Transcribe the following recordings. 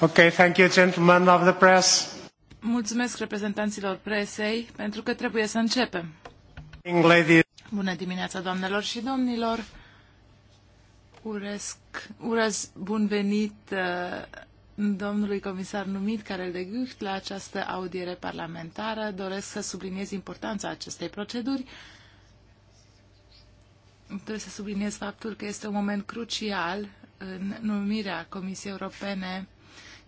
Okay, thank you, gentlemen of the press. Mulțumesc reprezentanților presei pentru că trebuie să începem. Bună dimineața, doamnelor și domnilor. Uresc, urez bun venit uh, domnului comisar numit Karel de Gucht la această audiere parlamentară. Doresc să subliniez importanța acestei proceduri. Trebuie să subliniez faptul că este un moment crucial în numirea Comisiei Europene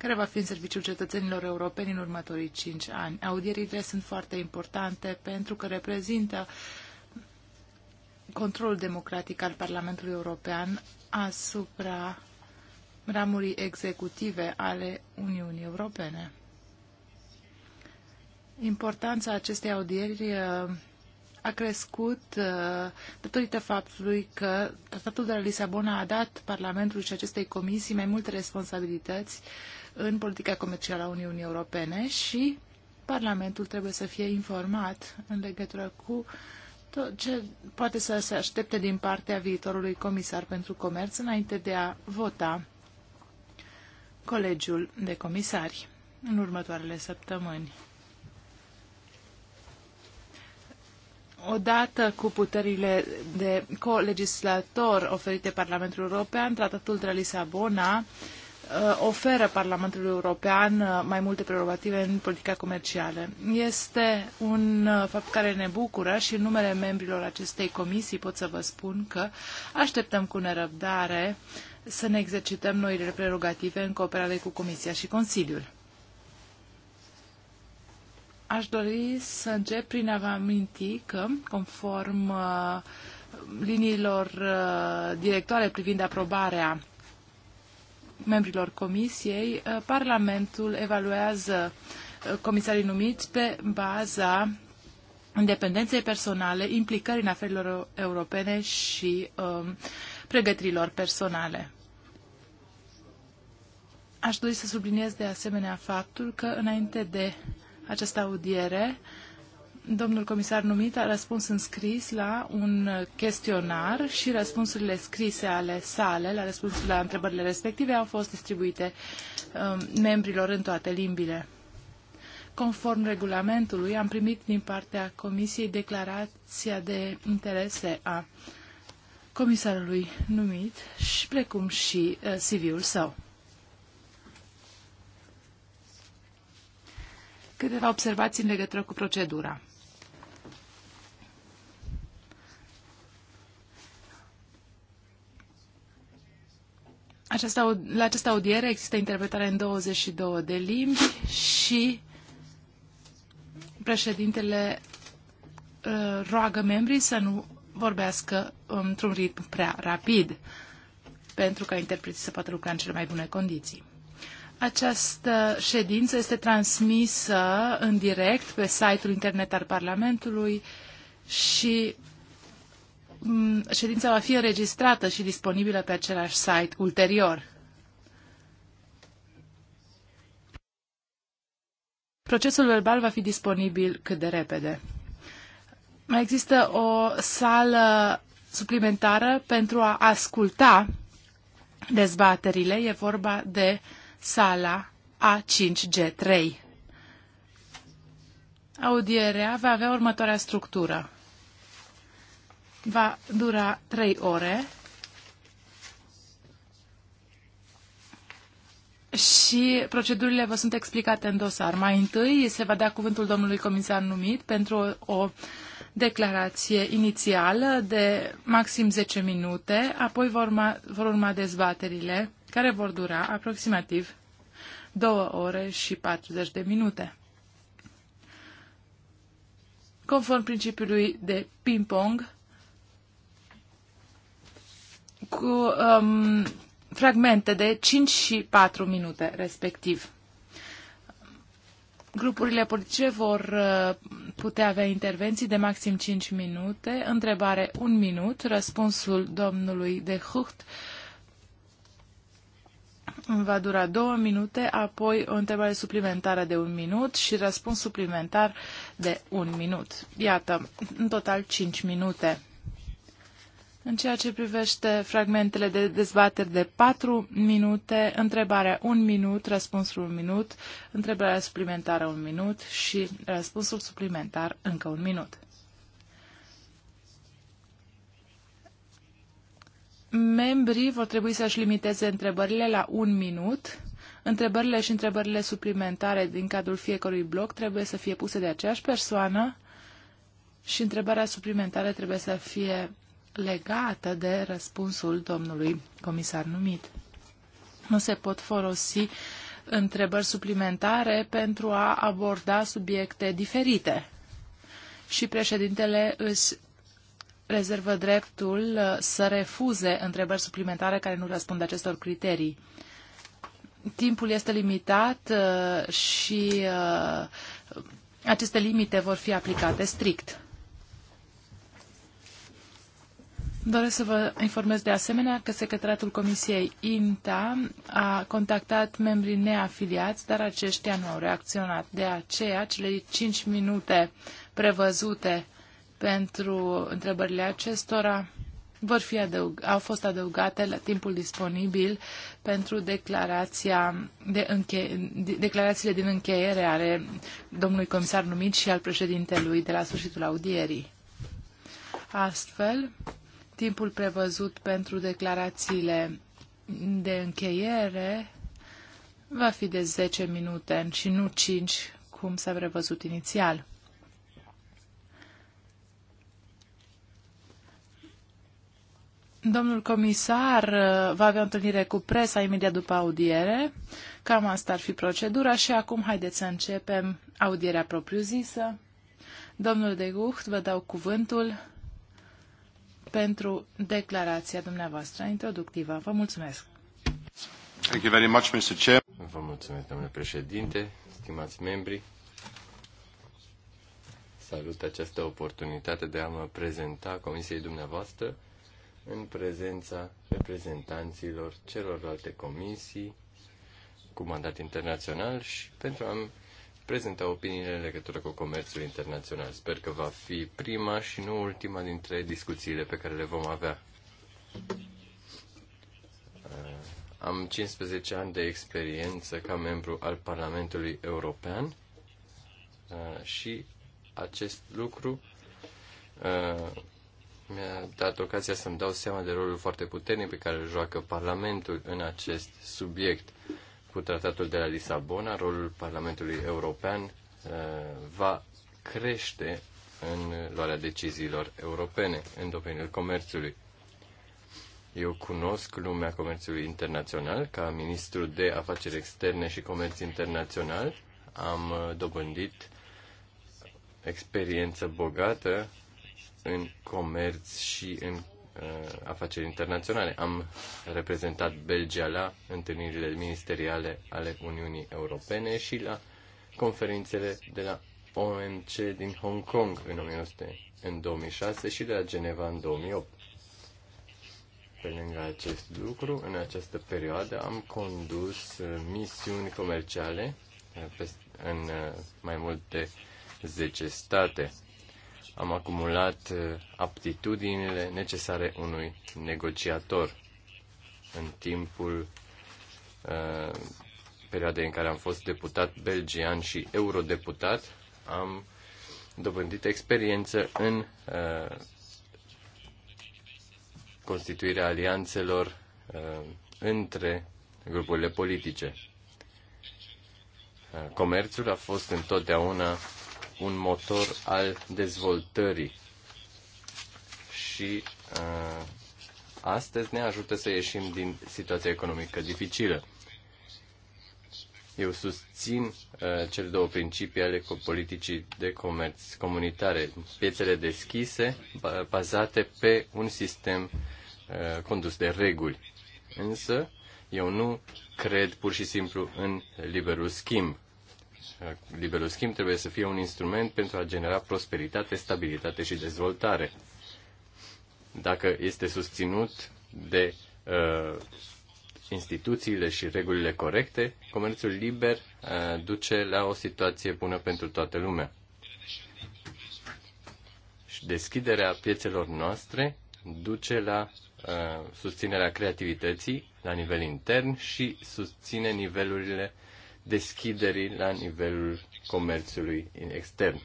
care va fi în serviciul cetățenilor europeni în următorii cinci ani. Audierile sunt foarte importante pentru că reprezintă controlul democratic al Parlamentului European asupra ramurii executive ale Uniunii Europene. Importanța acestei audieri uh, a crescut uh, datorită faptului că Tratatul de la Lisabona a dat Parlamentului și acestei comisii mai multe responsabilități uh, în politica comercială a Uniunii Europene și Parlamentul trebuie să fie informat în legătură cu tot ce poate să se aștepte din partea viitorului comisar pentru comerț înainte de a vota colegiul de comisari în următoarele săptămâni. Odată cu puterile de colegislator oferite Parlamentului European, Tratatul de la Lisabona uh, Uh, oferă Parlamentului European uh, mai multe prerogative în politica comercială. Este un uh, fapt care ne bucură și în numele membrilor acestei comisii pot să vă spun că așteptăm cu nerăbdare să ne exercităm noile prerogative în cooperare cu Comisia și Consiliul. Aș dori să încep prin a vă aminti că, conform liniilor directoare privind aprobarea membrilor comisiei, uh, Parlamentul evaluează uh, comisarii numiți pe baza independenței personale, implicării în aferilor europene și um, pregătirilor personale. Aș dori să subliniez de asemenea faptul că înainte de această audiere Domnul comisar numit a răspuns în scris la un chestionar și răspunsurile scrise ale sale la răspunsurile la întrebările respective au fost distribuite um, membrilor în toate limbile. Conform regulamentului, am primit din partea Comisiei declarația de interese a comisarului numit și precum și uh, CV-ul său. Câteva observații în legătură cu procedura. la această audiere există interpretare în 22 de limbi și președintele uh, roagă membrii să nu vorbească într-un ritm prea rapid pentru ca interpreții să poată lucra în cele mai bune condiții. Această ședință este transmisă în direct pe site-ul internet al Parlamentului și Mm, ședința va fi înregistrată și disponibilă pe același site ulterior. Procesul verbal va fi disponibil cât de repede. Mai există o sală suplimentară pentru a asculta dezbaterile. E vorba de sala A5G3. Audierea va avea următoarea structură va dura trei ore și procedurile vă sunt explicate în dosar. Mai întâi se va da cuvântul domnului comisar numit pentru o, o declarație inițială de maxim 10 minute, apoi vor urma, vor urma dezbaterile care vor dura aproximativ 2 ore și 40 de minute. Conform principiului de ping-pong, cu um, fragmente de 5 și 4 minute respectiv. Grupurile politice vor uh, putea avea intervenții de maxim 5 minute, întrebare 1 minut, răspunsul domnului de Hucht va dura 2 minute, apoi o întrebare suplimentară de 1 minut și răspuns suplimentar de 1 minut. Iată, în total 5 minute. În ceea ce privește fragmentele de dezbateri de 4 minute, întrebarea 1 minut, răspunsul 1 minut, întrebarea suplimentară 1 minut și răspunsul suplimentar încă 1 minut. Membrii vor trebui să-și limiteze întrebările la un minut. Întrebările și întrebările suplimentare din cadrul fiecărui bloc trebuie să fie puse de aceeași persoană și întrebarea suplimentară trebuie să fie legată de răspunsul domnului comisar numit. Nu se pot folosi întrebări suplimentare pentru a aborda subiecte diferite. Și președintele își rezervă dreptul uh, să refuze întrebări suplimentare care nu răspund acestor criterii. Timpul este limitat uh, și uh, aceste limite vor fi aplicate strict. Doresc să vă informez de asemenea că Secretariatul Comisiei INTA a contactat membrii neafiliați, dar aceștia nu au reacționat. De aceea, cele 5 minute prevăzute pentru întrebările acestora vor fi adăug- au fost adăugate la timpul disponibil pentru declarația de înche- declarațiile din încheiere ale domnului comisar numit și al președintelui de la sfârșitul audierii. Astfel, timpul prevăzut pentru declarațiile de încheiere va fi de 10 minute și nu 5, cum s-a prevăzut inițial. Domnul comisar uh, va avea întâlnire cu presa imediat după audiere. Cam asta ar fi procedura și acum haideți să începem audierea propriu-zisă. Domnul de Gucht, vă dau cuvântul pentru declarația dumneavoastră introductivă. Vă mulțumesc! Thank you very much, Mr. Chair. Vă mulțumesc, domnule președinte, stimați membri. Salut această oportunitate de a mă prezenta Comisiei dumneavoastră în prezența reprezentanților celorlalte comisii cu mandat internațional și pentru a mi prezenta opiniile în legătură cu comerțul internațional. Sper că va fi prima și nu ultima dintre discuțiile pe care le vom avea. Uh, am 15 ani de experiență ca membru al Parlamentului European uh, și acest lucru uh, mi-a dat ocazia să-mi dau seama de rolul foarte puternic pe care îl joacă Parlamentul în acest subiect cu tratatul de la Lisabona, rolul Parlamentului European uh, va crește în luarea deciziilor europene în domeniul comerțului. Eu cunosc lumea comerțului internațional ca ministru de afaceri externe și comerț internațional. Am uh, dobândit experiență bogată în comerț și în Uh, afaceri internaționale. Am reprezentat Belgia la întâlnirile ministeriale ale Uniunii Europene și la conferințele de la OMC din Hong Kong în, 1900, în 2006 și de la Geneva în 2008. Pe lângă acest lucru, în această perioadă am condus uh, misiuni comerciale uh, în mai multe 10 state am acumulat uh, aptitudinile necesare unui negociator în timpul uh, perioadei în care am fost deputat belgian și eurodeputat, am dobândit experiență în uh, constituirea alianțelor uh, între grupurile politice. Uh, comerțul a fost întotdeauna un motor al dezvoltării și uh, astăzi ne ajută să ieșim din situația economică dificilă. Eu susțin uh, cele două principii ale politicii de comerț comunitare, piețele deschise bazate pe un sistem uh, condus de reguli. Însă, eu nu cred pur și simplu în liberul schimb. Liberul schimb trebuie să fie un instrument pentru a genera prosperitate, stabilitate și dezvoltare. Dacă este susținut de uh, instituțiile și regulile corecte, comerțul liber uh, duce la o situație bună pentru toată lumea. Și deschiderea piețelor noastre duce la uh, susținerea creativității la nivel intern și susține nivelurile uh, deschiderii la nivelul comerțului extern.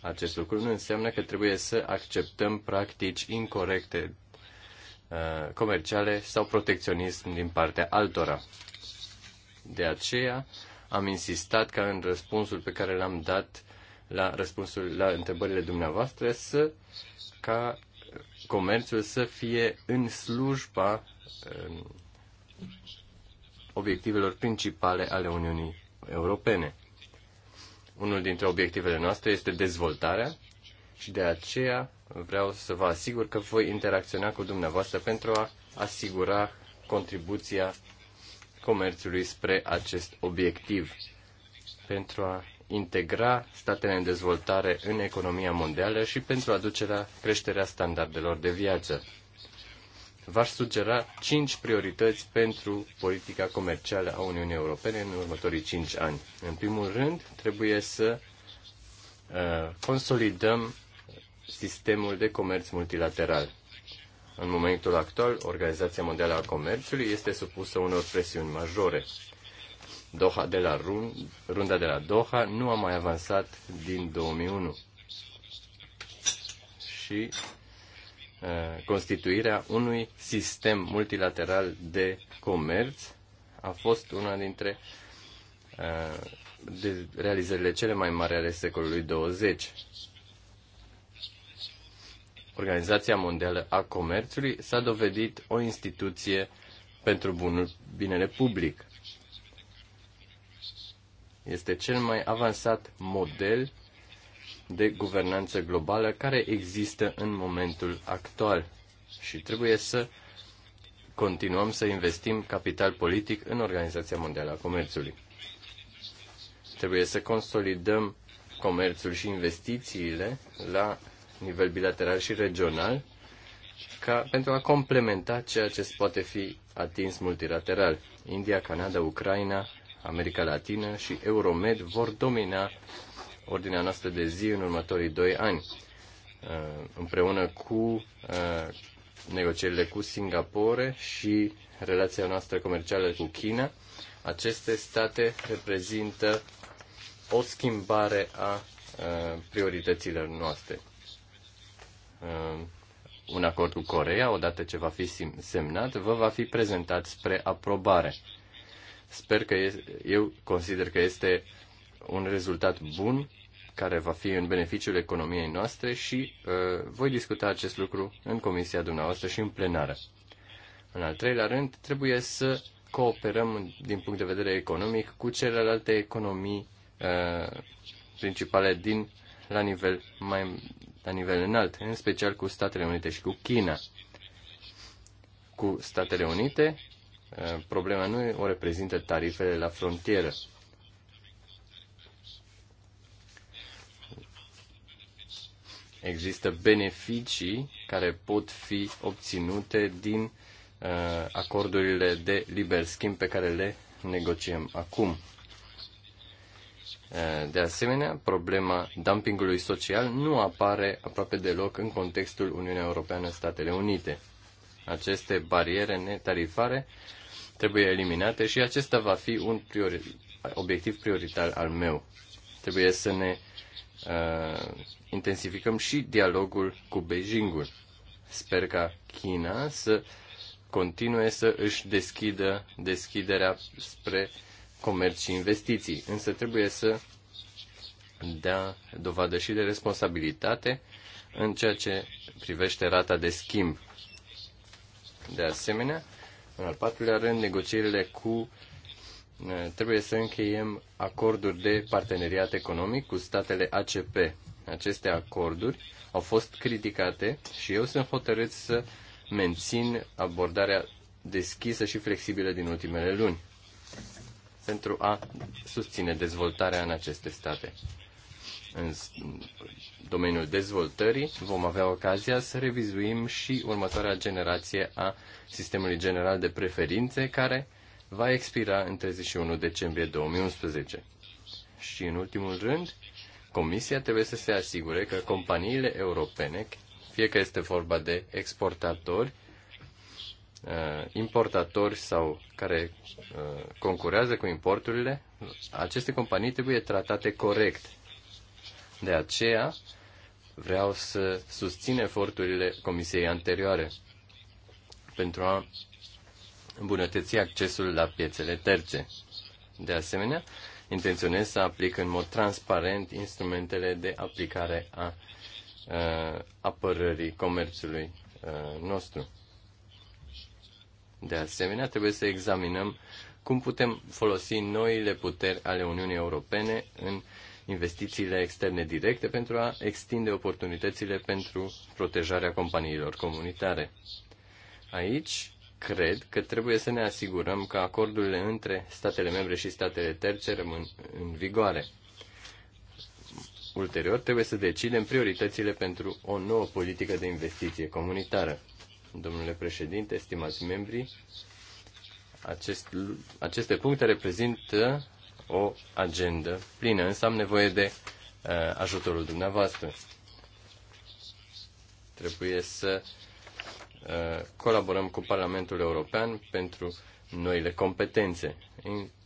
Acest lucru nu înseamnă că trebuie să acceptăm practici incorrecte uh, comerciale sau protecționism din partea altora. De aceea am insistat ca în răspunsul pe care l-am dat la răspunsul la întrebările dumneavoastră să ca comerțul să fie în slujba obiectivelor principale ale Uniunii Europene. Unul dintre obiectivele noastre este dezvoltarea și de aceea vreau să vă asigur că voi interacționa cu dumneavoastră pentru a asigura contribuția comerțului spre acest obiectiv, pentru a integra statele în dezvoltare în economia mondială și pentru a duce la creșterea standardelor de viață v-aș sugera cinci priorități pentru politica comercială a Uniunii Europene în următorii cinci ani. În primul rând, trebuie să uh, consolidăm sistemul de comerț multilateral. În momentul actual, Organizația Mondială a Comerțului este supusă unor presiuni majore. Doha de la Run, runda de la Doha nu a mai avansat din 2001 și Uh, constituirea unui sistem multilateral de comerț a fost una dintre uh, de realizările cele mai mari ale secolului 20. Organizația Mondială a Comerțului s-a dovedit o instituție pentru bunul binele public. Este cel mai avansat model de guvernanță globală care există în momentul actual și trebuie să continuăm să investim capital politic în Organizația Mondială a Comerțului. Trebuie să consolidăm comerțul și investițiile la nivel bilateral și regional ca, pentru a complementa ceea ce poate fi atins multilateral. India, Canada, Ucraina, America Latină și Euromed vor domina ordinea noastră de zi în următorii doi ani, uh, împreună cu uh, negocierile cu Singapore și relația noastră comercială cu China. Aceste state reprezintă o schimbare a uh, priorităților noastre. Un acord cu Corea, odată ce va fi semnat, vă va fi prezentat spre aprobare. Sper că eu consider că este un rezultat bun care va fi în beneficiul economiei noastre și uh, voi discuta acest lucru în comisia dumneavoastră și în plenară. În al treilea rând, trebuie să cooperăm din punct de vedere economic cu celelalte economii uh, principale din la nivel mai la nivel înalt, în special cu Statele Unite și cu China. Cu Statele Unite, uh, problema nu o reprezintă tarifele la frontieră. Există beneficii care pot fi obținute din uh, acordurile de liber schimb pe care le negociem acum. Uh, de asemenea, problema dumpingului social nu apare aproape deloc în contextul Uniunea Europeană-Statele Unite. Aceste bariere netarifare trebuie eliminate și acesta va fi un priori, obiectiv prioritar al meu. Trebuie să ne uh, intensificăm și dialogul cu Beijingul. Sper ca China să continue să își deschidă deschiderea spre comerț și investiții, însă trebuie să dea dovadă și de responsabilitate în ceea ce privește rata de schimb. De asemenea, în al patrulea rând, negocierile cu eh, trebuie să încheiem acorduri de parteneriat economic cu statele ACP. Aceste acorduri au fost criticate și eu sunt hotărât să mențin abordarea deschisă și flexibilă din ultimele luni pentru a susține dezvoltarea în aceste state. În domeniul dezvoltării vom avea ocazia să revizuim și următoarea generație a sistemului general de preferințe care va expira în 31 decembrie 2011. Și în ultimul rând, Comisia trebuie să se asigure că companiile europene, fie că este vorba de exportatori, uh, importatori sau care uh, concurează cu importurile, aceste companii trebuie tratate corect. De aceea vreau să susțin eforturile Comisiei anterioare pentru a îmbunătăți accesul la piețele terțe. De asemenea, intenționez să aplic în mod transparent instrumentele de aplicare a uh, apărării comerțului uh, nostru. De asemenea, trebuie să examinăm cum putem folosi noile puteri ale Uniunii Europene în investițiile externe directe pentru a extinde oportunitățile pentru protejarea companiilor comunitare. Aici cred că trebuie să ne asigurăm că acordurile între statele membre și statele terțe rămân în vigoare. Ulterior, trebuie să decidem prioritățile pentru o nouă politică de investiție comunitară. Domnule președinte, stimați membri, acest, aceste puncte reprezintă o agendă plină, însă am nevoie de uh, ajutorul dumneavoastră. Trebuie să uh, Uh, colaborăm cu Parlamentul European pentru noile competențe,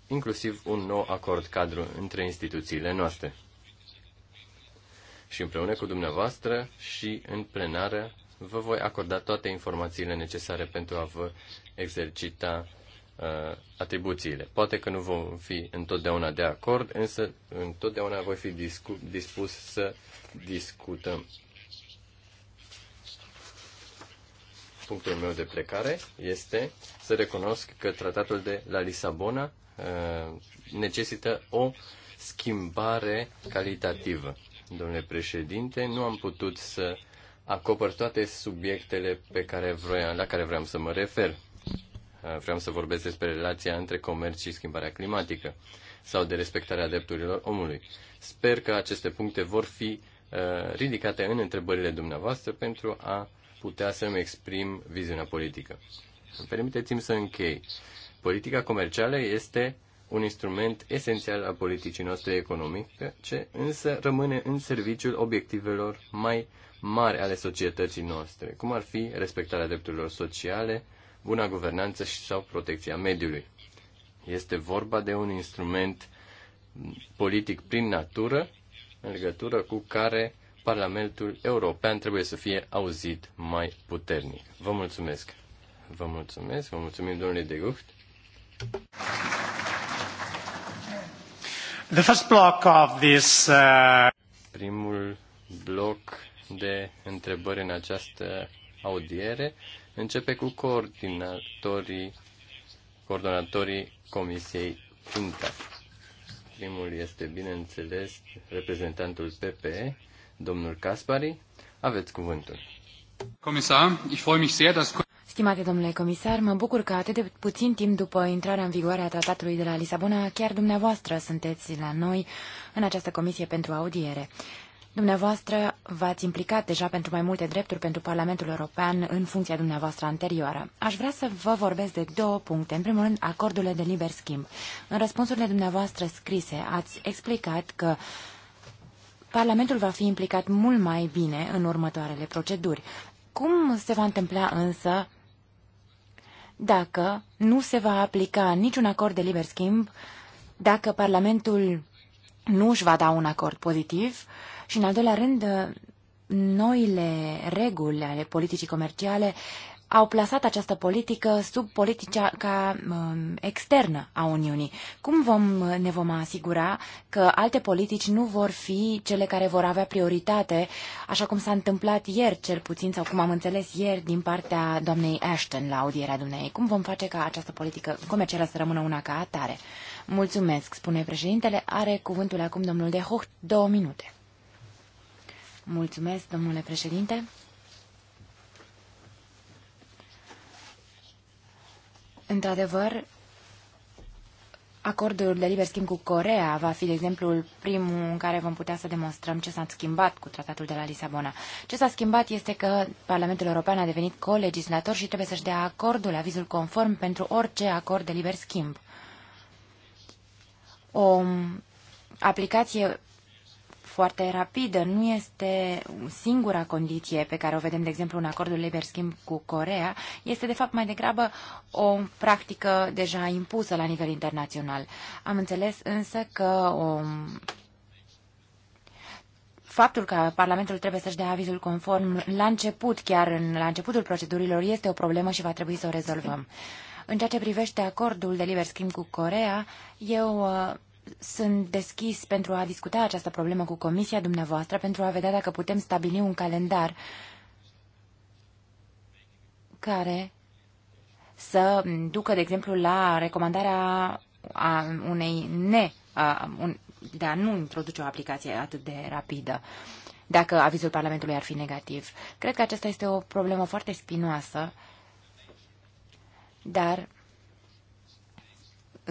inclusiv un nou acord cadru între instituțiile noastre. Și împreună cu dumneavoastră și în plenară vă voi acorda toate informațiile necesare pentru a vă exercita uh, atribuțiile. Poate că nu vom fi întotdeauna de acord, însă întotdeauna voi fi discu- dispus să discutăm punctul meu de plecare este să recunosc că tratatul de la Lisabona uh, necesită o schimbare calitativă. Domnule președinte, nu am putut să acopăr toate subiectele pe care vroiam, la care vreau să mă refer. Uh, vreau să vorbesc despre relația între comerț și schimbarea climatică sau de respectarea drepturilor omului. Sper că aceste puncte vor fi uh, ridicate în întrebările dumneavoastră pentru a putea să-mi exprim viziunea politică. Permiteți-mi să închei. Politica comercială este un instrument esențial al politicii noastre economice, ce însă rămâne în serviciul obiectivelor mai mari ale societății noastre, cum ar fi respectarea drepturilor sociale, buna guvernanță și sau protecția mediului. Este vorba de un instrument politic prin natură, în legătură cu care Parlamentul European trebuie să fie auzit mai puternic. Vă mulțumesc! Vă mulțumesc, vă mulțumim domnule de Gucht. The first block of this, uh... Primul bloc de întrebări în această audiere începe cu coordonatorii, coordonatorii Comisiei INTA. Primul este, bineînțeles, reprezentantul PPE, Domnul Caspari, aveți cuvântul. Comisar, ich freue mich sehr, dass... Stimate domnule comisar, mă bucur că atât de puțin timp după intrarea în vigoare a tratatului de la Lisabona, chiar dumneavoastră sunteți la noi în această comisie pentru audiere. Dumneavoastră v-ați implicat deja pentru mai multe drepturi pentru Parlamentul European în funcția dumneavoastră anterioară. Aș vrea să vă vorbesc de două puncte. În primul rând, acordurile de liber schimb. În răspunsurile dumneavoastră scrise ați explicat că Parlamentul va fi implicat mult mai bine în următoarele proceduri. Cum se va întâmpla însă dacă nu se va aplica niciun acord de liber schimb, dacă Parlamentul nu își va da un acord pozitiv și, în al doilea rând, noile reguli ale politicii comerciale au plasat această politică sub politica ca um, externă a Uniunii. Cum vom, uh, ne vom asigura că alte politici nu vor fi cele care vor avea prioritate, așa cum s-a întâmplat ieri, cel puțin, sau cum am înțeles ieri, din partea doamnei Ashton la audierea dumneei? Cum vom face ca această politică comercială să rămână una ca atare? Mulțumesc, spune președintele. Are cuvântul acum domnul de Hoch, două minute. Mulțumesc, domnule președinte. Într-adevăr, acordul de liber schimb cu Corea va fi, de exemplu, primul în care vom putea să demonstrăm ce s-a schimbat cu tratatul de la Lisabona. Ce s-a schimbat este că Parlamentul European a devenit colegislator și trebuie să-și dea acordul, avizul conform pentru orice acord de liber schimb. O aplicație foarte rapidă. Nu este singura condiție pe care o vedem, de exemplu, în acordul liber-schimb cu Corea. Este, de fapt, mai degrabă o practică deja impusă la nivel internațional. Am înțeles însă că o faptul că Parlamentul trebuie să-și dea avizul conform la început, chiar în, la începutul procedurilor, este o problemă și va trebui să o rezolvăm. În ceea ce privește acordul de liber schimb cu Corea, eu uh, sunt deschis pentru a discuta această problemă cu comisia dumneavoastră, pentru a vedea dacă putem stabili un calendar care să ducă, de exemplu, la recomandarea a unei ne, a, un, de a nu introduce o aplicație atât de rapidă, dacă avizul Parlamentului ar fi negativ. Cred că aceasta este o problemă foarte spinoasă, dar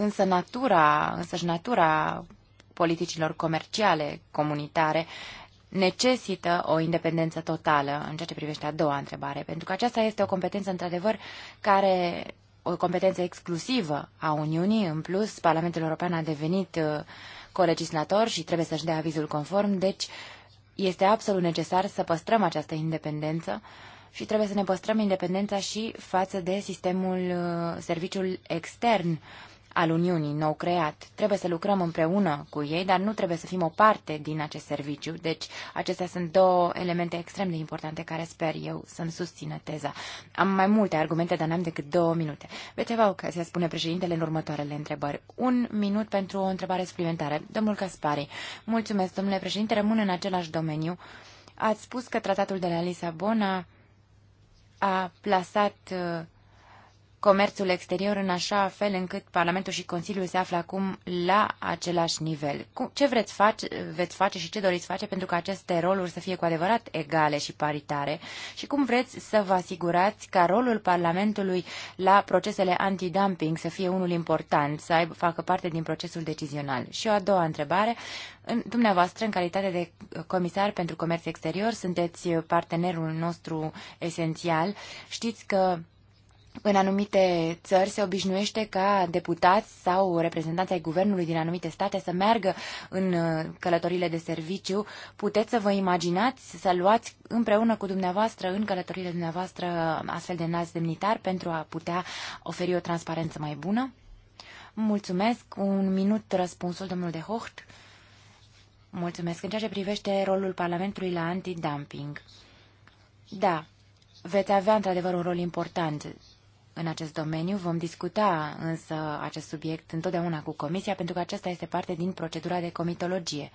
însă natura, însăși natura politicilor comerciale comunitare necesită o independență totală în ceea ce privește a doua întrebare, pentru că aceasta este o competență într-adevăr care o competență exclusivă a Uniunii. În plus, Parlamentul European a devenit uh, colegislator și trebuie să-și dea avizul conform, deci este absolut necesar să păstrăm această independență și trebuie să ne păstrăm independența și față de sistemul, uh, serviciul extern al Uniunii, nou creat. Trebuie să lucrăm împreună cu ei, dar nu trebuie să fim o parte din acest serviciu. Deci, acestea sunt două elemente extrem de importante care sper eu să-mi susțină teza. Am mai multe argumente, dar n-am decât două minute. Veți deci, avea ocazia, spune președintele, în următoarele întrebări. Un minut pentru o întrebare suplimentară. Domnul Caspari, mulțumesc, domnule președinte, rămân în același domeniu. Ați spus că tratatul de la Lisabona a plasat uh, comerțul exterior în așa fel încât Parlamentul și Consiliul se află acum la același nivel. Ce vreți face, veți face și ce doriți face pentru ca aceste roluri să fie cu adevărat egale și paritare și cum vreți să vă asigurați ca rolul Parlamentului la procesele antidumping să fie unul important, să aibă, facă parte din procesul decizional. Și o a doua întrebare, în, dumneavoastră, în calitate de comisar pentru comerț exterior, sunteți partenerul nostru esențial. Știți că în anumite țări se obișnuiește ca deputați sau reprezentanți ai guvernului din anumite state să meargă în uh, călătorile de serviciu. Puteți să vă imaginați să luați împreună cu dumneavoastră în călătorile dumneavoastră astfel de înalți demnitar pentru a putea oferi o transparență mai bună? Mulțumesc. Un minut răspunsul, domnul de Hocht. Mulțumesc. În ceea ce privește rolul Parlamentului la antidumping. Da, veți avea într-adevăr un rol important în acest domeniu. Vom discuta însă acest subiect întotdeauna cu Comisia, pentru că acesta este parte din procedura de comitologie.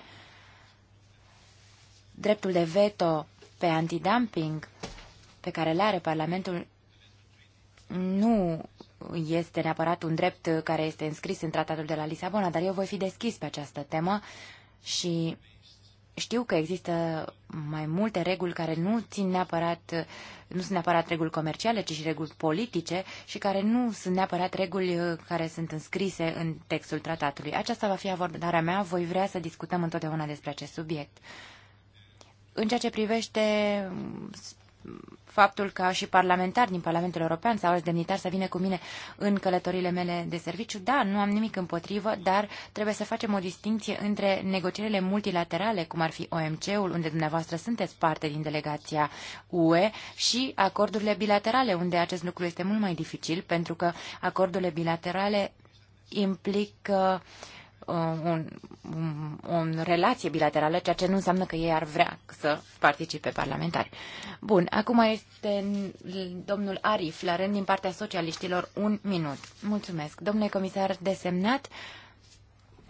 Dreptul de veto pe antidumping pe care le are Parlamentul nu este neapărat un drept care este înscris în tratatul de la Lisabona, dar eu voi fi deschis pe această temă și știu că există mai multe reguli care nu țin neapărat, nu sunt neapărat reguli comerciale, ci și reguli politice și care nu sunt neapărat reguli care sunt înscrise în textul tratatului. Aceasta va fi abordarea mea, voi vrea să discutăm întotdeauna despre acest subiect. În ceea ce privește faptul că și parlamentari din Parlamentul European sau alți demnitari să vină cu mine în călătorile mele de serviciu. Da, nu am nimic împotrivă, dar trebuie să facem o distinție între negocierile multilaterale, cum ar fi OMC-ul, unde dumneavoastră sunteți parte din delegația UE, și acordurile bilaterale, unde acest lucru este mult mai dificil, pentru că acordurile bilaterale implică uh, Uh, un, un, un relație bilaterală, ceea ce nu înseamnă că ei ar vrea să participe parlamentari. Bun, acum este domnul Arif la rând din partea socialiștilor un minut. Mulțumesc. Domnule comisar desemnat,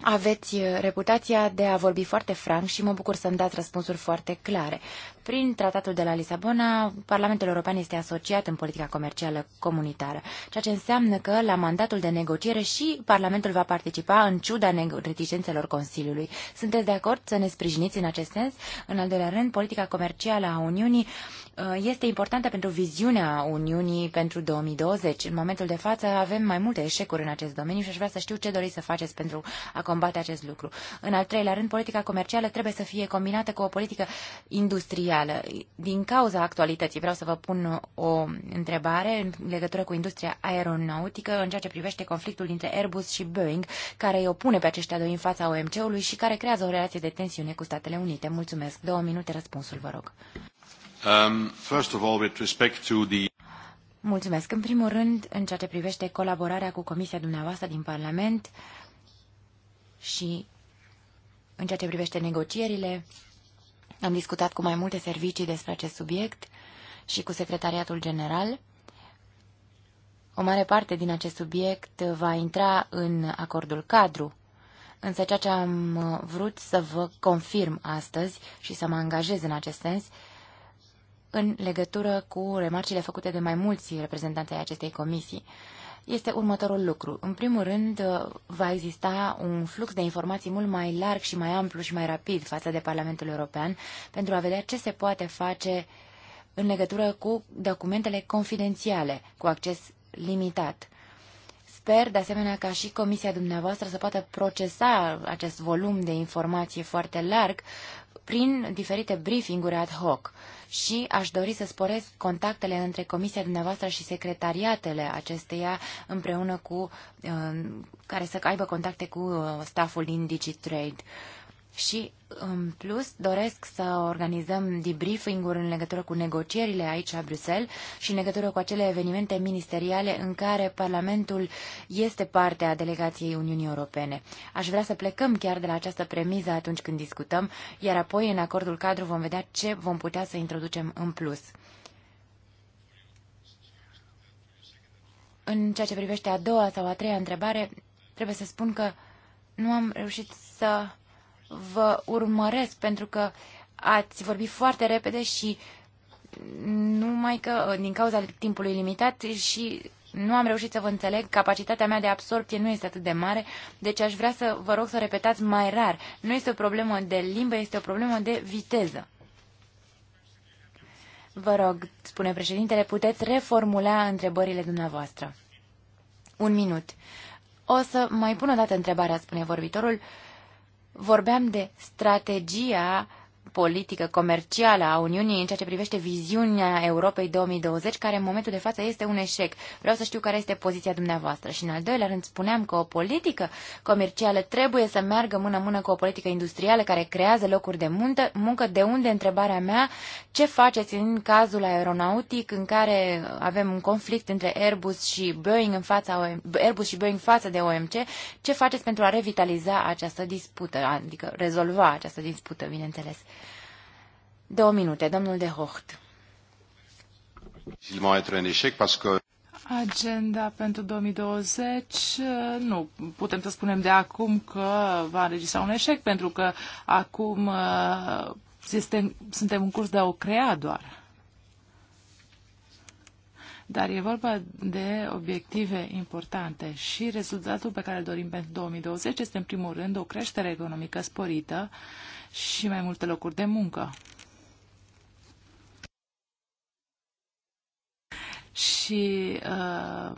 aveți reputația de a vorbi foarte franc și mă bucur să-mi dați răspunsuri foarte clare. Prin tratatul de la Lisabona, Parlamentul European este asociat în politica comercială comunitară, ceea ce înseamnă că la mandatul de negociere și Parlamentul va participa în ciuda reticențelor Consiliului. Sunteți de acord să ne sprijiniți în acest sens? În al doilea rând, politica comercială a Uniunii uh, este importantă pentru viziunea Uniunii pentru 2020. În momentul de față avem mai multe eșecuri în acest domeniu și aș vrea să știu ce doriți să faceți pentru a combate acest lucru. În al treilea rând, politica comercială trebuie să fie combinată cu o politică industrială mondială. Din cauza actualității vreau să vă pun o întrebare în legătură cu industria aeronautică în ceea ce privește conflictul dintre Airbus și Boeing, care îi opune pe aceștia doi în fața OMC-ului și care creează o relație de tensiune cu Statele Unite. Mulțumesc. Două minute răspunsul, vă rog. Um, first of all, with respect to the... Mulțumesc. În primul rând, în ceea ce privește colaborarea cu Comisia dumneavoastră din Parlament și în ceea ce privește negocierile, am discutat cu mai multe servicii despre acest subiect și cu Secretariatul General. O mare parte din acest subiect va intra în acordul cadru, însă ceea ce am uh, vrut să vă confirm astăzi și să mă angajez în acest sens, în legătură cu remarcile făcute de mai mulți reprezentanți ai acestei comisii este următorul lucru. În primul rând, uh, va exista un flux de informații mult mai larg și mai amplu și mai rapid față de Parlamentul European pentru a vedea ce se poate face în legătură cu documentele confidențiale, cu acces limitat. Sper, de asemenea, ca și comisia dumneavoastră să poată procesa acest volum de informație foarte larg prin diferite briefinguri ad hoc și aș dori să sporesc contactele între comisia dumneavoastră și secretariatele acesteia împreună cu um, care să aibă contacte cu uh, staful din DigiTrade și, în plus, doresc să organizăm debriefing-uri în legătură cu negocierile aici la Bruxelles și în legătură cu acele evenimente ministeriale în care Parlamentul este parte a delegației Uniunii Europene. Aș vrea să plecăm chiar de la această premiză atunci când discutăm, iar apoi, în acordul cadru, vom vedea ce vom putea să introducem în plus. În ceea ce privește a doua sau a treia întrebare, trebuie să spun că nu am reușit să vă urmăresc pentru că ați vorbit foarte repede și numai că uh, din cauza timpului limitat și nu am reușit să vă înțeleg, capacitatea mea de absorpție nu este atât de mare, deci aș vrea să vă rog să repetați mai rar. Nu este o problemă de limbă, este o problemă de viteză. Vă rog, spune președintele, puteți reformula întrebările dumneavoastră. Un minut. O să mai pun o dată întrebarea, spune vorbitorul. Uh, vorbeam de strategia politică comercială a Uniunii în ceea ce privește viziunea Europei 2020, care în momentul de față este un eșec. Vreau să știu care este poziția dumneavoastră. Și în al doilea rând spuneam că o politică comercială trebuie să meargă mână-mână cu o politică industrială care creează locuri de muncă. Muncă de unde, întrebarea mea, ce faceți în cazul aeronautic în care avem un conflict între Airbus și Boeing în fața Airbus și Boeing față de OMC? Ce faceți pentru a revitaliza această dispută, adică rezolva această dispută, bineînțeles? Două minute, domnul de Hocht. Agenda pentru 2020, nu putem să spunem de acum că va înregistra un eșec, pentru că acum uh, este, suntem în curs de a o crea doar. Dar e vorba de obiective importante și rezultatul pe care îl dorim pentru 2020 este, în primul rând, o creștere economică sporită și mai multe locuri de muncă. și uh,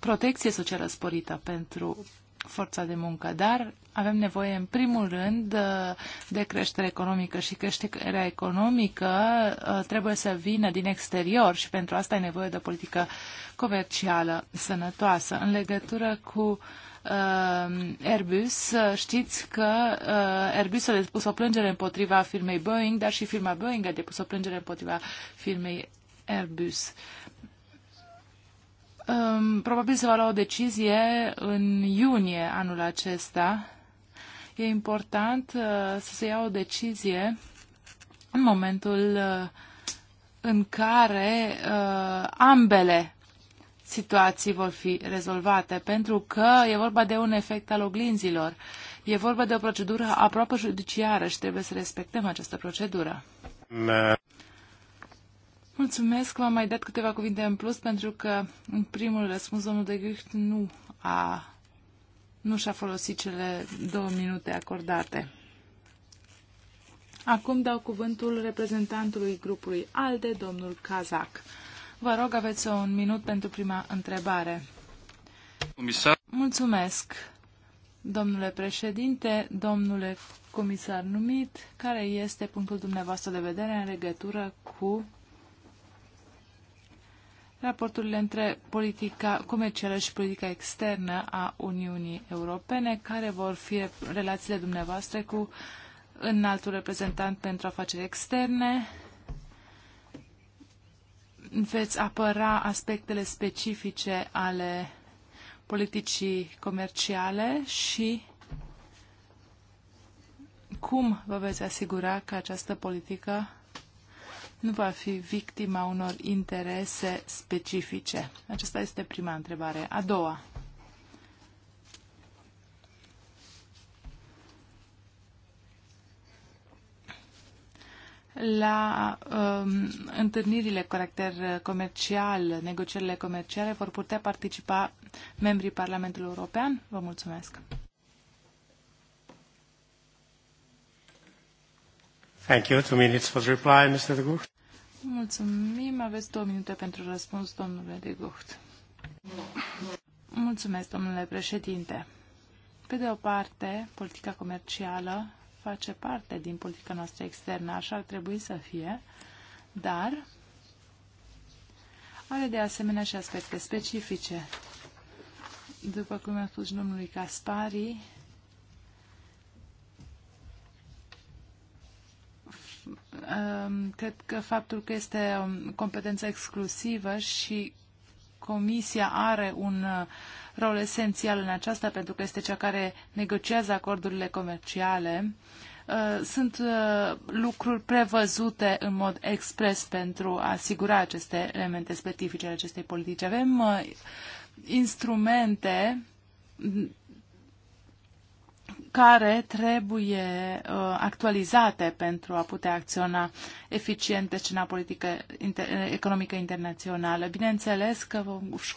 protecție socială sporită pentru forța de muncă, dar avem nevoie în primul rând uh, de creștere economică și creșterea economică uh, trebuie să vină din exterior și pentru asta e nevoie de o politică comercială sănătoasă. În legătură cu uh, Airbus, uh, știți că uh, Airbus a depus o plângere împotriva firmei Boeing, dar și firma Boeing a depus o plângere împotriva firmei Airbus. Ehm, probabil se va lua o decizie în iunie anul acesta. E important eh, să se ia o decizie în momentul eh, în care eh, ambele situații vor fi rezolvate, pentru că e vorba de un efect al oglinzilor. E vorba de o procedură aproape judiciară și trebuie să respectăm această procedură. Mulțumesc, v-am mai dat câteva cuvinte în plus pentru că în primul răspuns domnul de Gricht nu a nu și-a folosit cele două minute acordate. Acum dau cuvântul reprezentantului grupului ALDE, domnul Kazak. Vă rog, aveți un minut pentru prima întrebare. Comisar. Mulțumesc, domnule președinte, domnule comisar numit, care este punctul dumneavoastră de vedere în legătură cu raporturile între politica comercială și politica externă a Uniunii Europene, care vor fi relațiile dumneavoastră cu înaltul reprezentant pentru afaceri externe. Veți apăra aspectele specifice ale politicii comerciale și cum vă veți asigura că această politică nu va fi victima unor interese specifice? Aceasta este prima întrebare. A doua. la um, întâlnirile caracter comercial, negocierile comerciale, vor putea participa membrii Parlamentului European? Vă mulțumesc! Thank you. Two minutes for the reply, Mr. De Gucht. Mulțumim. Aveți două minute pentru răspuns, domnule De Gucht. Mulțumesc, domnule președinte. Pe de o parte, politica comercială face parte din politica noastră externă, așa ar trebui să fie, dar are de asemenea și aspecte specifice. După cum a spus domnului Caspari, cred că faptul că este um, competența competență exclusivă și Comisia are un uh, rol esențial în aceasta pentru că este cea care negociază acordurile comerciale, uh, sunt uh, lucruri prevăzute în mod expres pentru a asigura aceste elemente specifice ale acestei politici. Avem instrumente care trebuie uh, actualizate pentru a putea acționa eficient pe scena politică inter, economică internațională. Bineînțeles că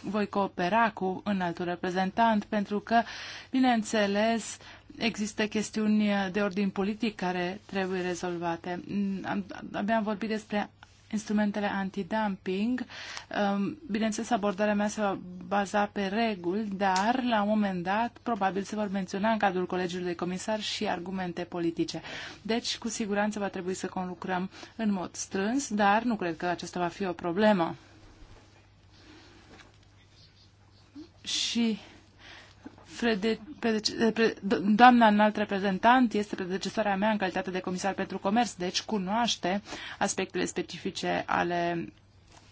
voi coopera cu un alt reprezentant pentru că, bineînțeles, există chestiuni de ordin politic care trebuie rezolvate. Abia am vorbit despre instrumentele antidumping. Um, bineînțeles, abordarea mea se va baza pe reguli, dar la un moment dat probabil se vor menționa în cadrul colegiului de comisar și argumente politice. Deci, cu siguranță va trebui să conlucrăm în mod strâns, dar nu cred că aceasta va fi o problemă. Și doamna înalt reprezentant este predecesoarea mea în calitate de comisar pentru comerț, deci cunoaște aspectele specifice ale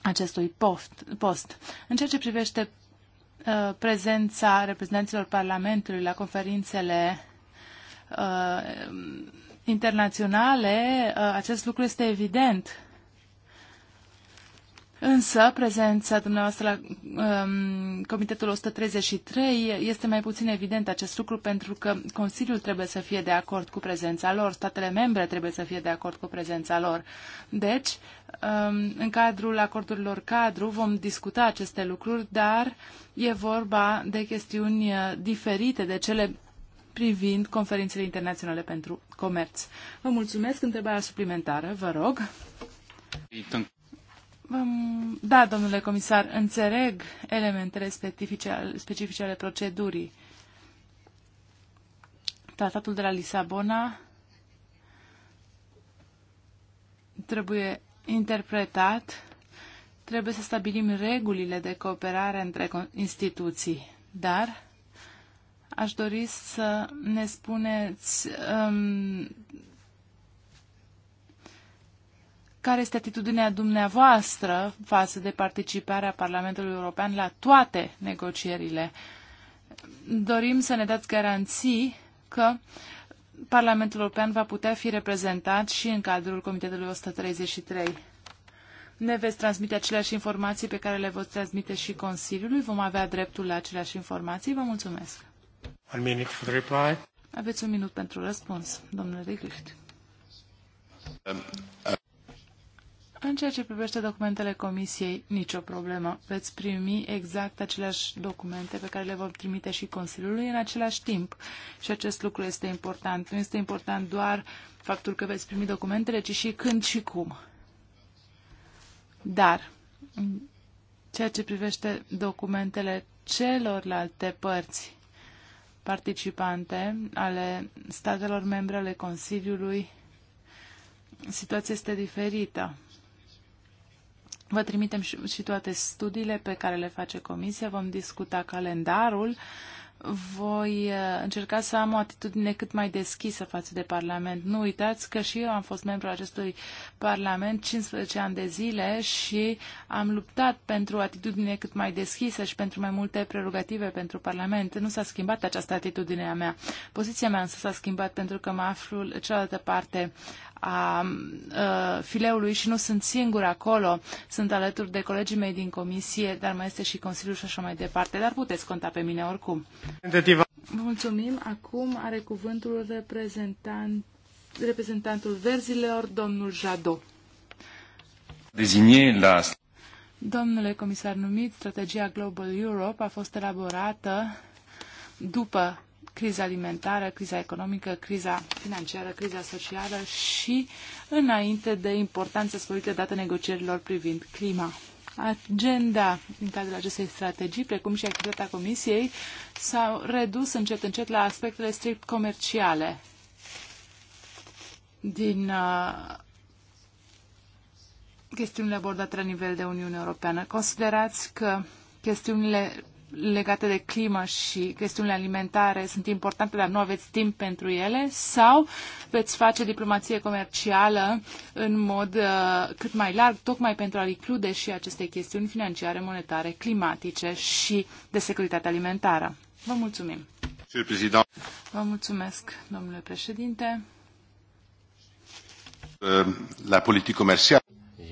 acestui post. post. În ceea ce privește uh, prezența reprezentanților Parlamentului la conferințele uh, internaționale, uh, acest lucru este evident Însă, prezența dumneavoastră la um, Comitetul 133 este mai puțin evident acest lucru pentru că Consiliul trebuie să fie de acord cu prezența lor, statele membre trebuie să fie de acord cu prezența lor. Deci, um, în cadrul acordurilor cadru vom discuta aceste lucruri, dar e vorba de chestiuni uh, diferite de cele privind conferințele internaționale pentru comerț. Vă mulțumesc. Întrebarea suplimentară, vă rog. Da, domnule comisar, înțeleg elementele specifice, specifice ale procedurii. Tratatul de la Lisabona trebuie interpretat, trebuie să stabilim regulile de cooperare între instituții, dar aș dori să ne spuneți um, care este atitudinea dumneavoastră față de participarea Parlamentului European la toate negocierile. Dorim să ne dați garanții că Parlamentul European va putea fi reprezentat și în cadrul Comitetului 133. Ne veți transmite aceleași informații pe care le voți transmite și Consiliului. Vom avea dreptul la aceleași informații. Vă mulțumesc. Aveți un minut pentru răspuns, domnule Richt. Um, uh... În ceea ce privește documentele comisiei, nicio problemă. Veți primi exact aceleași documente pe care le vom trimite și Consiliului în același timp. Și acest lucru este important. Nu este important doar faptul că veți primi documentele, ci și când și cum. Dar, în ceea ce privește documentele celorlalte părți participante ale statelor membre ale Consiliului, situația este diferită. Vă trimitem și toate studiile pe care le face comisia, vom discuta calendarul, voi uh, încerca să am o atitudine cât mai deschisă față de Parlament. Nu uitați că și eu am fost membru acestui Parlament 15 ani de zile și am luptat pentru o atitudine cât mai deschisă și pentru mai multe prerogative pentru Parlament. Nu s-a schimbat această atitudine a mea. Poziția mea însă s-a schimbat pentru că mă aflu cealaltă parte a uh, fileului și nu sunt singur acolo, sunt alături de colegii mei din comisie, dar mai este și Consiliul și așa mai departe, dar puteți conta pe mine oricum. mulțumim. Acum are cuvântul reprezentant, reprezentantul verzilor, domnul Jado. Designé la Domnule comisar numit, strategia Global Europe a fost elaborată după criza alimentară, criza economică, criza financiară, criza socială și înainte de importanța sporită dată negocierilor privind clima. Agenda din cadrul acestei strategii, precum și activitatea Comisiei, s-au redus încet încet la aspectele strict comerciale din uh, chestiunile abordate la nivel de Uniune Europeană. Considerați că chestiunile legate de climă și chestiunile alimentare sunt importante, dar nu aveți timp pentru ele, sau veți face diplomație comercială în mod uh, cât mai larg, tocmai pentru a include și aceste chestiuni financiare, monetare, climatice și de securitate alimentară. Vă mulțumim! Vă mulțumesc, domnule președinte! Uh, la politică comercială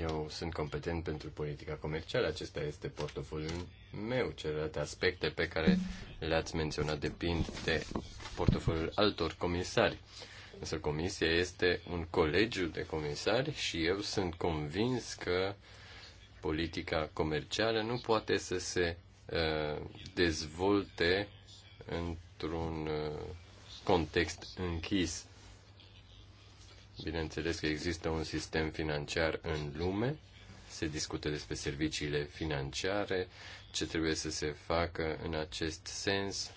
eu sunt competent pentru politica comercială, acesta este portofoliul meu. Celelalte aspecte pe care le-ați menționat depind de portofoliul altor comisari. Însă comisia este un colegiu de comisari și eu sunt convins că politica comercială nu poate să se uh, dezvolte într-un uh, context închis. Bineînțeles că există un sistem financiar în lume, se discută despre serviciile financiare, ce trebuie să se facă în acest sens.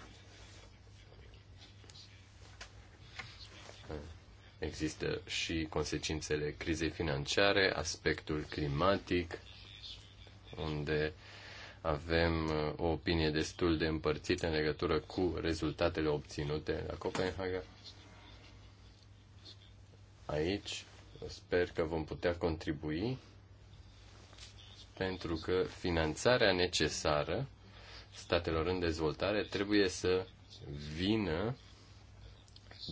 Există și consecințele crizei financiare, aspectul climatic, unde avem uh, o opinie destul de împărțită în legătură cu rezultatele obținute la Copenhaga aici sper că vom putea contribui pentru că finanțarea necesară statelor în dezvoltare trebuie să vină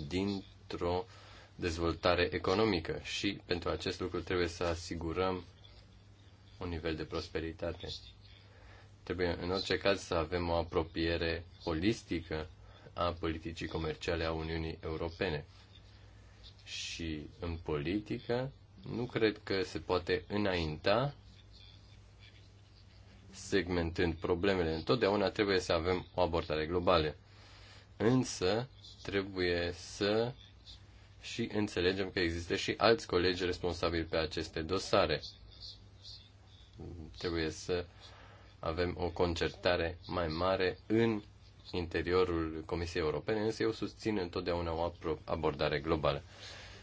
dintr-o dezvoltare economică și pentru acest lucru trebuie să asigurăm un nivel de prosperitate. Trebuie în orice caz să avem o apropiere holistică a politicii comerciale a Uniunii Europene și în politică, nu cred că se poate înainta segmentând problemele. Întotdeauna trebuie să avem o abordare globală. Însă, trebuie să și înțelegem că există și alți colegi responsabili pe aceste dosare. Trebuie să avem o concertare mai mare în interiorul Comisiei Europene, însă eu susțin întotdeauna o abordare globală.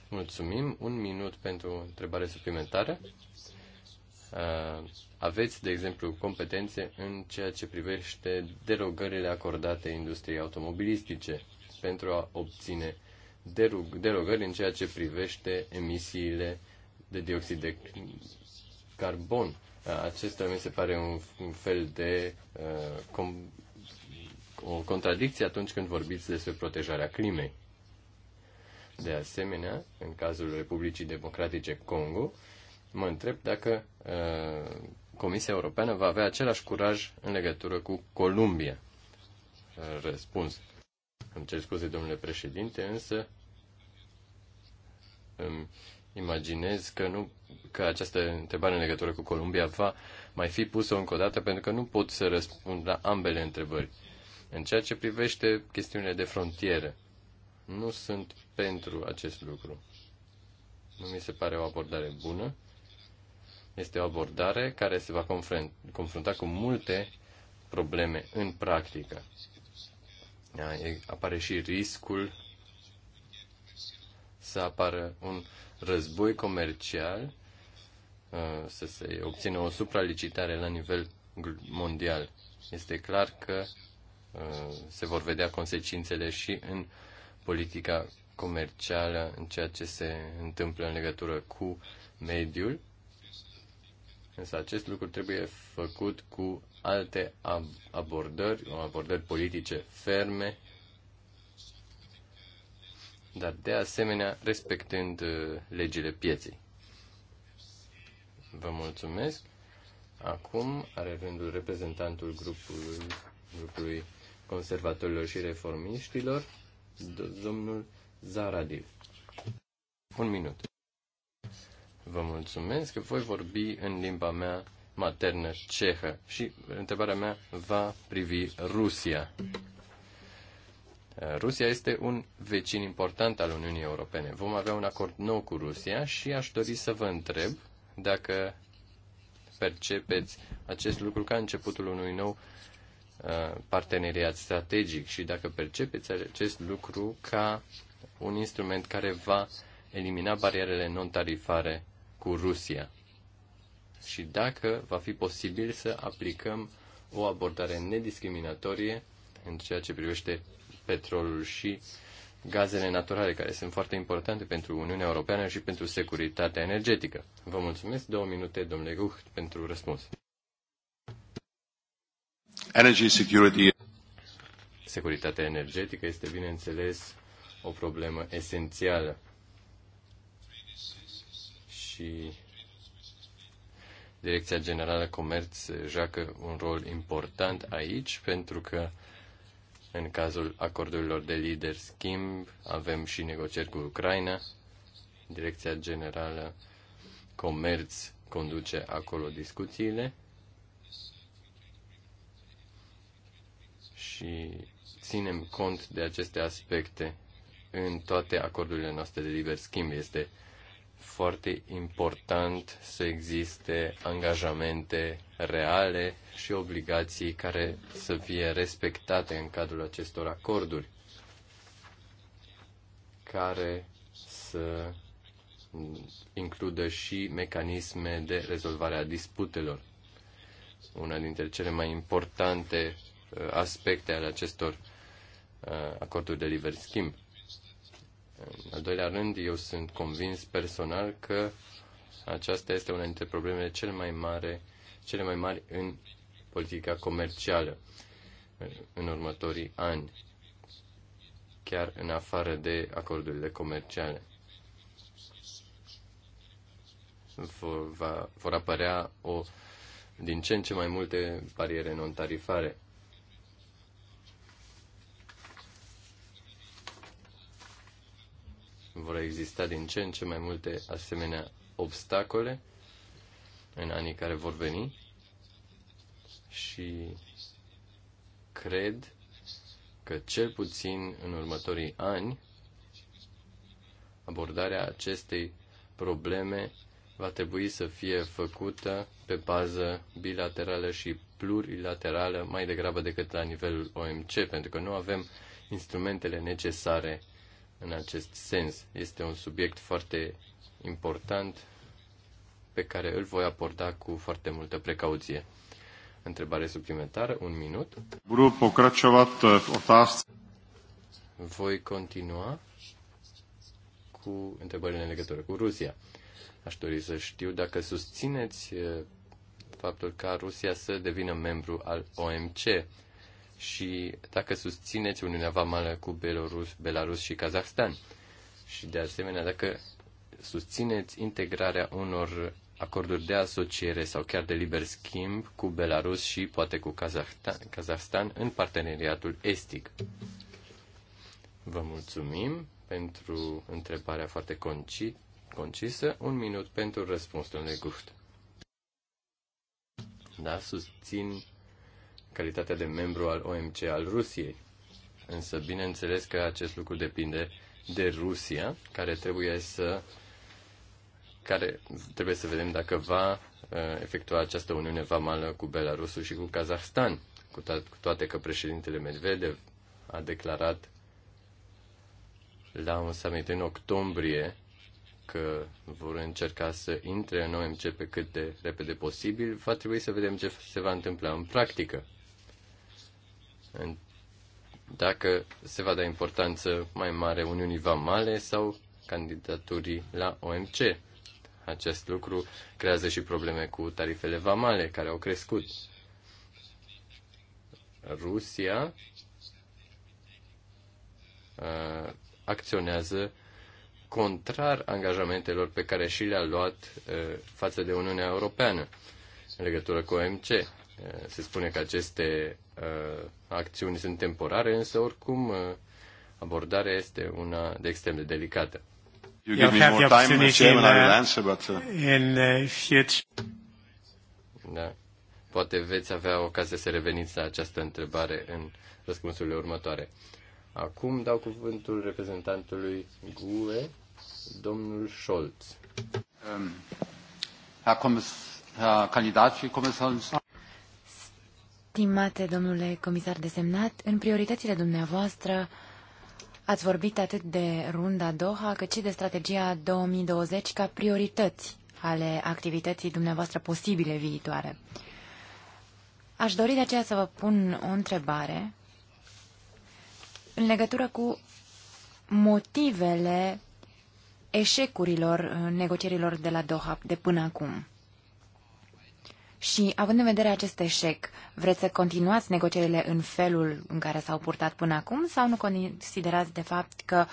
Mulțumim. Un minut pentru întrebare suplimentară. Uh, aveți, de exemplu, competențe în ceea ce privește derogările acordate industriei automobilistice pentru a obține derogări în ceea ce privește emisiile de dioxid de carbon. Uh, acesta mi se pare un fel de uh, o contradicție atunci când vorbiți despre protejarea climei. De asemenea, în cazul Republicii Democratice Congo, mă întreb dacă uh, Comisia Europeană va avea același curaj în legătură cu Columbia. Uh, răspuns. Îmi cer scuze, domnule președinte, însă îmi imaginez că, nu, că această întrebare în legătură cu Columbia va mai fi pusă încă o dată, pentru că nu pot să răspund la ambele întrebări. Uh, în ceea ce privește chestiunile de frontieră, nu sunt pentru acest lucru. Nu mi se pare o abordare bună. Este o abordare care se va confrunta cu multe probleme în practică. Apare și riscul să apară un război comercial, uh, să se obțină o supralicitare la nivel mondial. Este clar că Uh, se vor vedea consecințele și în politica comercială, în ceea ce se întâmplă în legătură cu mediul. Însă acest lucru trebuie făcut cu alte abordări, abordări politice ferme, dar de asemenea respectând uh, legile pieței. Vă mulțumesc. Acum are rândul reprezentantul grupului, grupului conservatorilor și reformiștilor, domnul Zaradil. Un minut. Vă mulțumesc că voi vorbi în limba mea maternă cehă și întrebarea mea va privi Rusia. Rusia este un vecin important al Uniunii Europene. Vom avea un acord nou cu Rusia și aș dori să vă întreb dacă percepeți acest lucru ca începutul unui nou Uh, parteneriat strategic și dacă percepeți acest lucru ca un instrument care va elimina barierele non-tarifare cu Rusia și dacă va fi posibil să aplicăm o abordare nediscriminatorie în ceea ce privește petrolul și gazele naturale, care sunt foarte importante pentru Uniunea Europeană și pentru securitatea energetică. Vă mulțumesc două minute, domnule Gucht, pentru răspuns. Energy security. Securitatea energetică este, bineînțeles, o problemă esențială. Și Direcția Generală Comerț joacă un rol important aici, pentru că în cazul acordurilor de lider schimb avem și negocieri cu Ucraina. Direcția Generală Comerț conduce acolo discuțiile și ținem cont de aceste aspecte în toate acordurile noastre de liber schimb. Este foarte important să existe angajamente reale și obligații care să fie respectate în cadrul acestor acorduri, care să includă și mecanisme de rezolvare a disputelor. Una dintre cele mai importante aspecte ale acestor uh, acorduri de liber schimb. În al doilea rând, eu sunt convins personal că aceasta este una dintre problemele cel mai mare, cele mai mari în politica comercială uh, în următorii ani, chiar în afară de acordurile comerciale. Vor, va, vor apărea o, din ce în ce mai multe bariere non-tarifare. vor exista din ce în ce mai multe asemenea obstacole în anii care vor veni și cred că cel puțin în următorii ani abordarea acestei probleme va trebui să fie făcută pe bază bilaterală și plurilaterală mai degrabă decât la nivelul OMC, pentru că nu avem instrumentele necesare în acest sens. Este un subiect foarte important pe care îl voi aborda cu foarte multă precauție. Întrebare suplimentară, un minut. Budu pokračovat eh, v otázce. Voi continua cu întrebările în legătură cu Rusia. Aș dori să știu dacă susțineți eh, faptul ca Rusia să devină membru al OMC și dacă susțineți Uniunea Vamală cu Belarus, Belarus și Kazahstan. Și de asemenea, dacă susțineți integrarea unor acorduri de asociere sau chiar de liber schimb cu Belarus și poate cu Kazahstan, în parteneriatul estic. Vă mulțumim pentru întrebarea foarte conci- concisă. Un minut pentru răspuns, de Guft. Da, susțin calitatea de membru al OMC al Rusiei. Însă, bineînțeles că acest lucru depinde de Rusia, care trebuie să care trebuie să vedem dacă va uh, efectua această uniune vamală cu Belarusul și cu Kazahstan, cu, to- cu toate că președintele Medvedev a declarat la un summit în octombrie că vor încerca să intre în OMC pe cât de repede posibil, va trebui să vedem ce se va întâmpla în practică dacă se va da importanță mai mare Uniunii Vamale sau candidaturii la OMC. Acest lucru creează și probleme cu tarifele vamale, care au crescut. Rusia uh, acționează contrar angajamentelor pe care și le-a luat uh, față de Uniunea Europeană în legătură cu OMC. Se spune că aceste uh, acțiuni sunt temporare, însă oricum uh, abordarea este una de extrem de delicată. You give me more time, Chairman, I will uh, answer, but... In Da. Poate veți avea ocazia să reveniți la această întrebare în răspunsurile următoare. Acum dau cuvântul reprezentantului GUE, domnul Scholz. Um, Herr, Herr Kandidat Stimate domnule comisar desemnat, în prioritățile dumneavoastră ați vorbit atât de runda Doha, cât și de strategia 2020 ca priorități ale activității dumneavoastră posibile viitoare. Aș dori de aceea să vă pun o întrebare în legătură cu motivele eșecurilor negocierilor de la Doha de până acum. Și, având în vedere acest eșec, vreți să continuați negocierile în felul în care s-au purtat până acum sau nu considerați, de fapt, că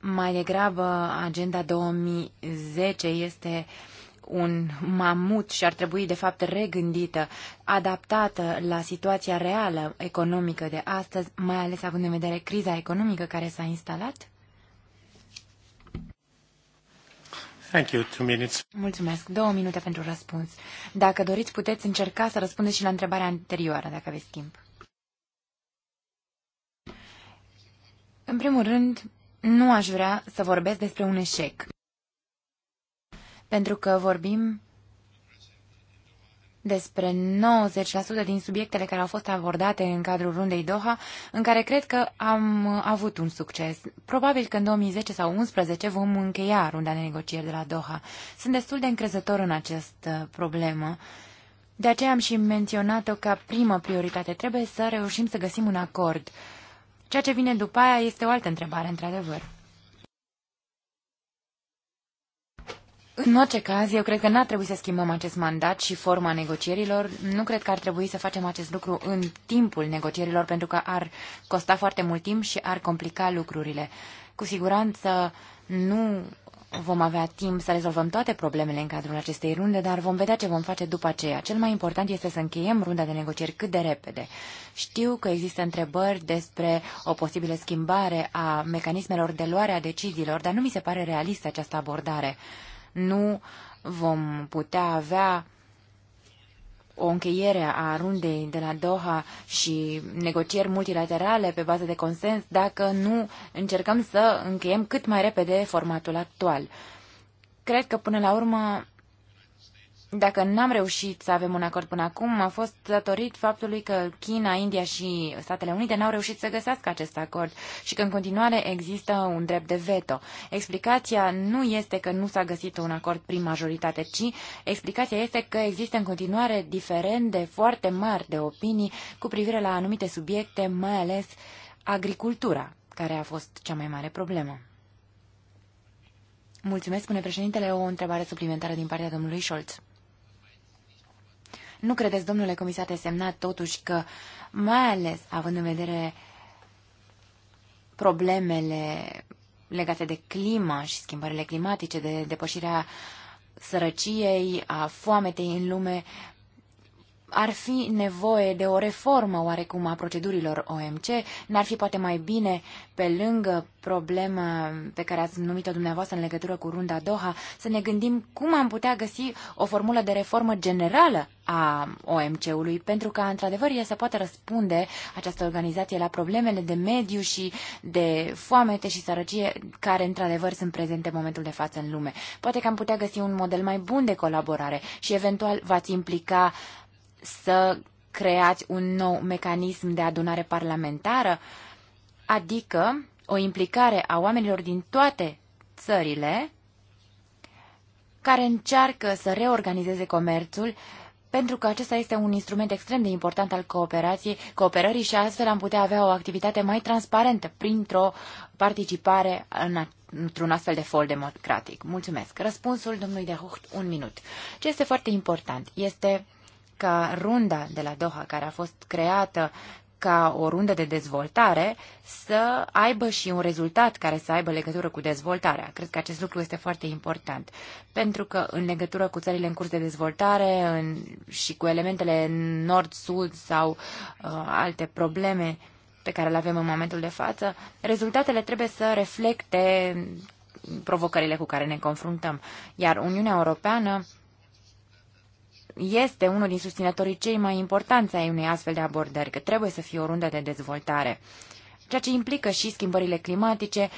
mai degrabă agenda 2010 este un mamut și ar trebui, de fapt, regândită, adaptată la situația reală economică de astăzi, mai ales având în vedere criza economică care s-a instalat? Thank you. Two minutes. Mulțumesc. Două minute pentru răspuns. Dacă doriți, puteți încerca să răspundeți și la întrebarea anterioară, dacă aveți timp. În primul rând, nu aș vrea să vorbesc despre un eșec. Pentru că vorbim despre 90% din subiectele care au fost abordate în cadrul rundei Doha, în care cred că am avut un succes. Probabil că în 2010 sau 2011 vom încheia runda de negocieri de la Doha. Sunt destul de încrezător în această problemă. De aceea am și menționat-o ca primă prioritate. Trebuie să reușim să găsim un acord. Ceea ce vine după aia este o altă întrebare, într-adevăr. În orice caz, eu cred că n-ar trebui să schimbăm acest mandat și forma negocierilor. Nu cred că ar trebui să facem acest lucru în timpul negocierilor, pentru că ar costa foarte mult timp și ar complica lucrurile. Cu siguranță nu vom avea timp să rezolvăm toate problemele în cadrul acestei runde, dar vom vedea ce vom face după aceea. Cel mai important este să încheiem runda de negocieri cât de repede. Știu că există întrebări despre o posibilă schimbare a mecanismelor de luare a deciziilor, dar nu mi se pare realistă această abordare nu vom putea avea o încheiere a rundei de la Doha și negocieri multilaterale pe bază de consens dacă nu încercăm să încheiem cât mai repede formatul actual. Cred că până la urmă dacă n-am reușit să avem un acord până acum, a fost datorit faptului că China, India și Statele Unite n-au reușit să găsească acest acord și că în continuare există un drept de veto. Explicația nu este că nu s-a găsit un acord prin majoritate, ci explicația este că există în continuare diferende foarte mari de opinii cu privire la anumite subiecte, mai ales agricultura, care a fost cea mai mare problemă. Mulțumesc, spune președintele, o întrebare suplimentară din partea domnului Scholz. Nu credeți, domnule comisar semnat. totuși că, mai ales având în vedere problemele legate de clima și schimbările climatice, de depășirea sărăciei, a foametei în lume, ar fi nevoie de o reformă oarecum a procedurilor OMC? N-ar fi poate mai bine, pe lângă problema pe care ați numit-o dumneavoastră în legătură cu runda Doha, să ne gândim cum am putea găsi o formulă de reformă generală a OMC-ului, pentru ca, într-adevăr, ea să poată răspunde această organizație la problemele de mediu și de foamete și sărăcie care, într-adevăr, sunt prezente în momentul de față în lume. Poate că am putea găsi un model mai bun de colaborare și, eventual, v-ați implica uh, să creați un nou mecanism de adunare parlamentară, adică o implicare a oamenilor din toate țările care încearcă să reorganizeze comerțul, pentru că acesta este un instrument extrem de important al cooperației, cooperării și astfel am putea avea o activitate mai transparentă printr-o participare în, într-un astfel de fol democratic. Mulțumesc. Răspunsul domnului de Hucht, un minut. Ce este foarte important este ca runda de la Doha, care a fost creată ca o rundă de dezvoltare, să aibă și un rezultat care să aibă legătură cu dezvoltarea. Cred că acest lucru este foarte important, pentru că în legătură cu țările în curs de dezvoltare în, și cu elementele nord-sud sau uh, alte probleme pe care le avem în momentul de față, rezultatele trebuie să reflecte provocările cu care ne confruntăm. Iar Uniunea Europeană este unul din susținătorii cei mai importanți ai unei astfel de abordări, că trebuie să fie o rundă de dezvoltare ceea ce implică și schimbările climatice,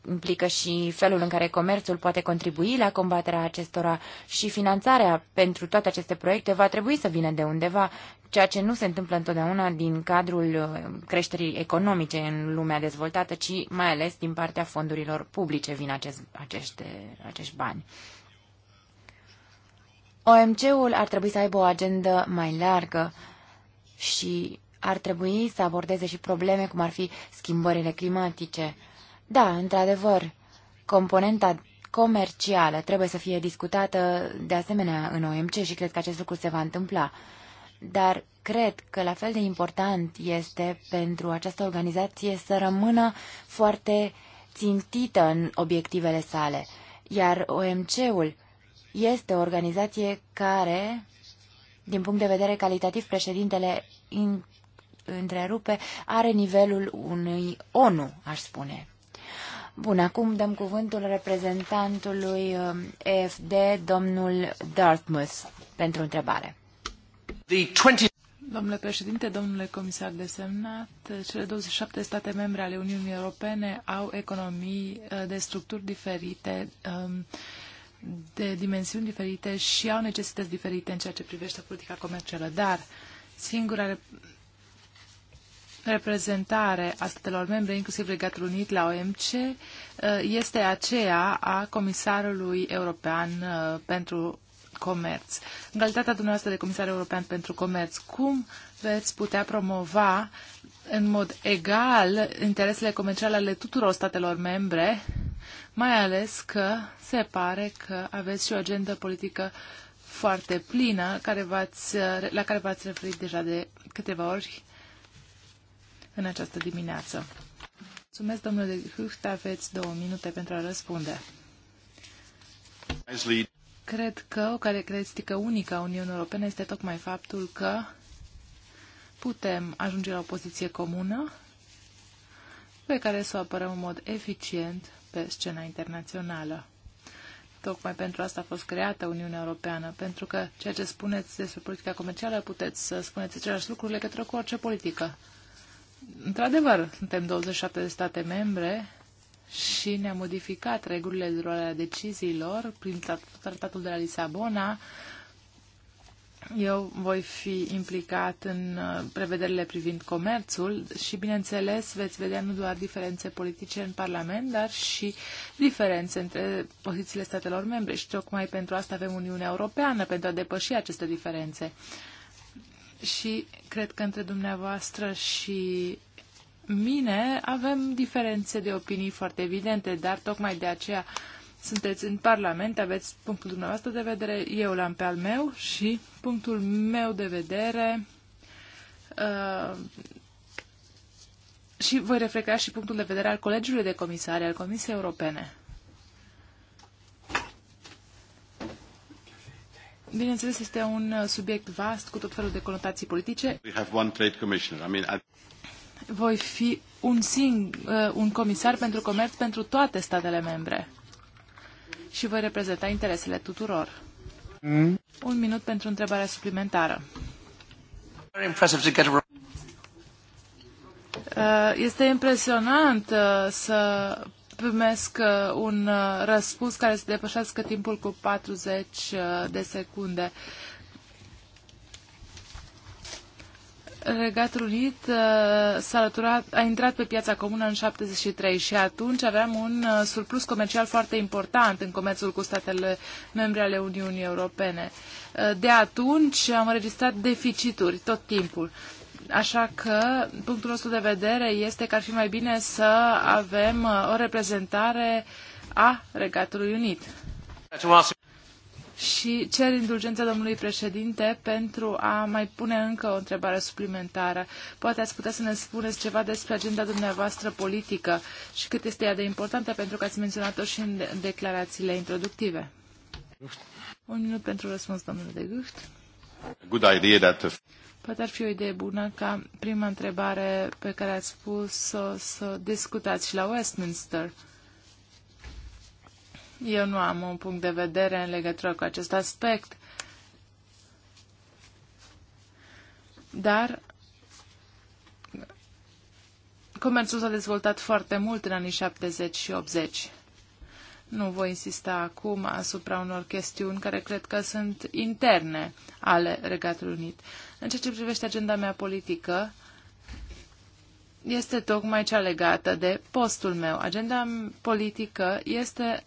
implică și felul în care comerțul poate contribui la combaterea acestora și finanțarea pentru toate aceste proiecte va trebui să vină de undeva, ceea ce nu se întâmplă întotdeauna din cadrul uh, creșterii economice în lumea dezvoltată, ci mai ales din partea fondurilor publice vin acest, acești, acești bani. OMC-ul ar trebui să aibă o agendă mai largă și ar trebui să abordeze și probleme cum ar fi schimbările climatice. Da, într-adevăr, componenta comercială trebuie să fie discutată de asemenea în OMC și cred că acest lucru se va întâmpla. Dar cred că la fel de important este pentru această organizație să rămână foarte țintită în obiectivele sale, iar OMC-ul este o organizație care, din punct de vedere calitativ, președintele in, întrerupe, are nivelul unui ONU, aș spune. Bun, acum dăm cuvântul reprezentantului um, EFD, domnul Dartmouth, pentru întrebare. Domnule președinte, domnule comisar de semnat, cele 27 state membre ale Uniunii Europene au economii uh, de structuri diferite um, de dimensiuni diferite și au necesități diferite în ceea ce privește politica comercială, dar singura reprezentare a statelor membre, inclusiv Regatul Unit la OMC, uh, este aceea a Comisarului European uh, pentru Comerț. În calitatea dumneavoastră de Comisar European pentru Comerț, cum veți putea promova în mod egal interesele comerciale ale tuturor statelor membre, mai ales că se pare că aveți și o agendă politică foarte plină care la care v-ați referit deja de câteva ori în această dimineață. Mulțumesc, domnule de Hucht, aveți două minute pentru a răspunde. Cred că o caracteristică unică a Uniunii Europene este tocmai faptul că putem ajunge la o poziție comună pe care să o apărăm în mod eficient pe scena internațională. Tocmai pentru asta a fost creată Uniunea Europeană, pentru că ceea ce spuneți despre politica comercială puteți să spuneți același lucru legătură cu orice politică. Într-adevăr, suntem 27 de state membre și ne-a modificat regulile de luare a deciziilor prin tratatul de la Lisabona, eu voi fi implicat în uh, prevederile privind comerțul și, bineînțeles, veți vedea nu doar diferențe politice în Parlament, dar și diferențe între pozițiile statelor membre. Și tocmai pentru asta avem Uniunea Europeană, pentru a depăși aceste diferențe. Și cred că între dumneavoastră și mine avem diferențe de opinii foarte evidente, dar tocmai de aceea uh, sunteți în Parlament, aveți punctul dumneavoastră de vedere, eu l-am pe al meu și punctul meu de vedere uh, și voi reflecta și punctul de vedere al Colegiului de Comisari, al Comisiei Europene. Bineînțeles, este un uh, subiect vast cu tot felul de conotații politice. We have one trade commissioner. I mean, I... Voi fi un, sing, uh, un comisar pentru comerț pentru toate statele membre și voi reprezenta interesele tuturor. Mm. Un minut pentru întrebarea suplimentară. Uh, este impresionant uh, să primesc uh, un răspuns care să depășească timpul cu 40 de secunde. Regatul Unit uh, s-a alăturat, a intrat pe piața comună în 73 și atunci aveam un uh, surplus comercial foarte important în comerțul cu statele membre ale Uniunii Europene. Uh, de atunci am înregistrat deficituri tot timpul. Așa că punctul nostru de vedere este că ar fi mai bine să avem o reprezentare a Regatului Unit și cer indulgența domnului președinte pentru a mai pune încă o întrebare suplimentară. Poate ați putea să ne spuneți ceva despre agenda dumneavoastră politică și cât este ea de importantă, pentru că ați menționat-o și în declarațiile introductive. Un minut pentru răspuns, domnule de Gucht. Good idea that... Poate ar fi o idee bună ca prima întrebare pe care ați spus să, să discutați și la Westminster. Eu nu am un punct de vedere în legătură cu acest aspect, dar comerțul s-a dezvoltat foarte mult în anii 70 și 80. Nu voi insista acum asupra unor chestiuni care cred că sunt interne ale Regatului Unit. În ceea ce privește agenda mea politică, este tocmai cea legată de postul meu. Agenda politică este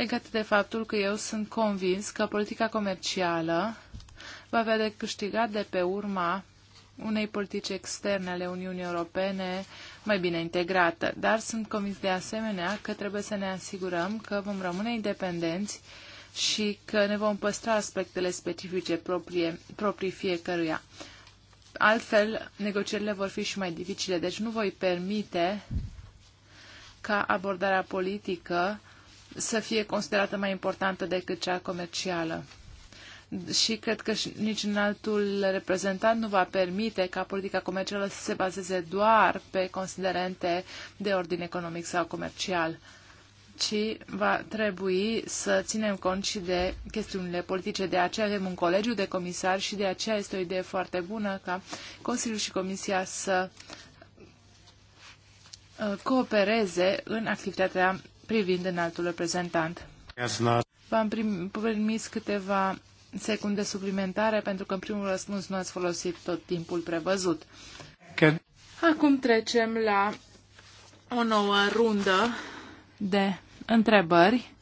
legat de faptul că eu sunt convins că politica comercială va avea de câștigat de pe urma unei politici externe ale Uniunii Europene mai bine integrată. Dar sunt convins de asemenea că trebuie să ne asigurăm că vom rămâne independenți și că ne vom păstra aspectele specifice proprie, proprii fiecăruia. Altfel, negocierile vor fi și mai dificile, deci nu voi permite ca abordarea politică să fie considerată mai importantă decât cea comercială. Și cred că nici niciun altul reprezentant nu va permite ca politica comercială să se bazeze doar pe considerente de ordin economic sau comercial, ci va trebui să ținem cont și de chestiunile politice. De aceea avem un colegiu de comisari și de aceea este o idee foarte bună ca Consiliul și Comisia să uh, coopereze în activitatea privind înaltul reprezentant. V-am permis câteva secunde suplimentare pentru că în primul răspuns nu ați folosit tot timpul prevăzut. Acum trecem la o nouă rundă de întrebări.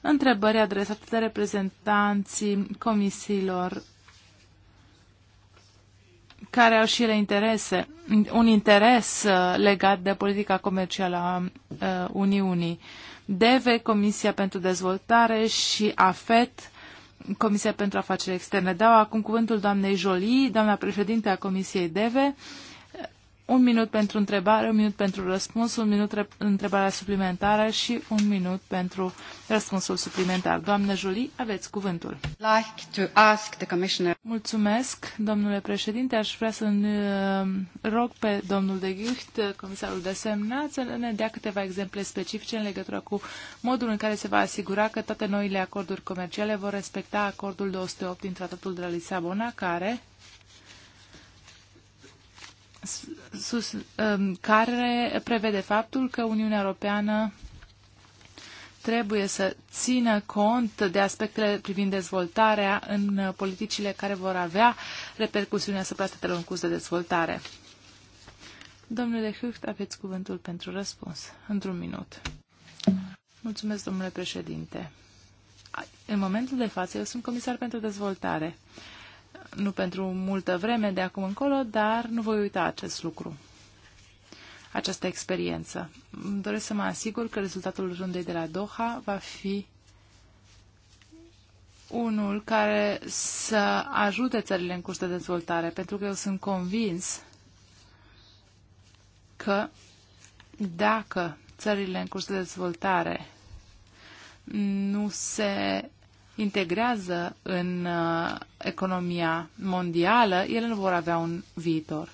Întrebări adresate de reprezentanții comisiilor care au și ele interese, un interes uh, legat de politica comercială a uh, Uniunii. DEVE, Comisia pentru Dezvoltare și AFET, Comisia pentru Afaceri Externe. Dau acum cuvântul doamnei Jolie, doamna președinte a Comisiei DEVE. Uh, un minut pentru întrebare, un minut pentru răspuns, un minut întrebarea suplimentară și un minut pentru răspunsul suplimentar. Doamnă Julie, aveți cuvântul. Like to ask the commissioner. Mulțumesc, domnule președinte. Aș vrea să uh, rog pe domnul de Gucht, uh, comisarul de semnat, să ne dea câteva exemple specifice în legătură cu modul în care se va asigura că toate noile acorduri comerciale vor respecta acordul 208 din Tratatul de la Lisabona, care sus, um, care prevede faptul că Uniunea Europeană trebuie să țină cont de aspectele privind dezvoltarea în politicile care vor avea repercusiuni asupra statelor în curs de dezvoltare. Domnule Hucht, aveți cuvântul pentru răspuns. Într-un minut. Mulțumesc, domnule președinte. În momentul de față, eu sunt comisar pentru dezvoltare nu pentru multă vreme de acum încolo, dar nu voi uita acest lucru, această experiență. Îmi doresc să mă asigur că rezultatul rundei de la Doha va fi unul care să ajute țările în curs de dezvoltare, pentru că eu sunt convins că dacă țările în curs de dezvoltare nu se integrează în uh, economia mondială, ele nu vor avea un viitor.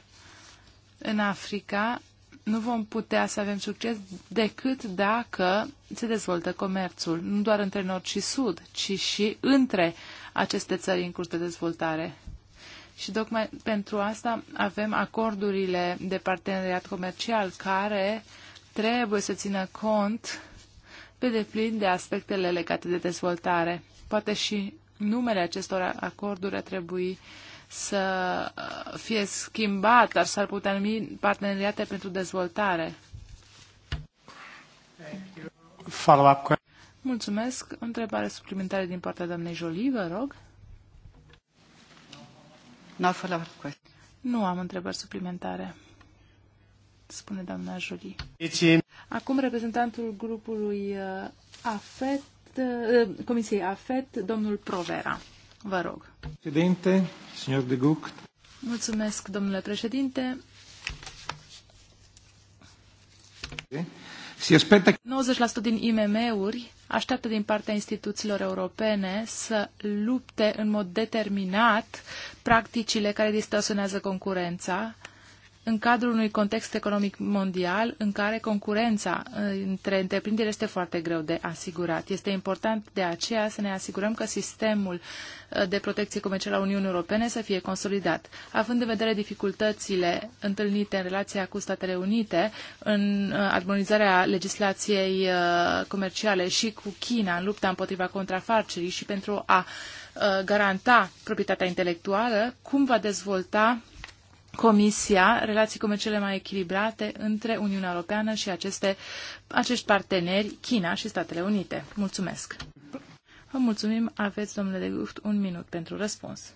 În Africa nu vom putea să avem succes decât dacă se dezvoltă comerțul, nu doar între nord și sud, ci și între aceste țări în curs de dezvoltare. Și tocmai pentru asta avem acordurile de parteneriat comercial care trebuie să țină cont pe deplin de aspectele legate de dezvoltare. Poate și numele acestor acorduri ar trebui să uh, fie schimbat, dar s-ar putea numi parteneriate pentru dezvoltare. Follow-up Mulțumesc. întrebare suplimentară din partea doamnei Jolie, vă rog. No Nu am întrebări suplimentare, spune doamna Jolie. Deci Acum reprezentantul grupului uh, AFET Eh, Comisiei AFET, domnul Provera. Vă rog. Președinte, signor de Gucht. Mulțumesc, domnule președinte. 90% din IMM-uri așteaptă din partea instituțiilor europene să lupte în mod determinat practicile care distorsionează concurența, în cadrul unui context economic mondial în care concurența uh, între întreprinderi este foarte greu de asigurat. Este important de aceea să ne asigurăm că sistemul uh, de protecție comercială a Uniunii Europene să fie consolidat. Având în vedere dificultățile întâlnite în relația cu Statele Unite, în uh, armonizarea legislației comerciale și cu China în lupta împotriva contrafacerii și pentru a garanta proprietatea intelectuală, cum va dezvolta Comisia relații comerciale mai echilibrate între Uniunea Europeană și aceste, acești parteneri, China și Statele Unite. Mulțumesc! Vă mulțumim, aveți, domnule de Guft, un minut pentru răspuns.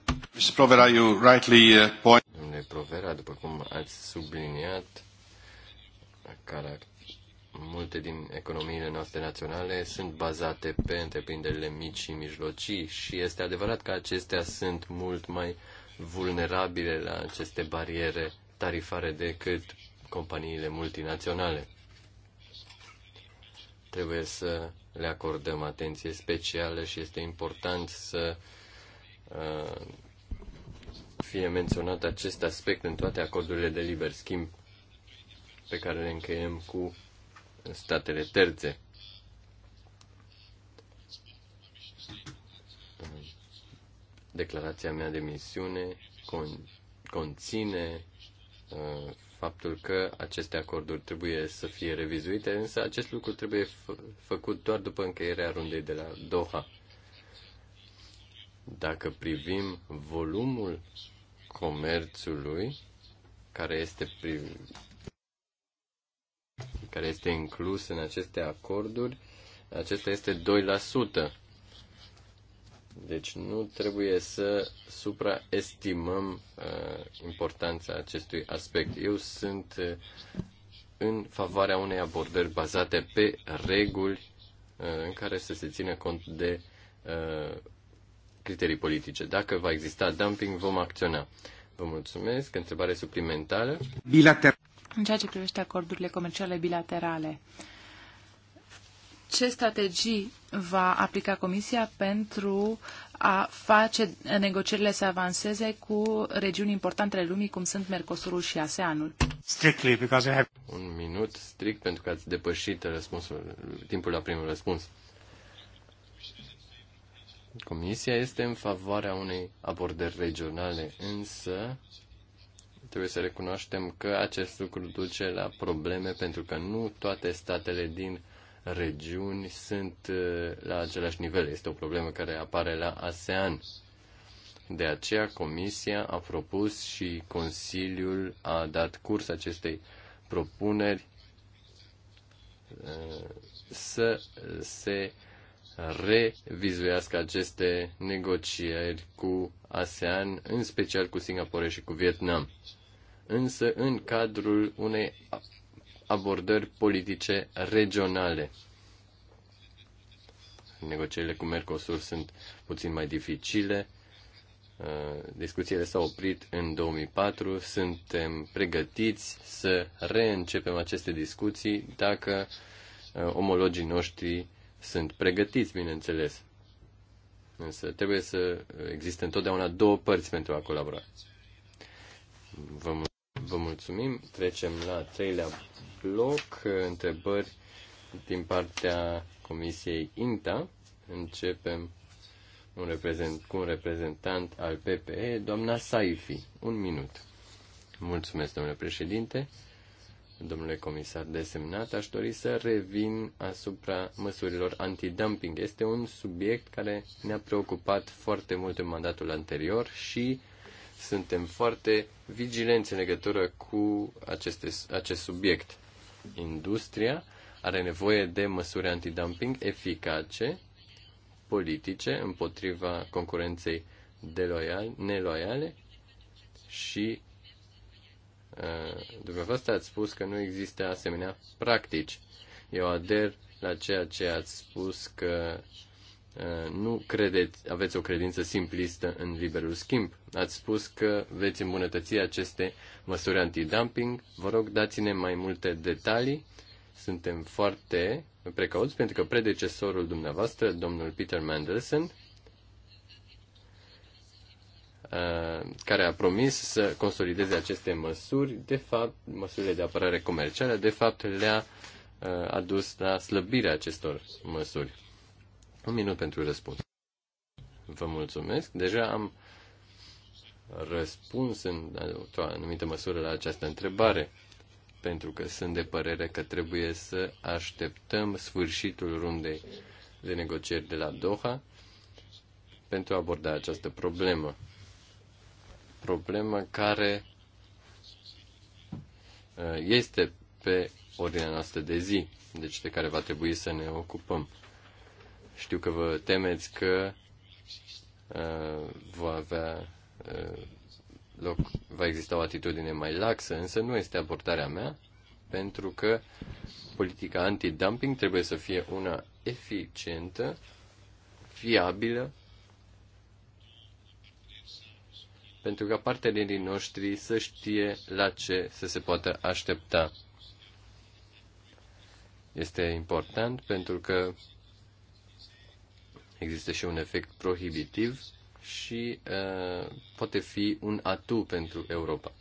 Provera, you rightly uh, point... Domnule Provera, după cum ați subliniat, care multe din economiile noastre naționale sunt bazate pe întreprinderile mici și mijlocii și este adevărat că acestea sunt mult mai uh, vulnerabile la aceste bariere tarifare decât companiile multinaționale. Trebuie să le acordăm atenție specială și este important să uh, fie menționat acest aspect în toate acordurile de liber schimb pe care le încheiem cu statele terțe. Declarația mea de misiune con- conține uh, faptul că aceste acorduri trebuie să fie revizuite, însă acest lucru trebuie făcut doar după încheierea rundei de la Doha. Dacă privim volumul comerțului care este care este inclus în aceste acorduri, acesta este 2%. Deci nu trebuie să supraestimăm uh, importanța acestui aspect. Eu sunt uh, în favoarea unei abordări bazate pe reguli uh, în care să se țină cont de uh, criterii politice. Dacă va exista dumping, vom acționa. Vă mulțumesc. Întrebare suplimentară. Bilater- în ceea ce privește acordurile comerciale bilaterale, uh, ce strategii va aplica Comisia pentru a face negocierile să avanseze cu regiuni importante ale lumii, cum sunt Mercosurul și ASEANul? Strictly, because I have... Un minut strict, pentru că ați depășit răspunsul, timpul la primul răspuns. Comisia este în favoarea unei abordări regionale, însă trebuie să recunoaștem că acest lucru duce la probleme pentru că nu toate statele din regiuni sunt uh, la același nivel. Este o problemă care apare la ASEAN. De aceea Comisia a propus și Consiliul a dat curs acestei propuneri uh, să se revizuiască aceste negocieri cu ASEAN, în special cu Singapore și cu Vietnam, însă în cadrul unei abordări politice regionale. Negocierile cu Mercosur sunt puțin mai dificile. Uh, discuțiile s-au oprit în 2004. Suntem pregătiți să reîncepem aceste discuții dacă uh, omologii noștri sunt pregătiți, bineînțeles. Însă trebuie să existe întotdeauna două părți pentru a colabora. Vă, vă mulțumim. Trecem la treilea bloc întrebări din partea Comisiei INTA. Începem un reprezent, cu un reprezentant al PPE, doamna Saifi. Un minut. Mulțumesc, domnule președinte. Domnule comisar desemnat, aș dori să revin asupra măsurilor antidumping. Este un subiect care ne-a preocupat foarte mult în mandatul anterior și suntem foarte vigilenți în legătură cu aceste, acest subiect. Industria are nevoie de măsuri antidumping eficace, politice, împotriva concurenței deloial, neloiale și uh, dumneavoastră ați spus că nu există asemenea practici. Eu ader la ceea ce ați spus că uh, Uh, nu credeți, aveți o credință simplistă în liberul schimb. Ați spus că veți îmbunătăți aceste măsuri antidumping. Vă rog, dați-ne mai multe detalii. Suntem foarte precauți pentru că predecesorul dumneavoastră, domnul Peter Mandelson, uh, care a promis să consolideze aceste măsuri, de fapt, măsurile de apărare comercială, de fapt le-a uh, adus la slăbirea acestor măsuri un minut pentru răspuns. Vă mulțumesc. Deja am răspuns în o anumită măsură la această întrebare, pentru că sunt de părere că trebuie să așteptăm sfârșitul rundei de negocieri de la Doha pentru a aborda această problemă. Problemă care uh, este pe ordinea noastră de zi, deci de care va trebui să ne ocupăm. Știu că vă temeți că uh, va avea uh, loc, va exista o atitudine mai laxă, însă nu este abordarea mea, pentru că politica anti-dumping trebuie să fie una eficientă, fiabilă, pentru ca partenerii noștri să știe la ce să se poată aștepta. Este important pentru că Există și un efect prohibitiv și uh, poate fi un atu pentru Europa.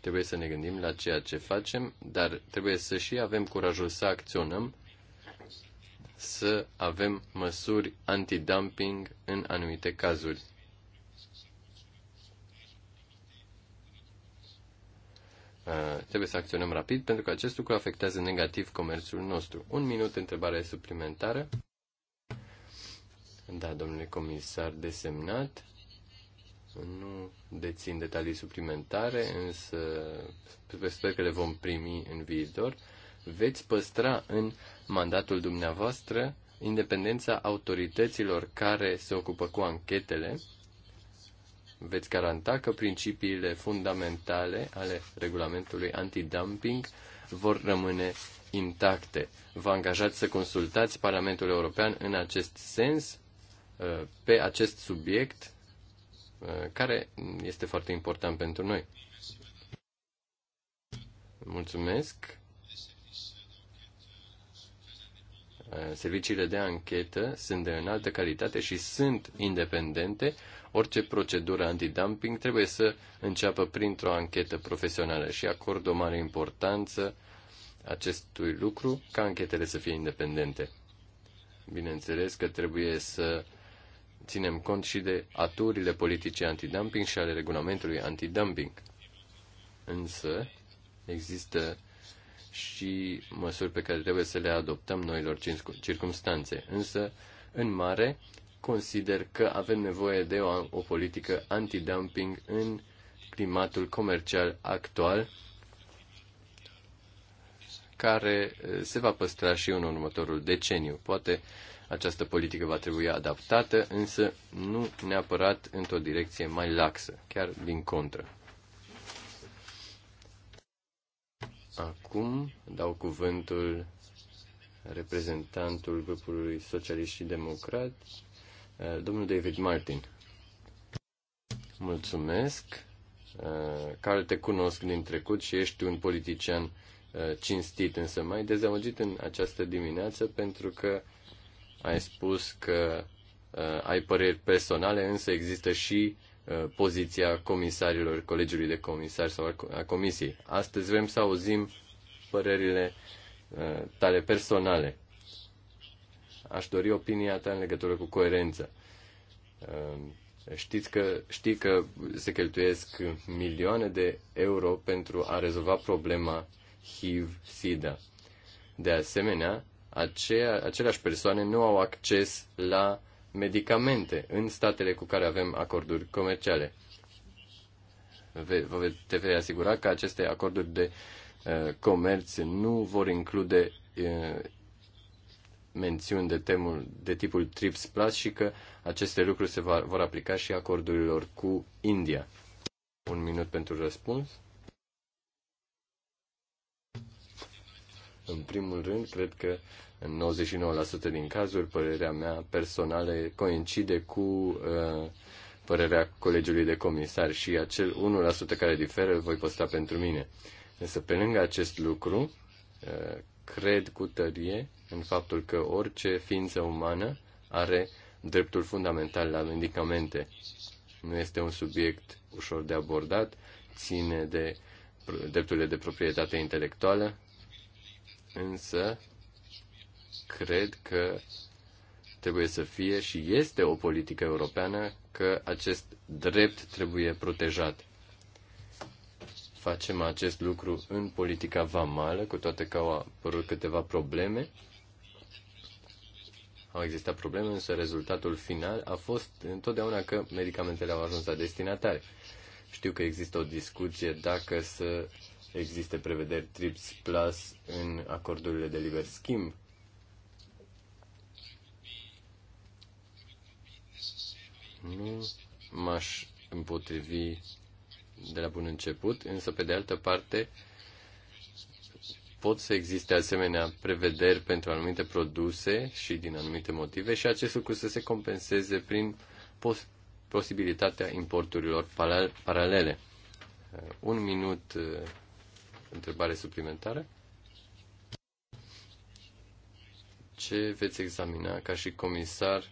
Trebuie să ne gândim la ceea ce facem, dar trebuie să și avem curajul să acționăm, să avem măsuri antidumping în anumite cazuri. Uh, trebuie să acționăm rapid pentru că acest lucru afectează negativ comerțul nostru. Un minut întrebare suplimentară. Da, domnule comisar desemnat, nu dețin detalii suplimentare, însă sper că le vom primi în viitor. Veți păstra în mandatul dumneavoastră independența autorităților care se ocupă cu anchetele. Veți garanta că principiile fundamentale ale regulamentului antidumping vor rămâne intacte. Vă angajați să consultați Parlamentul European în acest sens Uh, pe acest subiect uh, care este foarte important pentru noi. Mulțumesc. Uh, serviciile de anchetă sunt de înaltă calitate și sunt independente. Orice procedură antidumping trebuie să înceapă printr-o anchetă profesională și acord o mare importanță acestui lucru ca anchetele să fie independente. Bineînțeles că trebuie să uh, ținem cont și de aturile politice antidumping și ale regulamentului antidumping. Însă, există și măsuri pe care trebuie să le adoptăm noilor circunstanțe. Însă, în mare, consider că avem nevoie de o, o politică antidumping în climatul comercial actual, care eh, se va păstra și în următorul deceniu. Poate această politică va trebui adaptată, însă nu neapărat într-o direcție mai laxă, chiar din contră. Acum dau cuvântul reprezentantul grupului socialist și democrat, domnul David Martin. Mulțumesc. Care te cunosc din trecut și ești un politician uh, cinstit, însă mai dezamăgit în această dimineață pentru că ai spus că uh, ai păreri personale, însă există și uh, poziția comisarilor, colegiului de comisari sau a comisiei. Astăzi vrem să auzim părerile uh, tale personale. Aș dori opinia ta în legătură cu coerență. Uh, știți că, știi că se cheltuiesc milioane de euro pentru a rezolva problema HIV-SIDA. De asemenea, aceea, aceleași persoane nu au acces la medicamente în statele cu care avem acorduri comerciale. Vă te vei asigura că aceste acorduri de uh, comerț nu vor include uh, mențiuni de, temul, de tipul TRIPS Plus și că aceste lucruri se va, vor aplica și acordurilor cu India. Un minut pentru răspuns. În primul rând, cred că în 99% din cazuri, părerea mea personală coincide cu uh, părerea colegiului de comisar și acel 1% care diferă îl voi posta pentru mine. Însă, pe lângă acest lucru, uh, cred cu tărie în faptul că orice ființă umană are dreptul fundamental la medicamente. Nu este un subiect ușor de abordat, ține de drepturile de proprietate intelectuală, însă cred că trebuie să fie și este o politică europeană că acest drept trebuie protejat. Facem acest lucru în politica vamală, cu toate că au apărut câteva probleme. Au existat probleme, însă rezultatul final a fost întotdeauna că medicamentele au ajuns la destinatare. Știu că există o discuție dacă să existe prevederi TRIPS Plus în acordurile de liber schimb. Nu m-aș împotrivi de la bun început, însă pe de altă parte pot să existe asemenea prevederi pentru anumite produse și din anumite motive și acest lucru să se compenseze prin pos- posibilitatea importurilor paralele. Uh, un minut uh, Întrebare suplimentară? Ce veți examina ca și comisar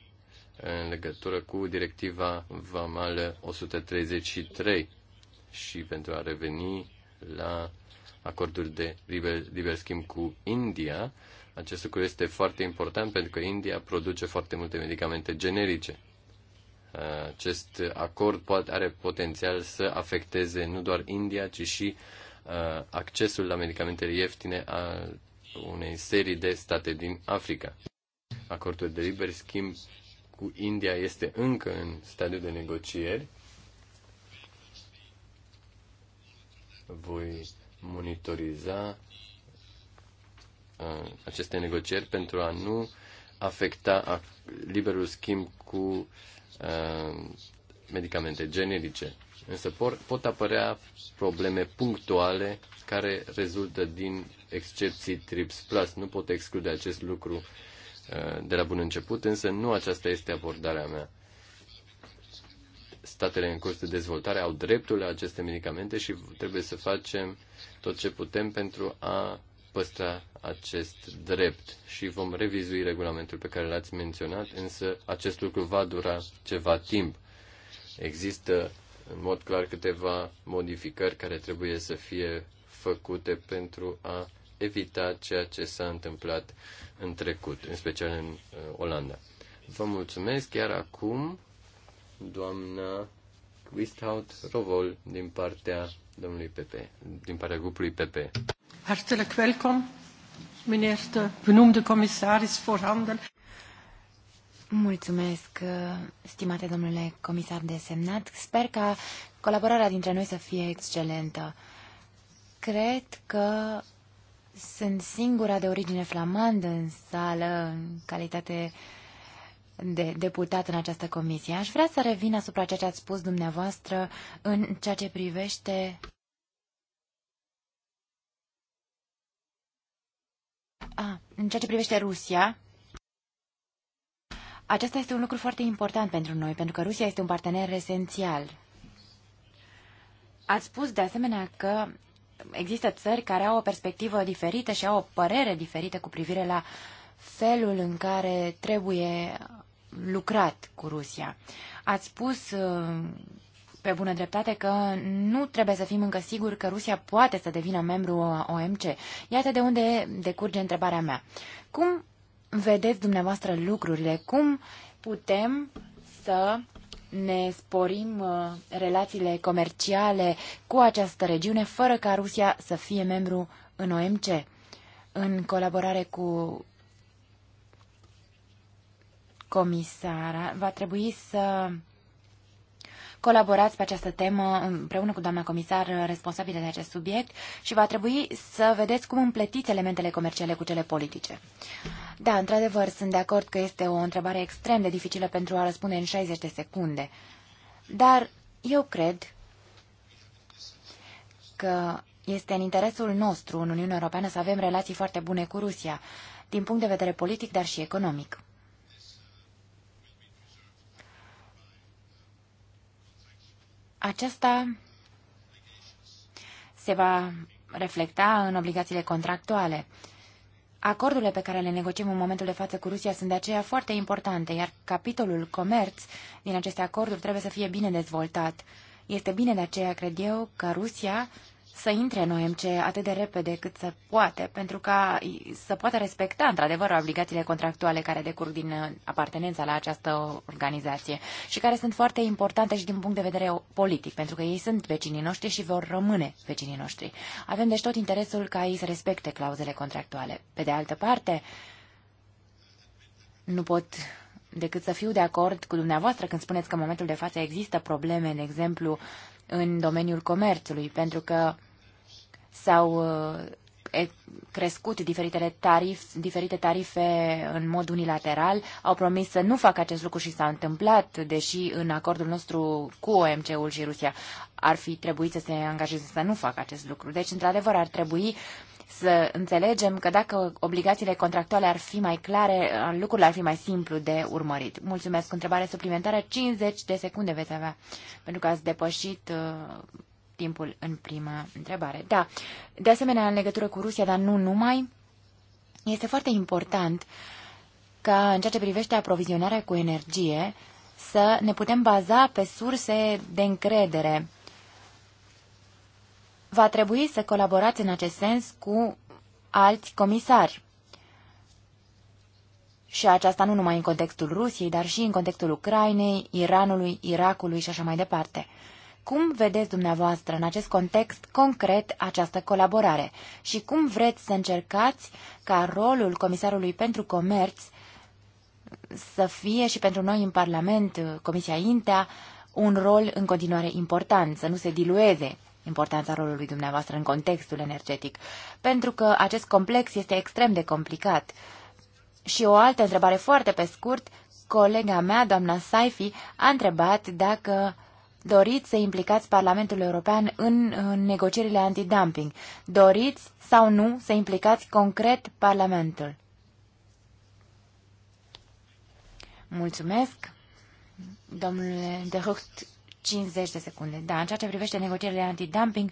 în legătură cu directiva VAMALă 133 și pentru a reveni la acordul de liber, liber schimb cu India, acest lucru este foarte important pentru că India produce foarte multe medicamente generice. Acest acord poate, are potențial să afecteze nu doar India, ci și Uh, accesul la medicamentele ieftine a unei serii de state din Africa. Acordul de liber schimb cu India este încă în stadiu de negocieri. Voi monitoriza uh, aceste negocieri pentru a nu afecta liberul schimb cu uh, medicamente generice. Însă pot apărea probleme punctuale care rezultă din excepții TRIPS Plus. Nu pot exclude acest lucru uh, de la bun început, însă nu aceasta este abordarea mea. Statele în curs de dezvoltare au dreptul la aceste medicamente și trebuie să facem tot ce putem pentru a păstra acest drept și vom revizui regulamentul pe care l-ați menționat, însă acest lucru va dura ceva timp. Există în mod clar câteva modificări care trebuie să fie făcute pentru a evita ceea ce s-a întâmplat în trecut, în special în uh, Olanda. Vă mulțumesc chiar acum, doamna Quisthout Rovol, din partea domnului PP, din partea grupului PP. Hartelijk welkom, meneer de benoemde commissaris voor handel. Mulțumesc, uh, stimate domnule comisar de semnat. Sper ca colaborarea dintre noi să fie excelentă. Cred că sunt singura de origine flamandă în sală, în calitate de deputat în această comisie. Aș vrea să revin asupra ceea ce ați spus dumneavoastră în ceea ce privește A, ah, în ceea ce privește Rusia acesta este un lucru foarte important pentru noi, pentru că Rusia este un partener esențial. Ați spus de asemenea că există țări care au o perspectivă diferită și au o părere diferită cu privire la felul în care trebuie lucrat cu Rusia. Ați spus uh, pe bună dreptate că nu trebuie să fim încă siguri că Rusia poate să devină membru OMC. Iată de unde decurge întrebarea mea. Cum vedeți dumneavoastră lucrurile? Cum putem să ne sporim uh, relațiile comerciale cu această regiune fără ca Rusia să fie membru în OMC? În colaborare cu comisara, va trebui să colaborați pe această temă împreună cu doamna comisar responsabilă de acest subiect și va trebui să vedeți cum împletiți elementele comerciale cu cele politice. Da, într-adevăr, sunt de acord că este o întrebare extrem de dificilă pentru a răspunde în 60 de secunde. Dar eu cred că este în interesul nostru în Uniunea Europeană să avem relații foarte bune cu Rusia, din punct de vedere politic, dar și economic. Aceasta se va reflecta în obligațiile contractuale. Acordurile pe care le negociem în momentul de față cu Rusia sunt de aceea foarte importante, iar capitolul comerț din aceste acorduri trebuie să fie bine dezvoltat. Este bine de aceea, cred eu, că Rusia să intre în OMC atât de repede cât se poate, pentru ca să poată respecta într-adevăr obligațiile contractuale care decurg din uh, apartenența la această organizație și care sunt foarte importante și din punct de vedere politic, pentru că ei sunt vecinii noștri și vor rămâne vecinii noștri. Avem deci tot interesul ca ei să respecte clauzele contractuale. Pe de altă parte, nu pot decât să fiu de acord cu dumneavoastră când spuneți că în momentul de față există probleme, de exemplu, în domeniul comerțului, pentru că s-au uh, crescut diferitele tarif, diferite tarife în mod unilateral, au promis să nu facă acest lucru și s-a întâmplat, deși în acordul nostru cu OMC-ul și Rusia ar fi trebuit să se angajeze să nu facă acest lucru. Deci, într-adevăr, ar trebui să înțelegem că dacă obligațiile contractuale ar fi mai clare, lucrurile ar fi mai simplu de urmărit. Mulțumesc. Întrebare suplimentară, 50 de secunde veți avea, pentru că ați depășit uh, timpul în prima întrebare. Da, de asemenea, în legătură cu Rusia, dar nu numai, este foarte important ca în ceea ce privește aprovizionarea cu energie să ne putem baza pe surse de încredere. Va trebui să colaborați în acest sens cu alți comisari. Și aceasta nu numai în contextul Rusiei, dar și în contextul Ucrainei, Iranului, Irakului și așa mai departe. Cum vedeți dumneavoastră în acest context concret această colaborare și cum vreți să încercați ca rolul Comisarului pentru Comerț să fie și pentru noi în Parlament, Comisia Intea, un rol în continuare important, să nu se dilueze importanța rolului dumneavoastră în contextul energetic, pentru că acest complex este extrem de complicat. Și o altă întrebare foarte pe scurt, colega mea, doamna Saifi, a întrebat dacă uh, Doriți să implicați Parlamentul European în, în negocierile antidumping? Doriți sau nu să implicați concret Parlamentul? Mulțumesc. Domnule de Hucht, 50 de secunde. Da, în ceea ce privește negocierile antidumping,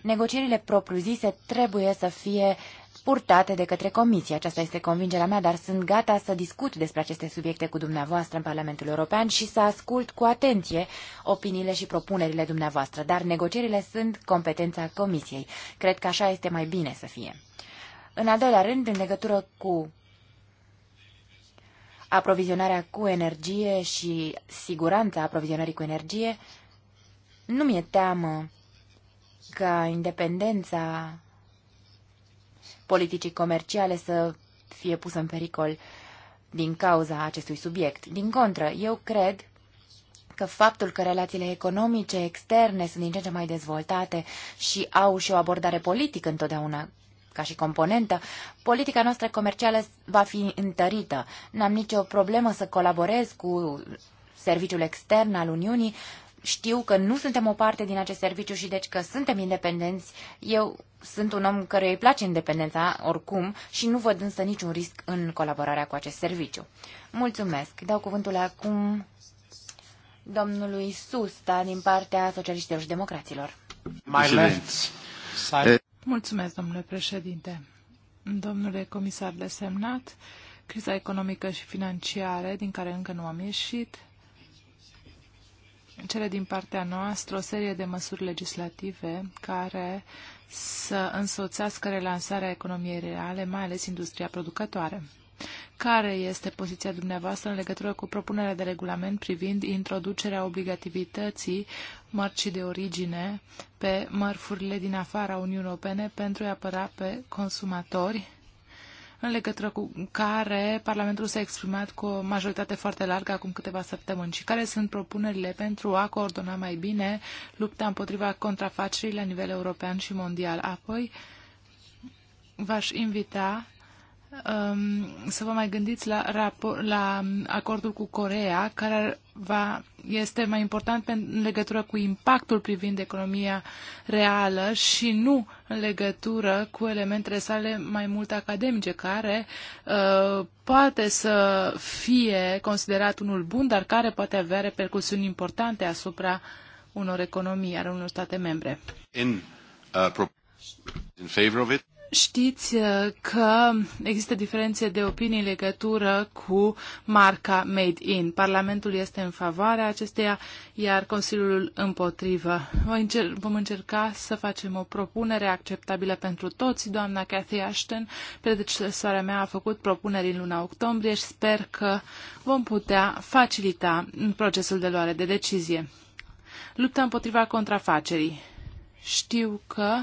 negocierile propriu-zise trebuie să fie purtate de către Comisie. Aceasta este convingerea mea, dar sunt gata să discut despre aceste subiecte cu dumneavoastră în Parlamentul European și să ascult cu atenție opiniile și propunerile dumneavoastră, dar negocierile sunt competența Comisiei. Cred că așa este mai bine să fie. În al doilea rând, în legătură cu aprovizionarea cu energie și siguranța aprovizionării cu energie, nu mi-e teamă ca independența politicii comerciale să fie pusă în pericol din cauza acestui subiect. Din contră, eu cred că faptul că relațiile economice externe sunt din ce în ce mai dezvoltate și au și o abordare politică întotdeauna ca și componentă, politica noastră comercială va fi întărită. N-am nicio problemă să colaborez cu serviciul extern al Uniunii. Știu că nu suntem o parte din acest serviciu și deci că suntem independenți. Eu sunt un om care îi place independența, oricum, și nu văd însă niciun risc în colaborarea cu acest serviciu. Mulțumesc. Dau cuvântul acum domnului Susta din partea Socialiștilor și Democraților. My Mulțumesc, domnule președinte. Domnule comisar desemnat, criza economică și financiară, din care încă nu am ieșit, cele din partea noastră o serie de măsuri legislative care să însoțească relansarea economiei reale, mai ales industria producătoare. Care este poziția dumneavoastră în legătură cu propunerea de regulament privind introducerea obligativității mărcii de origine pe mărfurile din afara Uniunii Europene pentru a apăra pe consumatori în legătură cu care Parlamentul s-a exprimat cu o majoritate foarte largă acum câteva săptămâni și care sunt propunerile pentru a coordona mai bine lupta împotriva contrafacerii la nivel european și mondial. Apoi v-aș invita um, să vă mai gândiți la, la acordul cu Corea, care ar va, este mai important în legătură cu impactul privind economia reală și nu în legătură cu elementele sale mai mult academice, care uh, poate să fie considerat unul bun, dar care poate avea repercusiuni importante asupra unor economii, ale unor state membre. In, uh, in favor of it. Știți uh, că există diferențe de opinii în legătură cu marca Made In. Parlamentul este în favoarea acesteia, iar Consiliul împotrivă. Vom încerca să facem o propunere acceptabilă pentru toți. Doamna Cathy Ashton, predecesoarea mea, a făcut propuneri în luna octombrie și sper că vom putea facilita procesul de luare de decizie. Lupta împotriva contrafacerii. Știu că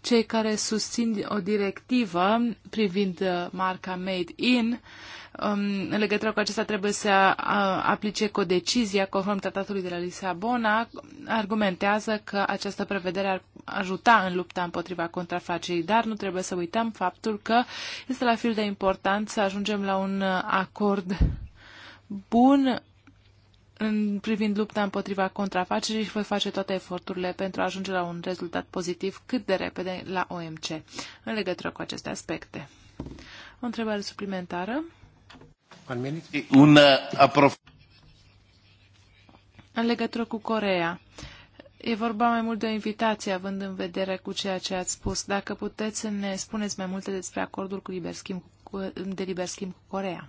cei care susțin o directivă privind uh, marca Made In. Um, în legătură cu acesta trebuie să uh, aplice decizie conform tratatului de la Lisabona, argumentează că această prevedere ar ajuta în lupta împotriva contrafacerii, dar nu trebuie să uităm faptul că este la fel de important să ajungem la un uh, acord bun în privind lupta împotriva contrafacerii și voi face toate eforturile pentru a ajunge la un rezultat pozitiv cât de repede la OMC în legătură cu aceste aspecte. O întrebare suplimentară? Un uh, aprof. În legătură cu Corea. E vorba mai mult de o invitație, având în vedere cu ceea ce ați spus. Dacă puteți să ne spuneți mai multe despre acordul cu liber schimb, cu, de liber schimb cu Corea.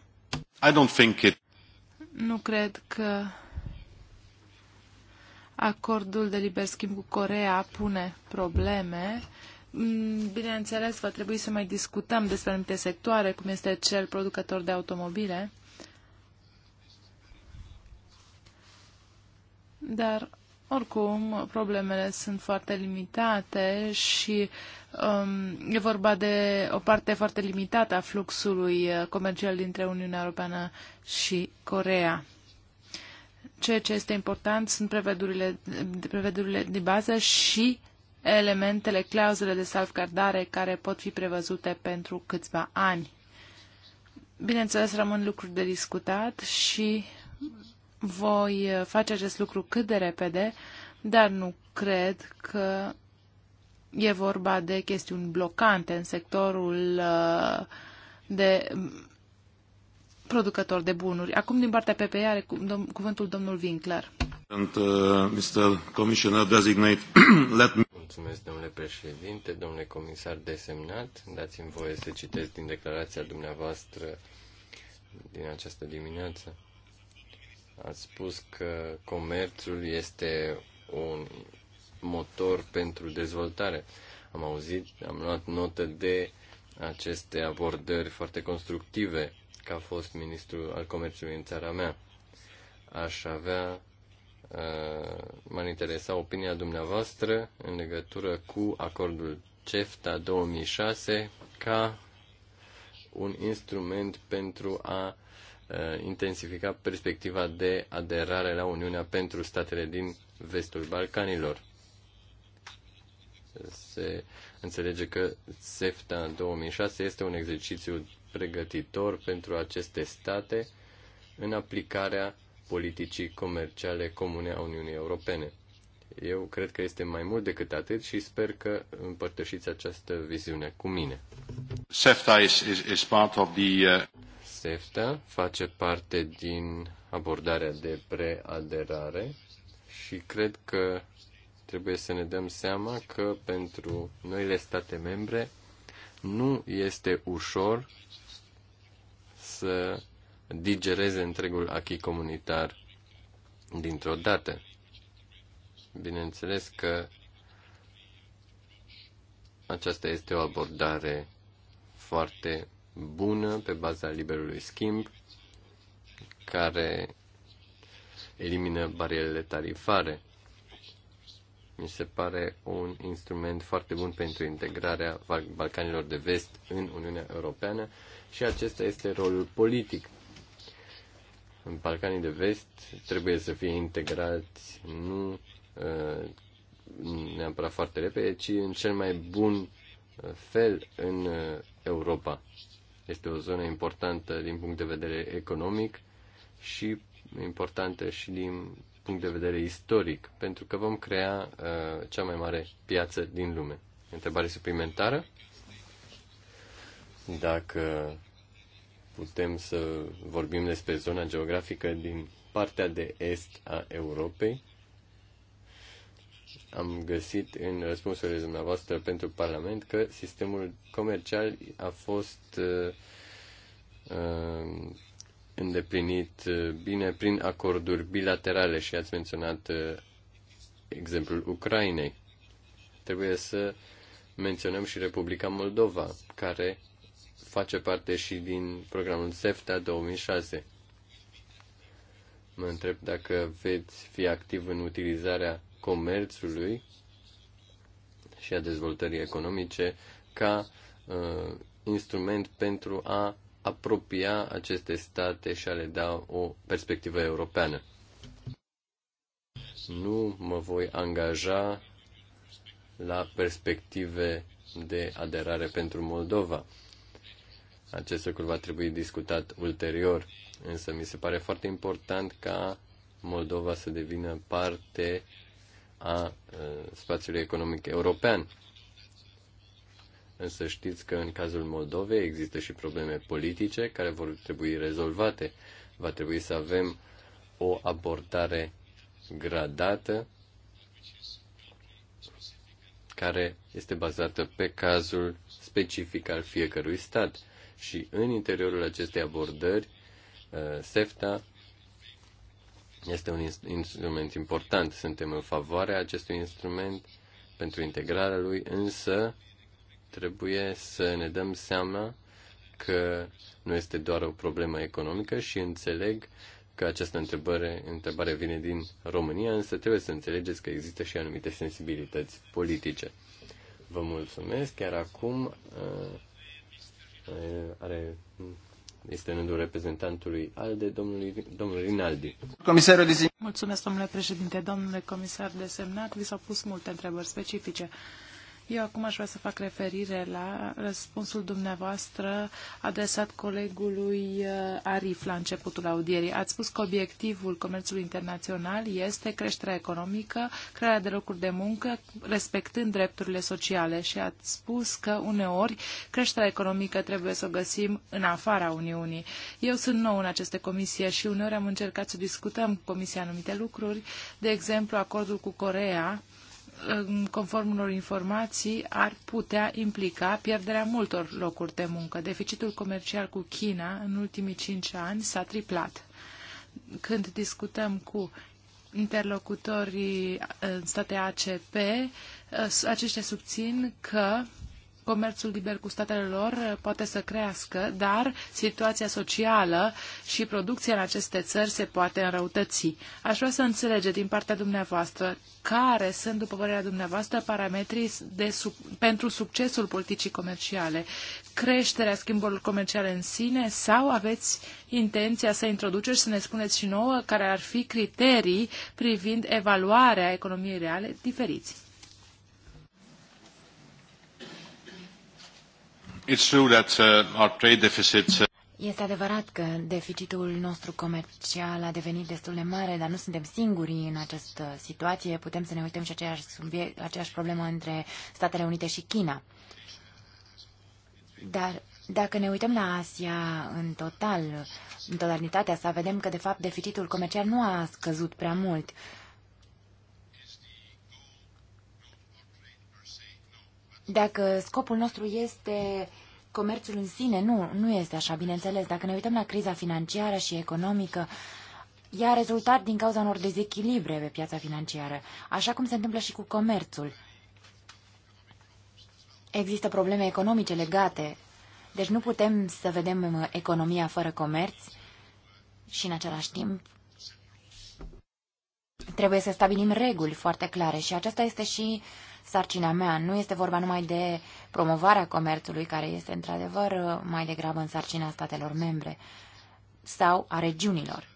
I don't think it... Nu cred că acordul de liber schimb cu Corea pune probleme. Mm, bineînțeles, va trebui să mai discutăm despre anumite sectoare, cum este cel producător de automobile. Dar, oricum, problemele sunt foarte limitate și uh, Um, e vorba de o parte foarte limitată a fluxului uh, comercial dintre Uniunea Europeană și Corea. Ceea ce este important sunt prevederile, prevederile de bază și elementele, clauzele de salvgardare care pot fi prevăzute pentru câțiva ani. Bineînțeles, rămân lucruri de discutat și voi uh, face acest lucru cât de repede, dar nu cred că E vorba de chestiuni blocante în sectorul uh, de mm, producători de bunuri. Acum, din partea PPI, are cuvântul domnul Winkler. And, uh, Mr. Commissioner designate, let me... Mulțumesc, domnule președinte, domnule comisar desemnat. Dați-mi voie să citesc din declarația dumneavoastră din această dimineață. Ați spus că comerțul este un motor pentru dezvoltare. Am auzit, am luat notă de aceste abordări foarte constructive ca fost ministru al comerțului în țara mea. Aș avea, uh, m-ar interesa opinia dumneavoastră în legătură cu acordul CEFTA 2006 ca un instrument pentru a uh, intensifica perspectiva de aderare la Uniunea pentru statele din vestul Balcanilor se înțelege că SEFTA în 2006 este un exercițiu pregătitor pentru aceste state în aplicarea politicii comerciale comune a Uniunii Europene. Eu cred că este mai mult decât atât și sper că împărtășiți această viziune cu mine. SEFTA, is, is, is part of the, uh... SEFTA face parte din abordarea de preaderare și cred că trebuie să ne dăm seama că pentru noile state membre nu este ușor să digereze întregul achi comunitar dintr-o dată. Bineînțeles că aceasta este o abordare foarte bună pe baza liberului schimb, care elimină barierele tarifare. Mi se pare un instrument foarte bun pentru integrarea Balcanilor de Vest în Uniunea Europeană și acesta este rolul politic. În Balcanii de Vest trebuie să fie integrați nu uh, neapărat foarte repede, ci în cel mai bun uh, fel în uh, Europa. Este o zonă importantă din punct de vedere economic și importantă și din punct de vedere istoric, pentru că vom crea uh, cea mai mare piață din lume. Întrebare suplimentară? Dacă putem să vorbim despre zona geografică din partea de est a Europei, am găsit în răspunsurile dumneavoastră pentru Parlament că sistemul comercial a fost uh, uh, îndeplinit uh, bine prin acorduri bilaterale și ați menționat uh, exemplul Ucrainei. Trebuie să menționăm și Republica Moldova, care face parte și din programul SEFTA 2006. Mă întreb dacă veți fi activ în utilizarea comerțului și a dezvoltării economice ca uh, instrument pentru a apropia aceste state și a le da o perspectivă europeană. Nu mă voi angaja la perspective de aderare pentru Moldova. Acest lucru va trebui discutat ulterior, însă mi se pare foarte important ca Moldova să devină parte a uh, spațiului economic european însă știți că în cazul Moldovei există și probleme politice care vor trebui rezolvate. Va trebui să avem o abordare gradată care este bazată pe cazul specific al fiecărui stat. Și în interiorul acestei abordări, uh, SEFTA este un instrument important. Suntem în favoarea acestui instrument pentru integrarea lui, însă trebuie să ne dăm seama că nu este doar o problemă economică și înțeleg că această întrebare, întrebare vine din România, însă trebuie să înțelegeți că există și anumite sensibilități politice. Vă mulțumesc. Chiar acum uh, are, este rândul reprezentantului ALDE, domnului, domnul Rinaldi. Comisarul de Mulțumesc, domnule președinte. Domnule comisar desemnat, vi s-au pus multe întrebări specifice. Eu acum aș vrea să fac referire la răspunsul dumneavoastră adresat colegului uh, Arif la începutul audierii. Ați spus că obiectivul comerțului internațional este creșterea economică, crearea de locuri de muncă, respectând drepturile sociale și ați spus că uneori creșterea economică trebuie să o găsim în afara Uniunii. Eu sunt nou în aceste comisie și uneori am încercat să discutăm cu Comisia anumite lucruri, de exemplu acordul cu Corea, conform unor informații, ar putea implica pierderea multor locuri de muncă. Deficitul comercial cu China în ultimii cinci ani s-a triplat. Când discutăm cu interlocutorii uh, în state ACP, uh, aceștia subțin că comerțul liber cu statele lor poate să crească, dar situația socială și producția în aceste țări se poate înrăutăți. Aș vrea să înțelegeți din partea dumneavoastră care sunt, după părerea dumneavoastră, parametrii de sub, pentru succesul politicii comerciale. Creșterea schimburilor comerciale în sine sau aveți intenția să introduceți să ne spuneți și nouă care ar fi criterii privind evaluarea economiei reale diferiți? It's true that uh, our trade uh, Este adevărat că deficitul nostru comercial a devenit destul de mare, dar nu suntem singuri în această situație. Putem să ne uităm și aceeași, subiect, aceeași problemă între Statele Unite și China. Dar dacă ne uităm la Asia în total, în totalitatea sa, vedem că, de fapt, deficitul comercial nu a scăzut prea mult. Uh, Dacă scopul nostru este comerțul în sine, nu, nu este așa, bineînțeles. Dacă ne uităm la criza financiară și economică, ea a rezultat din cauza unor dezechilibre pe piața financiară, așa cum se întâmplă și cu comerțul. Există probleme economice legate, deci nu putem să vedem uh, economia fără comerț și în același timp trebuie să stabilim reguli foarte clare și aceasta este și uh, sarcina mea. Nu este vorba numai de promovarea comerțului, care este într-adevăr uh, mai degrabă în sarcina statelor membre sau a regiunilor.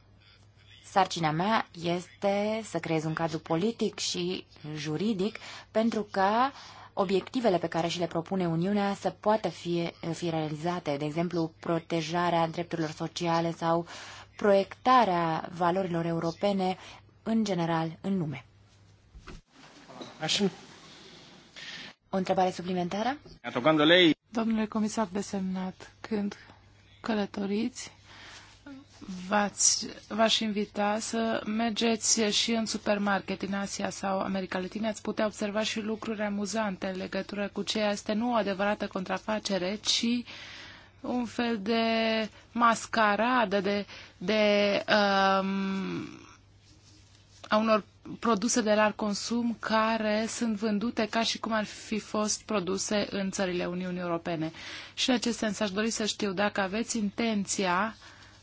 Sarcina mea este să creez un cadru politic și juridic pentru ca obiectivele pe care și le propune Uniunea să poată fi, uh, fi realizate, de exemplu, protejarea drepturilor sociale sau proiectarea valorilor europene în general în lume. Așa. O întrebare suplimentară? Domnule comisar desemnat, când călătoriți, V-ați, v-aș invita să mergeți și în supermarket din Asia sau America Latină. Ați putea observa și lucruri amuzante în legătură cu ce este nu o adevărată contrafacere, ci un fel de mascaradă, de, de um, a unor produse de larg consum care sunt vândute ca și cum ar fi fost produse în țările Uniunii Europene. Și în acest sens aș dori să știu dacă aveți intenția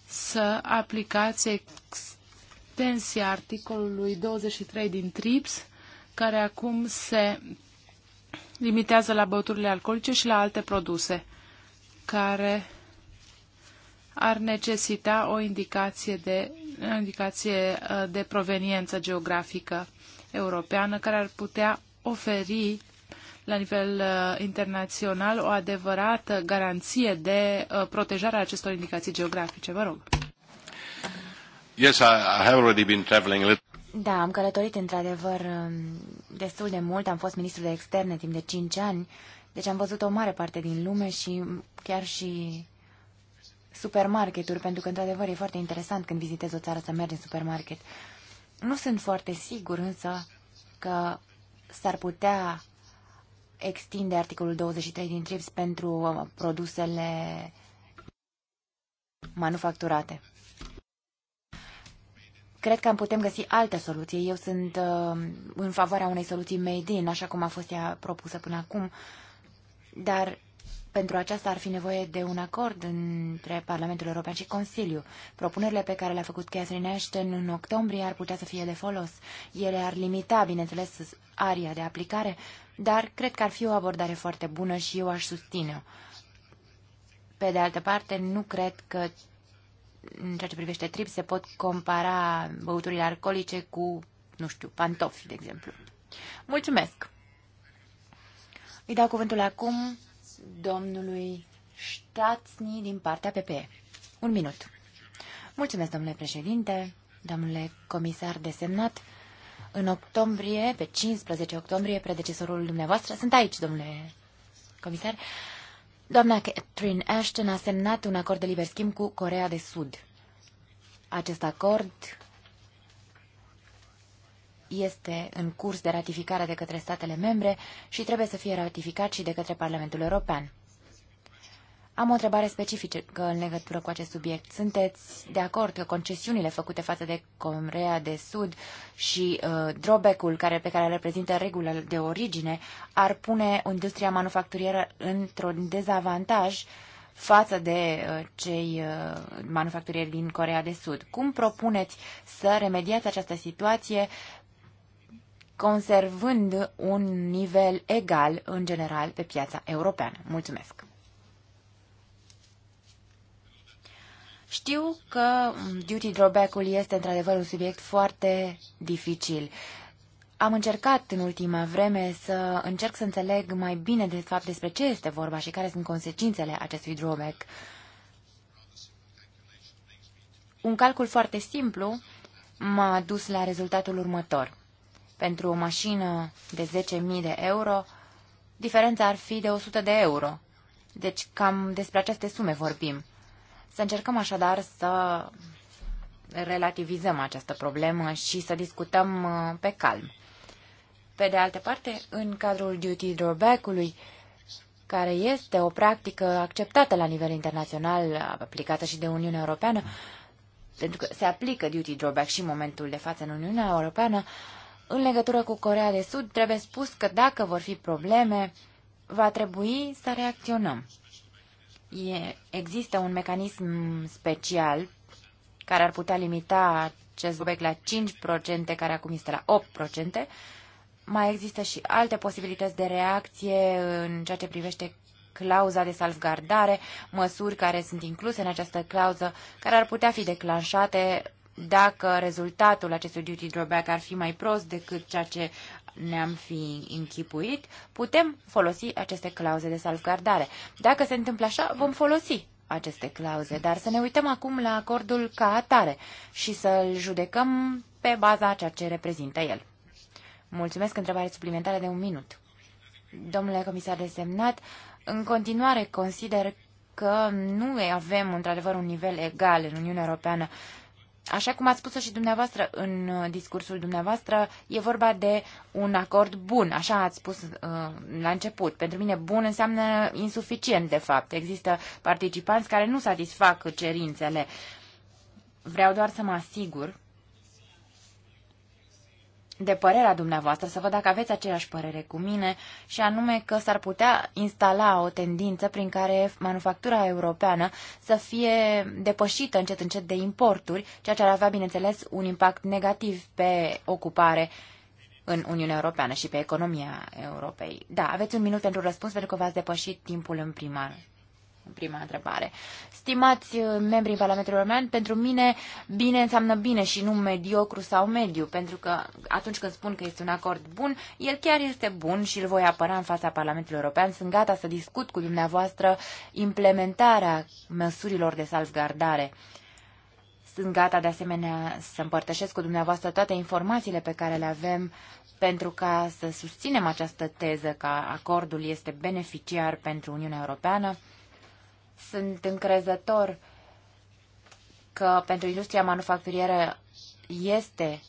să aplicați extensia articolului 23 din TRIPS, care acum se limitează la băuturile alcoolice și la alte produse care ar necesita o indicație de indicație uh, de proveniență geografică europeană care ar putea oferi la nivel uh, internațional o adevărată garanție de uh, protejare a acestor indicații geografice. Vă rog. Yes, I have already been traveling a little. Da, am călătorit într-adevăr um, destul de mult, am fost ministru de externe timp de 5 ani, deci am văzut o mare parte din lume și chiar și supermarketuri, pentru că, într-adevăr, e foarte interesant când vizitezi o țară să mergi în supermarket. Nu sunt foarte sigur, însă, că s-ar putea extinde articolul 23 din TRIPS pentru uh, produsele manufacturate. Cred că am putem găsi alte soluții. Eu sunt uh, în favoarea unei soluții made in, așa cum a fost ea propusă până acum, dar pentru aceasta ar fi nevoie de un acord între Parlamentul European și Consiliu. Propunerile pe care le-a făcut Catherine Ashton în octombrie ar putea să fie de folos. Ele ar limita, bineînțeles, aria de aplicare, dar cred că ar fi o abordare foarte bună și eu aș susține-o. Pe de altă parte, nu cred că în ceea ce privește trip se pot compara băuturile alcoolice cu, nu știu, pantofi, de exemplu. Mulțumesc! Îi dau cuvântul acum domnului Ștațni din partea PPE. Un minut. Mulțumesc, domnule președinte, domnule comisar desemnat. În octombrie, pe 15 octombrie, predecesorul dumneavoastră, sunt aici, domnule comisar, doamna Catherine Ashton a semnat un acord de liber schimb cu Corea de Sud. Acest acord este în curs de ratificare de către statele membre și trebuie să fie ratificat și de către Parlamentul European. Am o întrebare specifică în legătură cu acest subiect. Sunteți de acord că concesiunile făcute față de Corea de Sud și uh, drobecul care, pe care reprezintă regula de origine ar pune industria manufacturieră într-un dezavantaj față de uh, cei uh, manufacturieri din Corea de Sud. Cum propuneți să remediați această situație conservând un nivel egal în general pe piața europeană. Mulțumesc! Știu că duty drawback-ul este într-adevăr un subiect foarte dificil. Am încercat în ultima vreme să încerc să înțeleg mai bine de fapt despre ce este vorba și care sunt consecințele acestui drawback. Un calcul foarte simplu m-a dus la rezultatul următor pentru o mașină de 10.000 de euro, diferența ar fi de 100 de euro. Deci cam despre aceste sume vorbim. Să încercăm așadar să relativizăm această problemă și să discutăm uh, pe calm. Pe de altă parte, în cadrul duty drawback-ului, care este o practică acceptată la nivel internațional, aplicată și de Uniunea Europeană, pentru că se aplică duty drawback și în momentul de față în Uniunea Europeană, uh, în legătură cu Corea de Sud, trebuie spus că dacă vor fi probleme, va trebui să reacționăm. E, există un mecanism special care ar putea limita acest bec la 5%, care acum este la 8%. Mai există și alte posibilități de reacție în ceea ce privește clauza de salvgardare, măsuri care sunt incluse în această clauză, care ar putea fi declanșate dacă rezultatul acestui duty drawback ar fi mai prost decât ceea ce ne-am fi închipuit, putem folosi aceste clauze de salvgardare. Dacă se întâmplă așa, vom folosi aceste clauze, dar să ne uităm acum la acordul ca atare și să-l judecăm pe baza ceea ce reprezintă el. Mulțumesc, întrebare suplimentară de un minut. Domnule comisar desemnat, în continuare consider că nu avem într-adevăr un nivel egal în Uniunea Europeană Așa cum ați spus-o și dumneavoastră în uh, discursul dumneavoastră, e vorba de un acord bun, așa ați spus uh, la început. Pentru mine bun înseamnă insuficient, de fapt. Există participanți care nu satisfac cerințele. Vreau doar să mă asigur de părerea dumneavoastră, să văd dacă aveți aceeași părere cu mine, și anume că s-ar putea instala o tendință prin care manufactura europeană să fie depășită încet încet de importuri, ceea ce ar avea, bineînțeles, un impact negativ pe ocupare în Uniunea Europeană și pe economia Europei. Da, aveți un minut pentru răspuns pentru că v-ați depășit timpul în primar prima întrebare. Stimați uh, membrii Parlamentului European, pentru mine bine înseamnă bine și nu mediocru sau mediu, pentru că atunci când spun că este un acord bun, el chiar este bun și îl voi apăra în fața Parlamentului European. Sunt gata să discut cu dumneavoastră implementarea măsurilor de salvgardare. Sunt gata de asemenea să împărtășesc cu dumneavoastră toate informațiile pe care le avem pentru ca să susținem această teză că acordul este beneficiar pentru Uniunea Europeană sunt încrezător că pentru industria manufacturieră este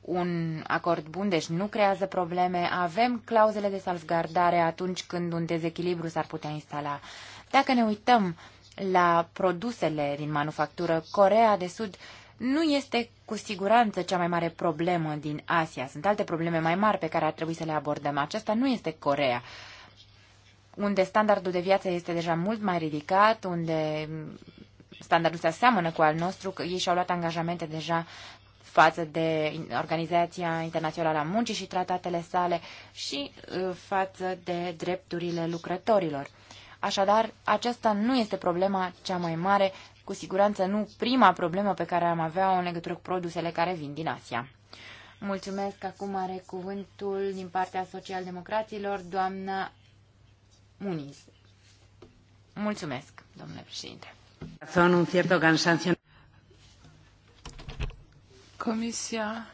un acord bun, deci nu creează probleme. Avem clauzele de salvgardare atunci când un dezechilibru s-ar putea instala. Dacă ne uităm la produsele din manufactură, Corea de Sud nu este cu siguranță cea mai mare problemă din Asia. Sunt alte probleme mai mari pe care ar trebui să le abordăm. Aceasta nu este Corea unde standardul de viață este deja mult mai ridicat, unde standardul se aseamănă cu al nostru, că ei și-au luat angajamente deja față de Organizația Internațională a Muncii și tratatele sale și uh, față de drepturile lucrătorilor. Așadar, aceasta nu este problema cea mai mare, cu siguranță nu prima problemă pe care am avea-o în legătură cu produsele care vin din Asia. Mulțumesc. Acum are cuvântul din partea socialdemocraților doamna Muniz. Mulțumesc, domnule președinte. Son un cierto cansancio. Comisia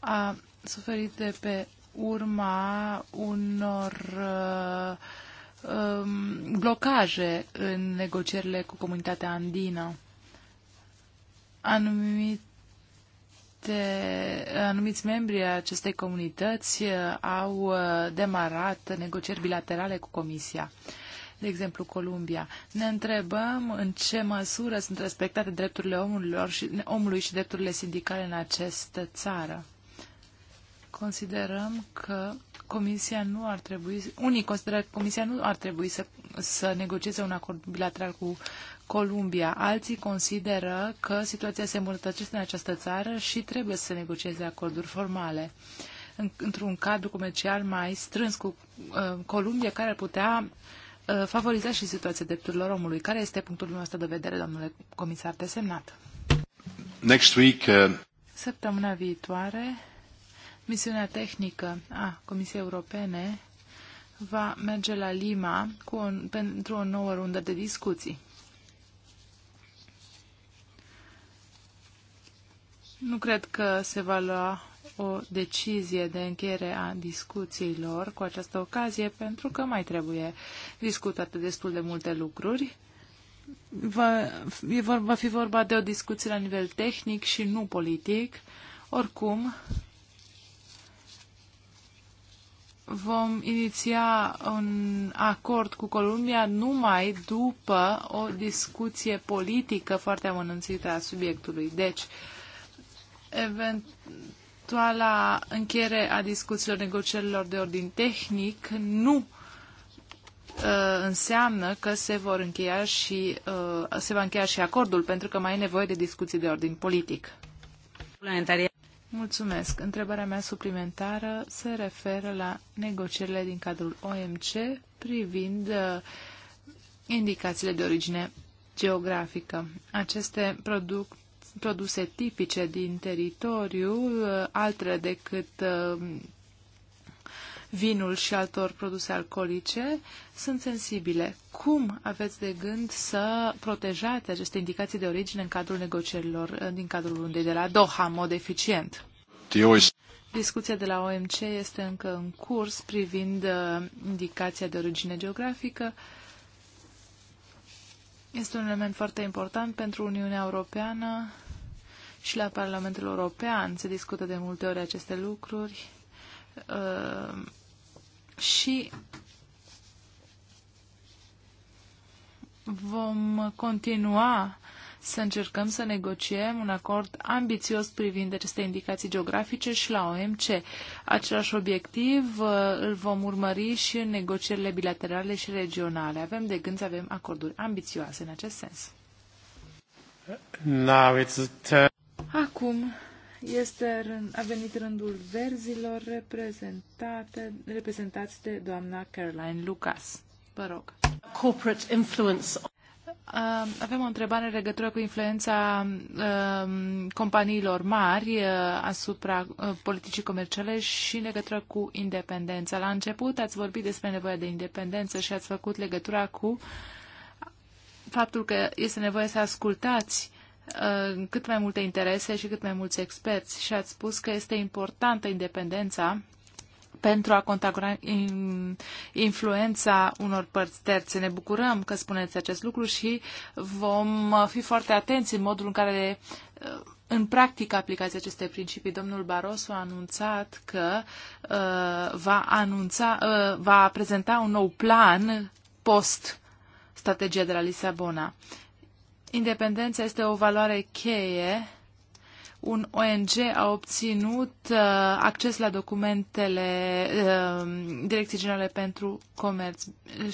a suferit de pe urma unor uh, um, blocaje în negocierile cu comunitatea andină. Anumit anumiți membri ai acestei comunități uh, au uh, demarat negocieri bilaterale cu Comisia de exemplu Columbia. Ne întrebăm în ce măsură sunt respectate drepturile omului și, omului și drepturile sindicale în această țară. Considerăm că Comisia nu ar trebui, unii consideră că Comisia nu ar trebui să, să negocieze un acord bilateral cu Columbia. Alții consideră că situația se îmbunătățește în această țară și trebuie să negocieze acorduri formale într-un cadru comercial mai strâns cu uh, Columbia, care ar putea uh, favoriza și situația drepturilor omului. Care este punctul dumneavoastră de vedere, domnule comisar desemnat? Next week, uh... Săptămâna viitoare, misiunea tehnică a Comisiei Europene va merge la Lima cu o, pentru o nouă rundă de discuții. Nu cred că se va lua o decizie de încheiere a discuțiilor cu această ocazie, pentru că mai trebuie discutate destul de multe lucruri. Va, e vor, va fi vorba de o discuție la nivel tehnic și nu politic. Oricum, vom iniția un acord cu Columbia numai după o discuție politică foarte amănânțită a subiectului. Deci, uh, eventuala încheiere a discuțiilor, negocierilor de ordin tehnic nu uh, înseamnă că se vor încheia și uh, se va încheia și acordul, pentru că mai e nevoie de discuții de ordin politic. Mulțumesc. Întrebarea mea suplimentară se referă la negocierile din cadrul OMC privind uh, indicațiile de origine geografică. Aceste produc, produse tipice din teritoriu, altele decât um, vinul și altor produse alcoolice, sunt sensibile. Cum aveți de gând să protejați aceste indicații de origine în cadrul negocierilor uh, din cadrul rundei de la Doha, în mod eficient? Discuția de la OMC este încă în curs privind uh, indicația de origine geografică. Este un element foarte important pentru Uniunea Europeană și la Parlamentul European se discută de multe ori aceste lucruri uh, și vom continua să încercăm să negociem un acord ambițios privind aceste indicații geografice și la OMC. Același obiectiv uh, îl vom urmări și în negocierile bilaterale și regionale. Avem de gând să avem acorduri ambițioase în acest sens. Now it's Acum este, a venit rândul verzilor reprezentate, reprezentați de doamna Caroline Lucas. Vă rog. Corporate influence. Avem o întrebare în legătură cu influența companiilor mari asupra politicii comerciale și în legătură cu independența. La început ați vorbit despre nevoia de independență și ați făcut legătura cu faptul că este nevoie să ascultați Uh, cât mai multe interese și cât mai mulți experți și ați spus că este importantă independența pentru a contagura influența unor părți terțe. Ne bucurăm că spuneți acest lucru și vom uh, fi foarte atenți în modul în care uh, în practică aplicați aceste principii. Domnul Barroso a anunțat că uh, va, anunța, uh, va prezenta un nou plan post strategia de la Lisabona. Independența este o valoare cheie un ONG a obținut uh, acces la documentele uh, Direcției Generale pentru Comerț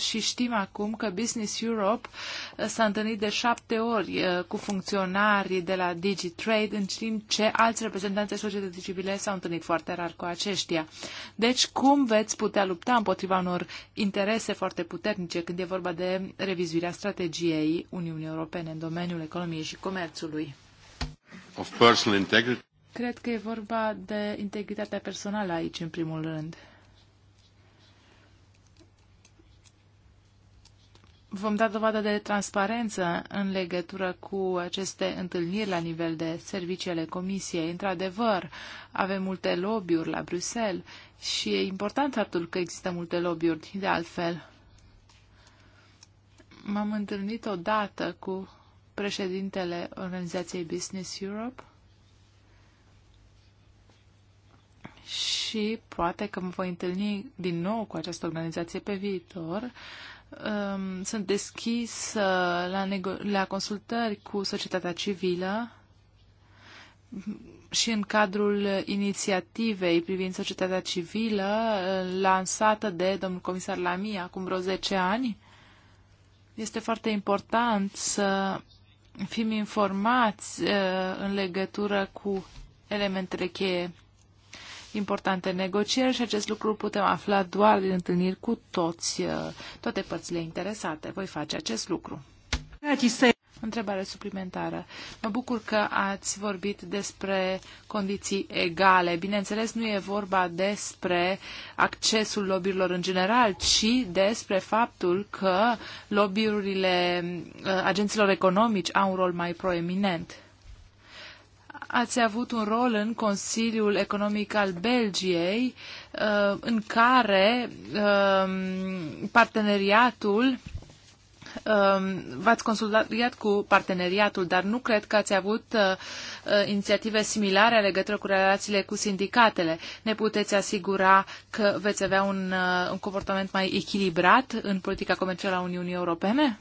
și știm acum că Business Europe uh, s-a întâlnit de șapte ori uh, cu funcționarii de la DigiTrade, în timp ce alți reprezentanți ai societății civile s-au întâlnit foarte rar cu aceștia. Deci, cum veți putea lupta împotriva unor interese foarte puternice când e vorba de revizuirea strategiei Uniunii Europene în domeniul economiei și comerțului? of personal integrity. Cred că e vorba de integritatea personală aici, în primul rând. Vom da dovadă de transparență în legătură cu aceste întâlniri la nivel de serviciile Comisiei. Într-adevăr, avem multe lobby-uri la Bruxelles și e important faptul că există multe lobby-uri, de altfel. M-am întâlnit odată cu președintele organizației Business Europe și poate că mă voi întâlni din nou cu această organizație pe viitor. Um, sunt deschis uh, la, la consultări cu societatea civilă și în cadrul inițiativei privind societatea civilă uh, lansată de domnul comisar Lamia acum vreo 10 ani. Este foarte important să fim informați uh, în legătură cu elementele cheie importante în negocieri și acest lucru putem afla doar din întâlniri cu toți, uh, toate părțile interesate. Voi face acest lucru. Întrebare suplimentară. Mă bucur că ați vorbit despre condiții egale. Bineînțeles, nu e vorba despre accesul lobbyurilor în general, ci despre faptul că lobbyurile uh, agenților economici au un rol mai proeminent ați avut un rol în Consiliul Economic al Belgiei, uh, în care um, parteneriatul Um, v-ați consultat cu parteneriatul, dar nu cred că ați avut uh, uh, inițiative similare legătură cu relațiile cu sindicatele. Ne puteți asigura că veți avea un, uh, un comportament mai echilibrat în politica comercială a Uniunii Europene?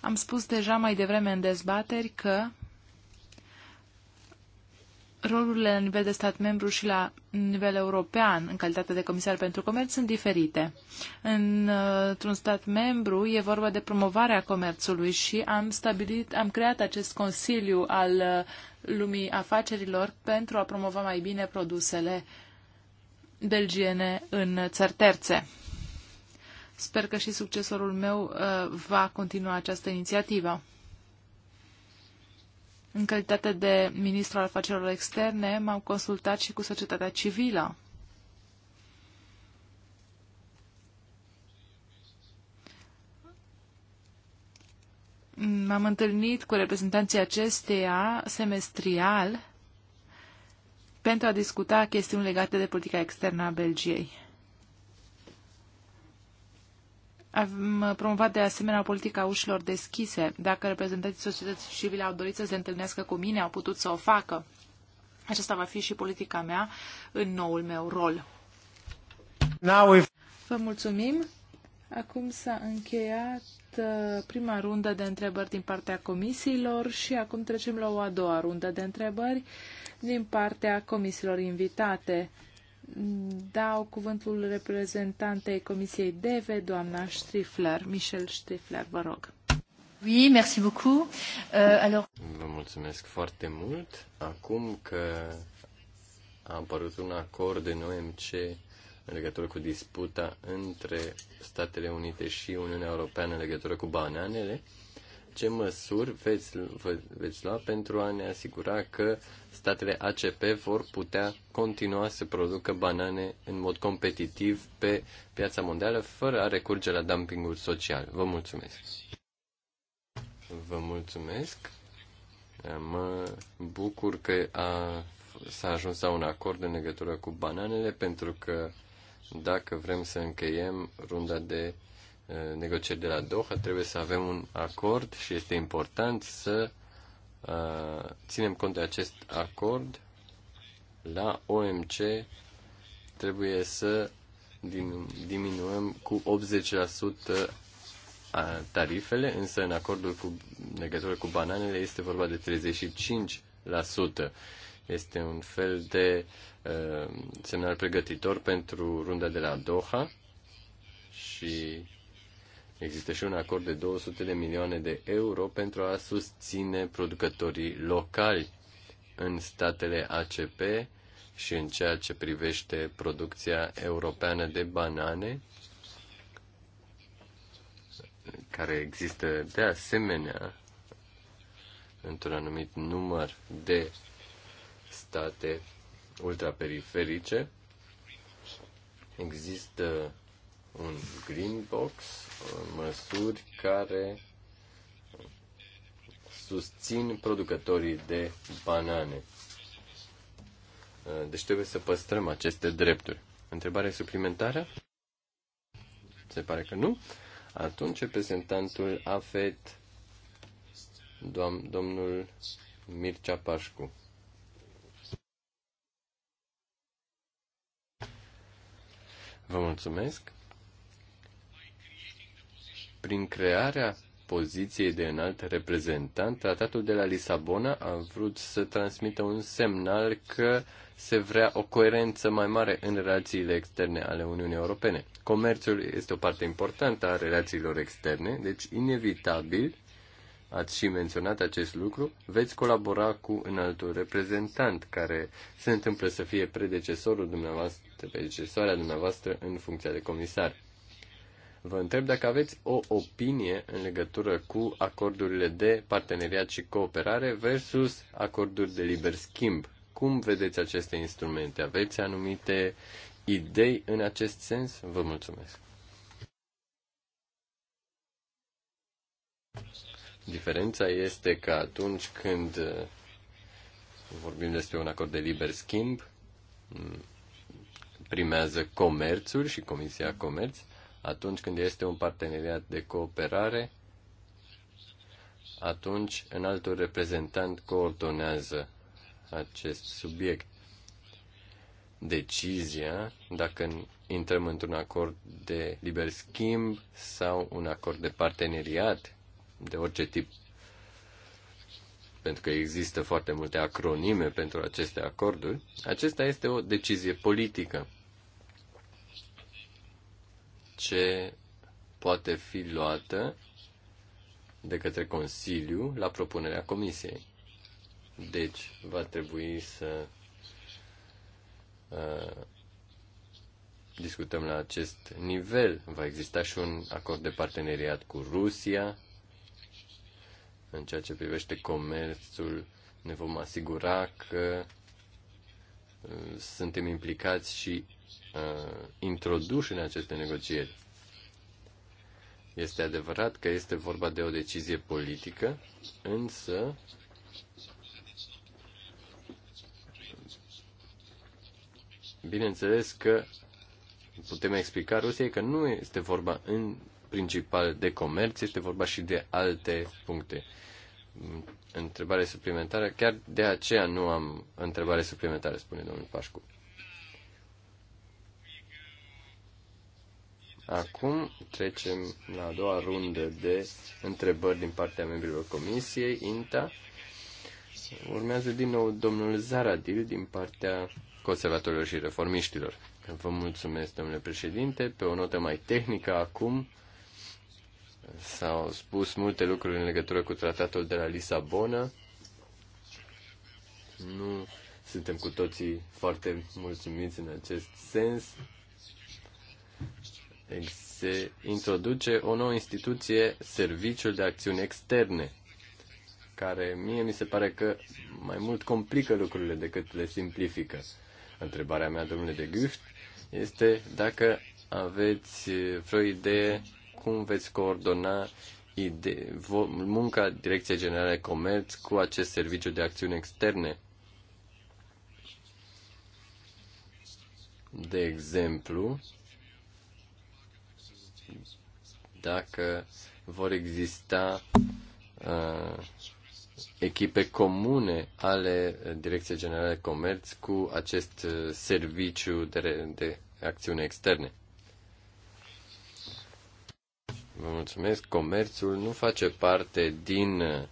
Am spus deja mai devreme în dezbateri că rolurile la nivel de stat membru și la nivel european, în calitate de comisar pentru comerț, sunt diferite. Într-un stat membru e vorba de promovarea comerțului și am stabilit, am creat acest consiliu al uh, lumii afacerilor pentru a promova mai bine produsele belgiene în țări terțe. Sper că și succesorul meu uh, va continua această inițiativă. În calitate de ministru al afacerilor externe, m-am consultat și cu societatea civilă. M-am întâlnit cu reprezentanții acesteia semestrial pentru a discuta chestiuni legate de politica externă a Belgiei. Am uh, promovat de asemenea politica ușilor deschise. Dacă reprezentanții societății civile au dorit să se întâlnească cu mine, au putut să o facă. Aceasta va fi și politica mea în noul meu rol. Now Vă mulțumim. Acum s-a încheiat uh, prima rundă de întrebări din partea comisiilor și acum trecem la o a doua rundă de întrebări din partea comisiilor invitate dau cuvântul reprezentantei Comisiei DEVE, doamna Strifler. Michel Strifler, vă rog. Oui, merci beaucoup. Uh, alors... Vă mulțumesc foarte mult. Acum că a apărut un acord în OMC în legătură cu disputa între Statele Unite și Uniunea Europeană în legătură cu bananele, ce măsuri veți, veți lua pentru a ne asigura că statele ACP vor putea continua să producă banane în mod competitiv pe piața mondială fără a recurge la dumpingul social? Vă mulțumesc! Vă mulțumesc! Mă bucur că a, s-a ajuns la un acord în legătură cu bananele pentru că dacă vrem să încheiem runda de Uh, negocieri de la Doha, trebuie să avem un acord și este important să uh, ținem cont de acest acord la OMC trebuie să diminuăm cu 80% uh, tarifele, însă în acordul cu legătură cu bananele este vorba de 35%. Este un fel de uh, semnal pregătitor pentru runda de la Doha și Există și un acord de 200 de milioane de euro pentru a susține producătorii locali în statele ACP și în ceea ce privește producția europeană de banane, care există de asemenea într-un anumit număr de state ultraperiferice. Există un green box, uh, măsuri care susțin producătorii de banane. Uh, deci trebuie să păstrăm aceste drepturi. Întrebare suplimentară? Se pare că nu. Atunci reprezentantul AFET, doam, domnul Mircea Pașcu. Vă mulțumesc. Prin crearea poziției de înalt reprezentant, tratatul de la Lisabona a vrut să transmită un semnal că se vrea o coerență mai mare în relațiile externe ale Uniunii Europene. Comerțul este o parte importantă a relațiilor externe, deci inevitabil, ați și menționat acest lucru, veți colabora cu înaltul reprezentant, care se întâmplă să fie predecesorul dumneavoastră, predecesoarea dumneavoastră în funcția de comisar Vă întreb dacă aveți o opinie în legătură cu acordurile de parteneriat și cooperare versus acorduri de liber schimb. Cum vedeți aceste instrumente? Aveți anumite idei în acest sens? Vă mulțumesc. Diferența este că atunci când uh, vorbim despre un acord de liber schimb, primează comerțul și Comisia Comerț, atunci când este un parteneriat de cooperare, atunci în altul reprezentant coordonează acest subiect. Decizia, dacă intrăm într-un acord de liber schimb sau un acord de parteneriat de orice tip, pentru că există foarte multe acronime pentru aceste acorduri, acesta este o decizie politică ce poate fi luată de către Consiliu la propunerea Comisiei. Deci, va trebui să uh, discutăm la acest nivel. Va exista și un acord de parteneriat cu Rusia. În ceea ce privește comerțul, ne vom asigura că uh, suntem implicați și uh, introduși în aceste negocieri. Este adevărat că este vorba de o decizie politică, însă bineînțeles că putem explica Rusiei că nu este vorba în principal de comerț, este vorba și de alte puncte. Întrebare suplimentară, chiar de aceea nu am întrebare suplimentară, spune domnul Pașcu. Acum trecem la a doua rundă de întrebări din partea membrilor comisiei, INTA. Urmează din nou domnul Zaradil din partea conservatorilor și reformiștilor. Vă mulțumesc, domnule președinte. Pe o notă mai tehnică acum, s-au spus multe lucruri în legătură cu tratatul de la Lisabona. Nu suntem cu toții foarte mulțumiți în acest sens se introduce o nouă instituție, Serviciul de Acțiuni Externe, care mie mi se pare că mai mult complică lucrurile decât le simplifică. Întrebarea mea, domnule de Gift, este dacă aveți vreo idee cum veți coordona ide- munca Direcției Generale Comerț cu acest serviciu de acțiuni externe. De exemplu, dacă vor exista uh, echipe comune ale Direcției Generale de Comerț cu acest uh, serviciu de, de acțiune externe. Vă mulțumesc. Comerțul nu face parte din uh,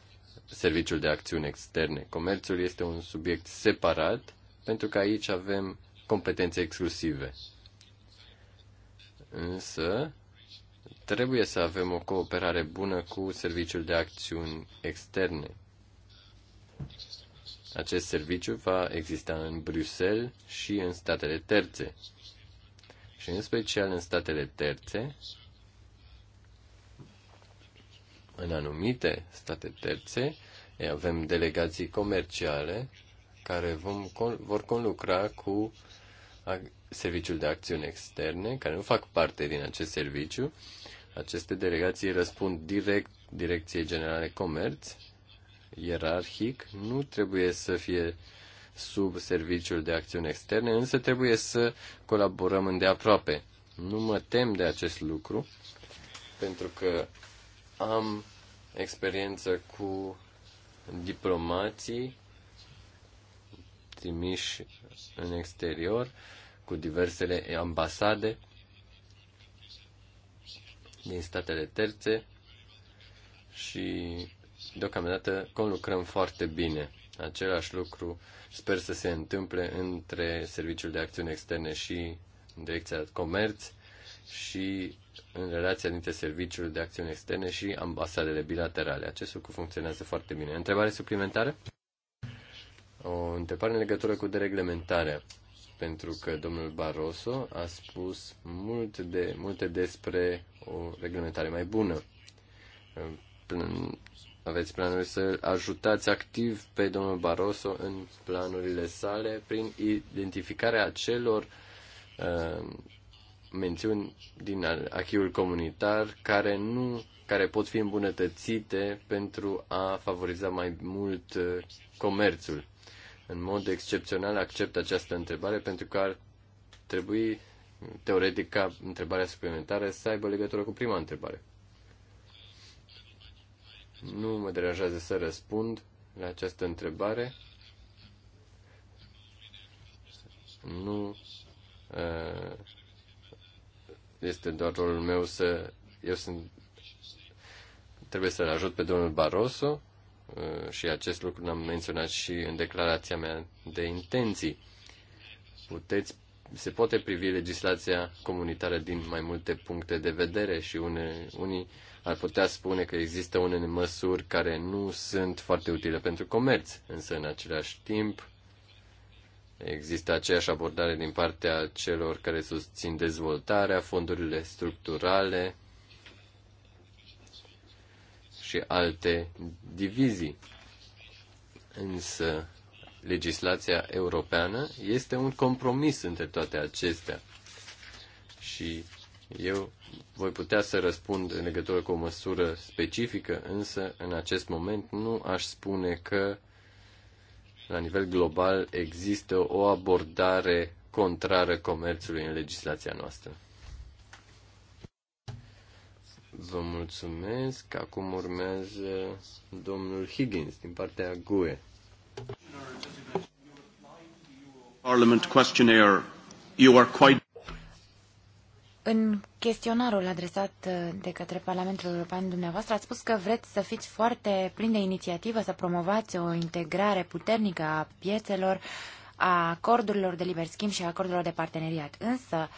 serviciul de acțiune externe. Comerțul este un subiect separat pentru că aici avem competențe exclusive. Însă, Trebuie să avem o cooperare bună cu Serviciul de Acțiuni Externe. Acest serviciu va exista în Bruxelles și în statele terțe. Și în special în statele terțe, în anumite state terțe, avem delegații comerciale care vom, vor conlucra cu Serviciul de Acțiuni Externe, care nu fac parte din acest serviciu aceste delegații răspund direct Direcției Generale Comerț, ierarhic, nu trebuie să fie sub serviciul de acțiune externe, însă trebuie să colaborăm îndeaproape. Nu mă tem de acest lucru, pentru că am experiență cu diplomații trimiși în exterior, cu diversele ambasade din statele terțe și deocamdată conlucrăm foarte bine. Același lucru sper să se întâmple între Serviciul de Acțiuni Externe și Direcția Comerț și în relația dintre Serviciul de Acțiuni Externe și ambasadele bilaterale. Acest lucru funcționează foarte bine. Întrebare suplimentară? O întrebare în legătură cu dereglementarea pentru că domnul Barroso a spus mult de, multe despre o reglementare mai bună. Aveți planuri să ajutați activ pe domnul Barroso în planurile sale prin identificarea acelor uh, mențiuni din achiul comunitar care nu care pot fi îmbunătățite pentru a favoriza mai mult uh, comerțul în mod excepțional accept această întrebare pentru că ar trebui, teoretic, ca întrebarea suplimentară să aibă legătură cu prima întrebare. Nu mă deranjează să răspund la această întrebare. Nu uh, este doar rolul meu să... Eu sunt... Trebuie să-l ajut pe domnul Barroso Uh, și acest lucru l-am menționat și în declarația mea de intenții. Puteți, se poate privi legislația comunitară din mai multe puncte de vedere și une, unii ar putea spune că există unele măsuri care nu sunt foarte utile pentru comerț, însă în același timp există aceeași abordare din partea celor care susțin dezvoltarea, fondurile structurale, și alte divizii. Însă, legislația europeană este un compromis între toate acestea. Și eu voi putea să răspund în legătură cu o măsură specifică, însă în acest moment nu aș spune că la nivel global există o abordare contrară comerțului în legislația noastră. Vă mulțumesc. Acum urmează domnul Higgins din partea GUE. Parliament questionnaire, you are quite... În chestionarul adresat de către Parlamentul European dumneavoastră ați spus că vreți să fiți foarte plin de inițiativă, să promovați o integrare puternică a piețelor, a acordurilor de liber schimb și a acordurilor de parteneriat. Însă,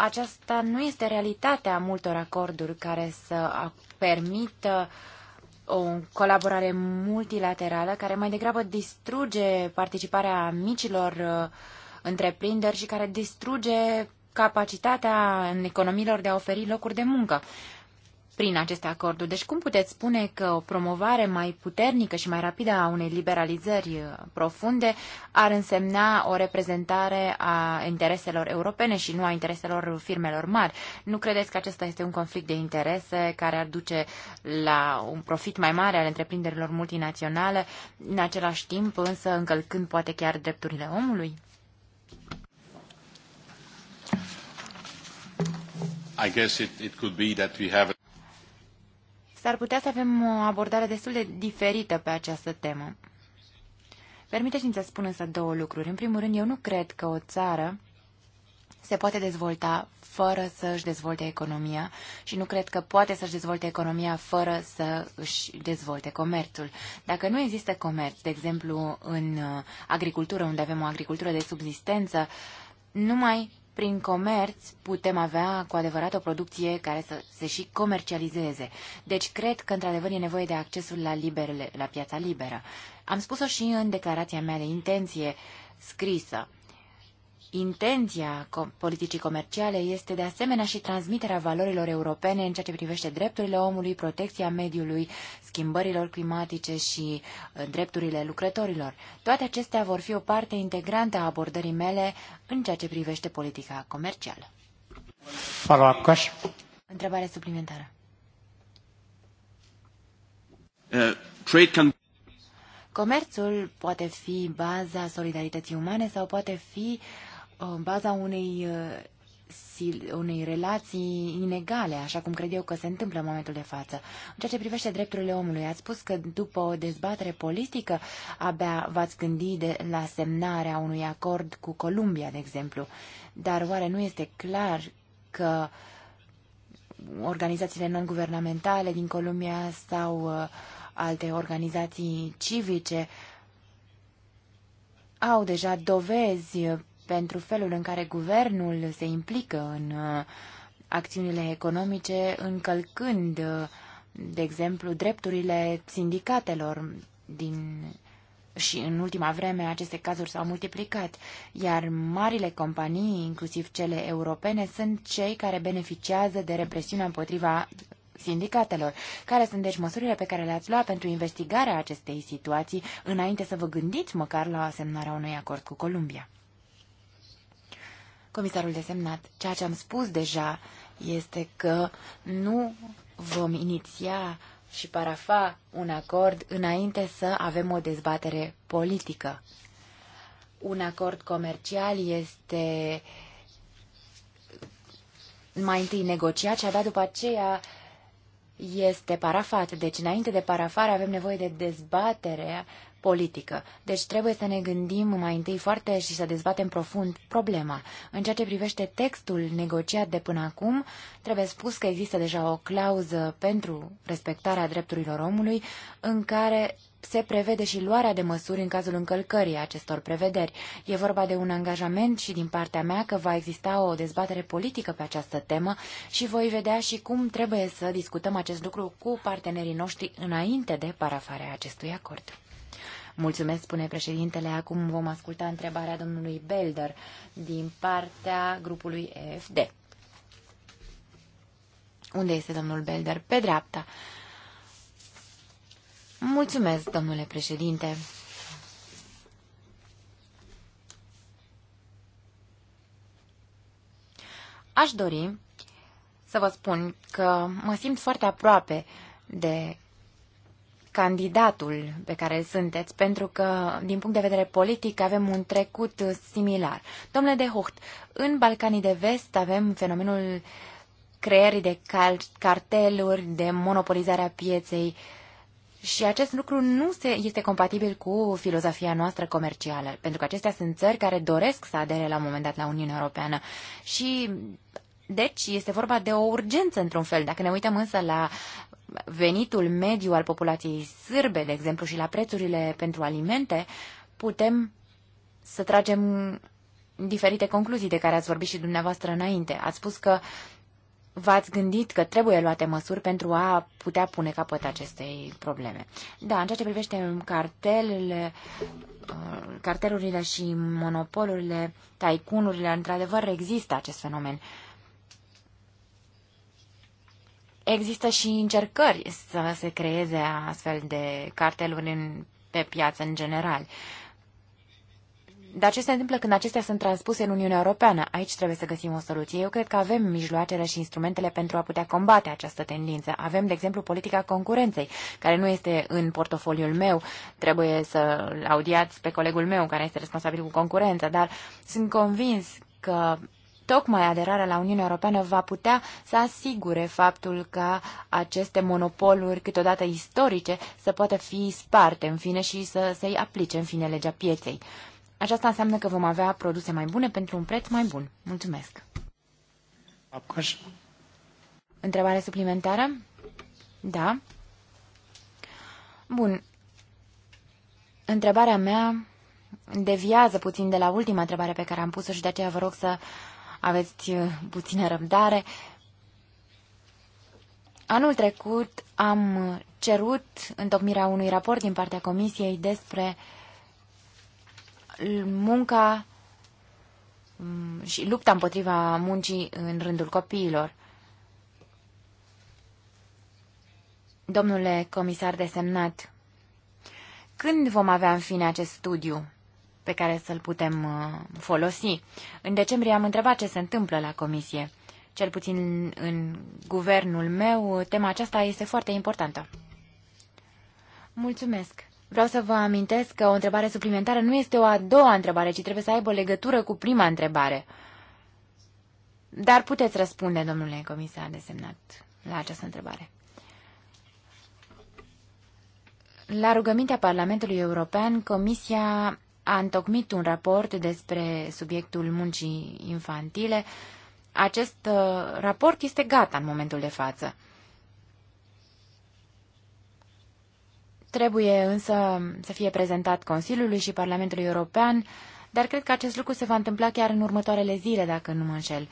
aceasta nu este realitatea multor acorduri care să permită o colaborare multilaterală care mai degrabă distruge participarea micilor uh, întreprinderi și care distruge capacitatea în economiilor de a oferi locuri de muncă prin aceste acorduri. Deci cum puteți spune că o promovare mai puternică și mai rapidă a unei liberalizări uh, profunde ar însemna o reprezentare a intereselor europene și nu a intereselor firmelor mari? Nu credeți că acesta este un conflict de interese care ar duce la un profit mai mare al întreprinderilor multinaționale, în același timp însă încălcând poate chiar drepturile omului? I guess it, it could be that we have s-ar putea să avem o abordare destul de diferită pe această temă. Permiteți-mi să spun însă două lucruri. În primul rând, eu nu cred că o țară se poate dezvolta fără să își dezvolte economia și nu cred că poate să-și dezvolte economia fără să își dezvolte comerțul. Dacă nu există comerț, de exemplu în agricultură, unde avem o agricultură de subsistență, numai prin comerț putem avea cu adevărat o producție care să se și comercializeze. Deci cred că într-adevăr e nevoie de accesul la, liberele, la piața liberă. Am spus-o și în declarația mea de intenție scrisă. Intenția politicii comerciale este de asemenea și transmiterea valorilor europene în ceea ce privește drepturile omului, protecția mediului, schimbărilor climatice și uh, drepturile lucrătorilor. Toate acestea vor fi o parte integrantă a abordării mele în ceea ce privește politica comercială. Întrebare suplimentară. Uh, trade can... Comerțul poate fi baza solidarității umane sau poate fi uh, Uh, în baza unei, uh, unei relații inegale, așa cum cred eu că se întâmplă în momentul de față. În ceea ce privește drepturile omului, ați spus că după o dezbatere politică abia v-ați gândit de la semnarea unui acord cu Columbia, de exemplu. Dar oare nu este clar că organizațiile non-guvernamentale din Columbia sau uh, alte organizații civice au deja dovezi pentru felul în care guvernul se implică în uh, acțiunile economice, încălcând, uh, de exemplu, drepturile sindicatelor din și în ultima vreme aceste cazuri s-au multiplicat, iar marile companii, inclusiv cele europene, sunt cei care beneficiază de represiunea împotriva sindicatelor. Care sunt deci măsurile pe care le-ați luat pentru investigarea acestei situații înainte să vă gândiți măcar la asemnarea unui acord cu Columbia? comisarul desemnat. Ceea ce am spus deja este că nu vom iniția și parafa un acord înainte să avem o dezbatere politică. Un acord comercial este mai întâi negociat și abia după aceea este parafat. Deci înainte de parafare avem nevoie de dezbatere politică. Deci trebuie să ne gândim mai întâi foarte și să dezbatem profund problema. În ceea ce privește textul negociat de până acum, trebuie spus că există deja o clauză pentru respectarea drepturilor omului în care se prevede și luarea de măsuri în cazul încălcării acestor prevederi. E vorba de un angajament și din partea mea că va exista o dezbatere politică pe această temă și voi vedea și cum trebuie să discutăm acest lucru cu partenerii noștri înainte de parafarea acestui acord. Mulțumesc, spune președintele. Acum vom asculta întrebarea domnului Belder din partea grupului EFD. Unde este domnul Belder? Pe dreapta. Mulțumesc, domnule președinte. Aș dori să vă spun că mă simt foarte aproape de candidatul pe care îl sunteți, pentru că, din punct de vedere politic, avem un trecut similar. Domnule de Hucht, în Balcanii de Vest avem fenomenul creierii de carteluri, de monopolizarea pieței și acest lucru nu se, este compatibil cu filozofia noastră comercială, pentru că acestea sunt țări care doresc să adere la un moment dat la Uniunea Europeană și deci, este vorba de o urgență într-un fel. Dacă ne uităm însă la venitul mediu al populației sârbe, de exemplu, și la prețurile pentru alimente, putem să tragem diferite concluzii de care ați vorbit și dumneavoastră înainte. Ați spus că v-ați gândit că trebuie luate măsuri pentru a putea pune capăt acestei probleme. Da, în ceea ce privește cartelele, uh, cartelurile și monopolurile, taicunurile, într-adevăr există acest fenomen. Uh, există și încercări să se creeze astfel de carteluri în, pe piață în general. Dar ce se întâmplă când acestea sunt transpuse în Uniunea Europeană? Aici trebuie să găsim o soluție. Eu cred că avem mijloacele și instrumentele pentru a putea combate această tendință. Avem, de exemplu, politica concurenței, care nu este în portofoliul meu. Trebuie să audiați pe colegul meu, care este responsabil cu concurența, dar sunt convins că tocmai aderarea la Uniunea Europeană va putea să asigure faptul că aceste monopoluri, câteodată istorice, să poată fi sparte, în fine, și să se aplice, în fine, legea pieței. Aceasta înseamnă că vom avea produse mai bune pentru un preț mai bun. Mulțumesc! Întrebare suplimentară? Da. Bun. Întrebarea mea deviază puțin de la ultima întrebare pe care am pus-o și de aceea vă rog să aveți uh, puțină răbdare. Anul trecut am cerut întocmirea unui raport din partea Comisiei despre munca mm, și lupta împotriva muncii în rândul copiilor. Domnule comisar desemnat, când vom avea în fine acest studiu? pe care să-l putem uh, folosi. În decembrie am întrebat ce se întâmplă la comisie. Cel puțin în guvernul meu, tema aceasta este foarte importantă. Mulțumesc! Vreau să vă amintesc că o întrebare suplimentară nu este o a doua întrebare, ci trebuie să aibă legătură cu prima întrebare. Dar puteți răspunde, domnule comisar desemnat, la această întrebare. La rugămintea Parlamentului European, Comisia a întocmit un raport despre subiectul muncii infantile. Acest uh, raport este gata în momentul de față. Trebuie însă să fie prezentat Consiliului și Parlamentului European, dar cred că acest lucru se va întâmpla chiar în următoarele zile, dacă nu mă înșel.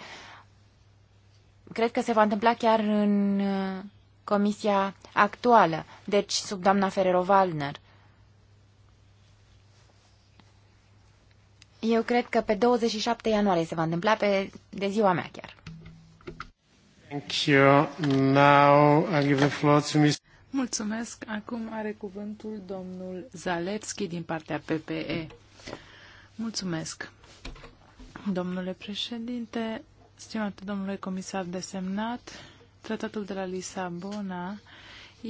Cred că se va întâmpla chiar în uh, comisia actuală, deci sub doamna Ferrero-Waldner. Eu cred că pe 27 ianuarie se va întâmpla, pe, de ziua mea chiar. Thank you. Now I give the floor to Mr. Mulțumesc. Acum are cuvântul domnul Zalewski din partea PPE. Mulțumesc. Domnule președinte, stimate domnule comisar desemnat, tratatul de la Lisabona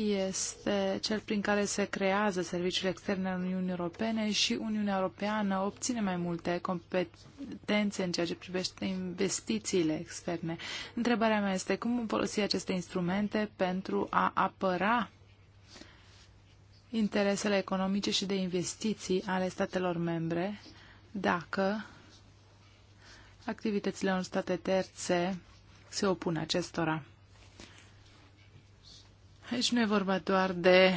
este cel prin care se creează serviciile externe ale Uniunii Europene și Uniunea Europeană obține mai multe competențe în ceea ce privește investițiile externe. Întrebarea mea este cum vom folosi aceste instrumente pentru a apăra interesele economice și de investiții ale statelor membre dacă activitățile unor state terțe se opun acestora. Aici nu e vorba doar de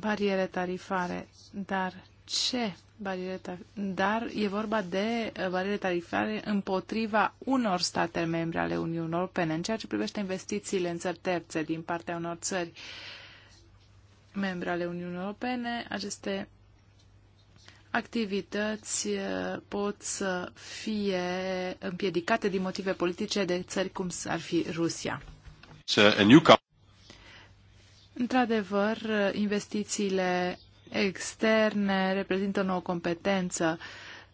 bariere tarifare, dar ce bariere Dar e vorba de bariere tarifare împotriva unor state membre ale Uniunii Europene, în ceea ce privește investițiile în țări terțe din partea unor țări membre ale Uniunii Europene, aceste activități eh, pot să fie împiedicate din motive politice de țări cum ar fi Rusia. Într-adevăr, investițiile externe reprezintă o nouă competență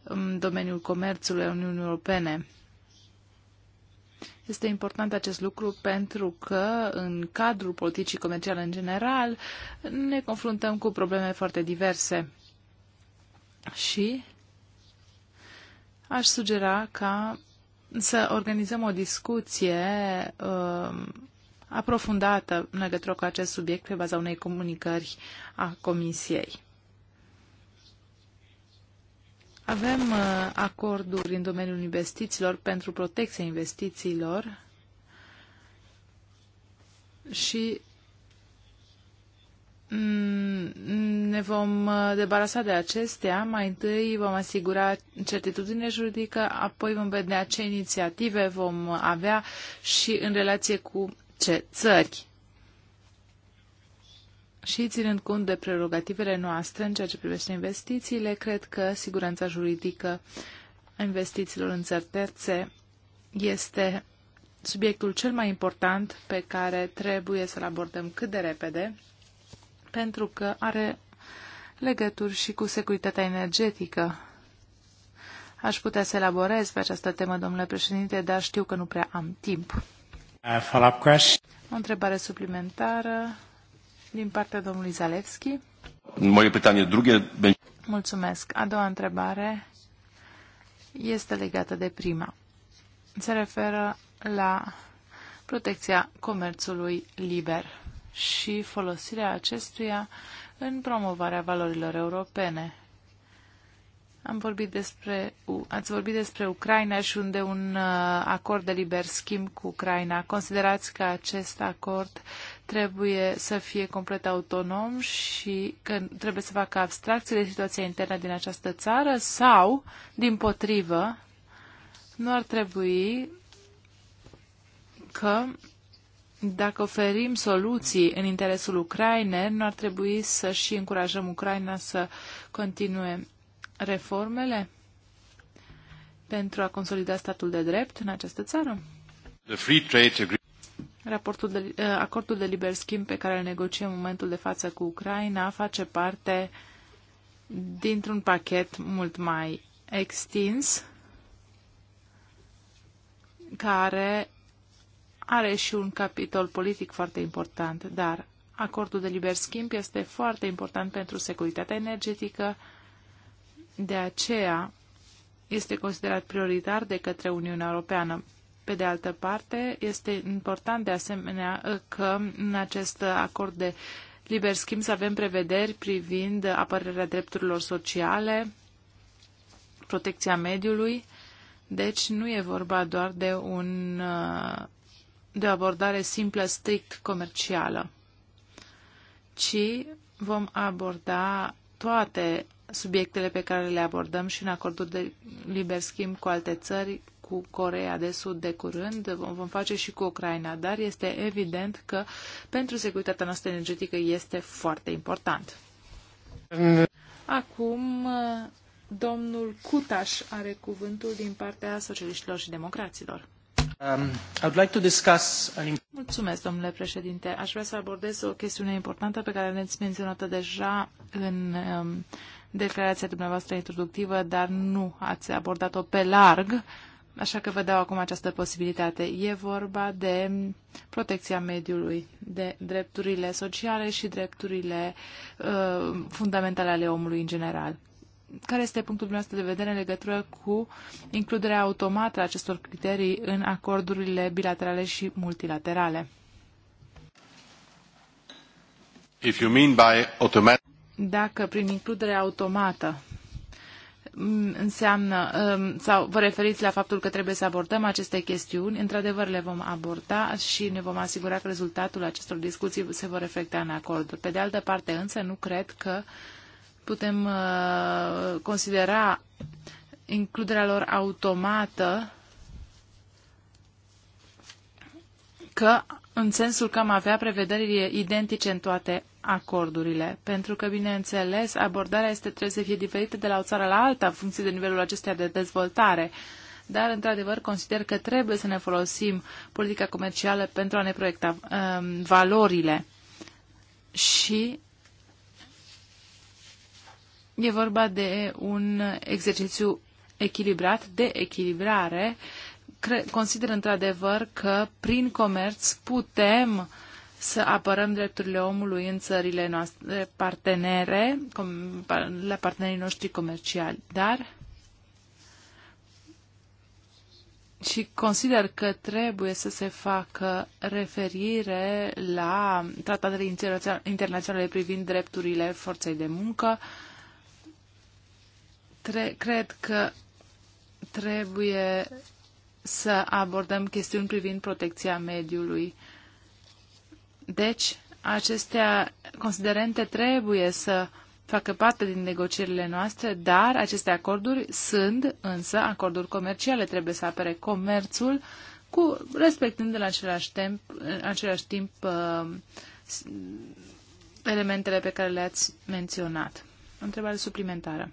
în domeniul comerțului a Uniunii Europene. Este important acest lucru pentru că în cadrul politicii comerciale în general ne confruntăm cu probleme foarte diverse. Și aș sugera ca să organizăm o discuție Uh, aprofundată în legătură cu acest subiect pe baza unei comunicări a Comisiei. Avem uh, acorduri în domeniul investițiilor pentru protecția investițiilor și mm, ne vom uh, debarasa de acestea. Mai întâi vom asigura certitudine juridică, apoi vom vedea ce inițiative vom avea și în relație cu ce țări. Și ținând cont de prerogativele noastre în ceea ce privește investițiile, cred că siguranța juridică a investițiilor în țări terțe este subiectul cel mai important pe care trebuie să-l abordăm cât de repede, pentru că are legături și cu securitatea energetică. Aș putea să elaborez pe această temă, domnule președinte, dar știu că nu prea am timp. O întrebare suplimentară din partea domnului Zalewski. Moje pytanie drugie Mulțumesc. A doua întrebare este legată de prima. Se referă la protecția comerțului liber și folosirea acestuia în promovarea valorilor europene. Am vorbit despre, ați vorbit despre Ucraina și unde un uh, acord de liber schimb cu Ucraina. Considerați că acest acord trebuie să fie complet autonom și că trebuie să facă abstracție de situația internă din această țară sau, din potrivă, nu ar trebui că dacă oferim soluții în interesul Ucrainei, nu ar trebui să și încurajăm Ucraina să continue reformele pentru a consolida statul de drept în această țară? The free trade Raportul de, eh, acordul de liber schimb pe care îl negociem în momentul de față cu Ucraina face parte dintr-un pachet mult mai extins care are și un capitol politic foarte important, dar acordul de liber schimb este foarte important pentru securitatea energetică, de aceea este considerat prioritar de către Uniunea Europeană. Pe de altă parte, este important de asemenea uh, că în acest acord de liber schimb să avem prevederi privind apărarea drepturilor sociale, protecția mediului, deci nu e vorba doar de, un, uh, de o abordare simplă, strict comercială, ci vom aborda toate subiectele pe care le abordăm și în acordul de liber schimb cu alte țări, cu Corea de Sud de curând, vom face și cu Ucraina, dar este evident că pentru securitatea noastră energetică este foarte important. Acum, domnul Cutaș are cuvântul din partea socialiștilor și democraților. Um, like to discuss an... Mulțumesc, domnule președinte. Aș vrea să abordez o chestiune importantă pe care ne-ați menționat deja în um, declarația dumneavoastră introductivă, dar nu ați abordat-o pe larg, așa că vă dau acum această posibilitate. E vorba de protecția mediului, de drepturile sociale și drepturile uh, fundamentale ale omului în general care este punctul dumneavoastră de vedere în legătură cu includerea automată a acestor criterii în acordurile bilaterale și multilaterale? If you mean by automatic dacă prin includere automată înseamnă, um, sau vă referiți la faptul că trebuie să abordăm aceste chestiuni, într-adevăr le vom aborda și ne vom asigura că rezultatul acestor discuții se vor reflecta în acorduri. Pe de altă parte, însă, nu cred că putem uh, considera includerea lor automată că în sensul că am avea prevederi identice în toate acordurile, pentru că, bineînțeles, abordarea este, trebuie să fie diferită de la o țară la alta, în funcție de nivelul acesteia de dezvoltare. Dar, într-adevăr, consider că trebuie să ne folosim politica comercială pentru a ne proiecta um, valorile. Și e vorba de un exercițiu echilibrat, de echilibrare. consider, într-adevăr, că prin comerț putem uh, să apărăm drepturile omului în țările noastre partenere, la partenerii noștri comerciali, dar și consider că trebuie să se facă referire la tratatele internaționale privind drepturile forței de muncă. Tre- cred că trebuie să abordăm chestiuni privind protecția mediului deci, acestea considerente trebuie să facă parte din negocierile noastre, dar aceste acorduri sunt însă acorduri comerciale. Trebuie să apere comerțul, cu, respectând în același timp, în același timp uh, elementele pe care le-ați menționat. Întrebare suplimentară.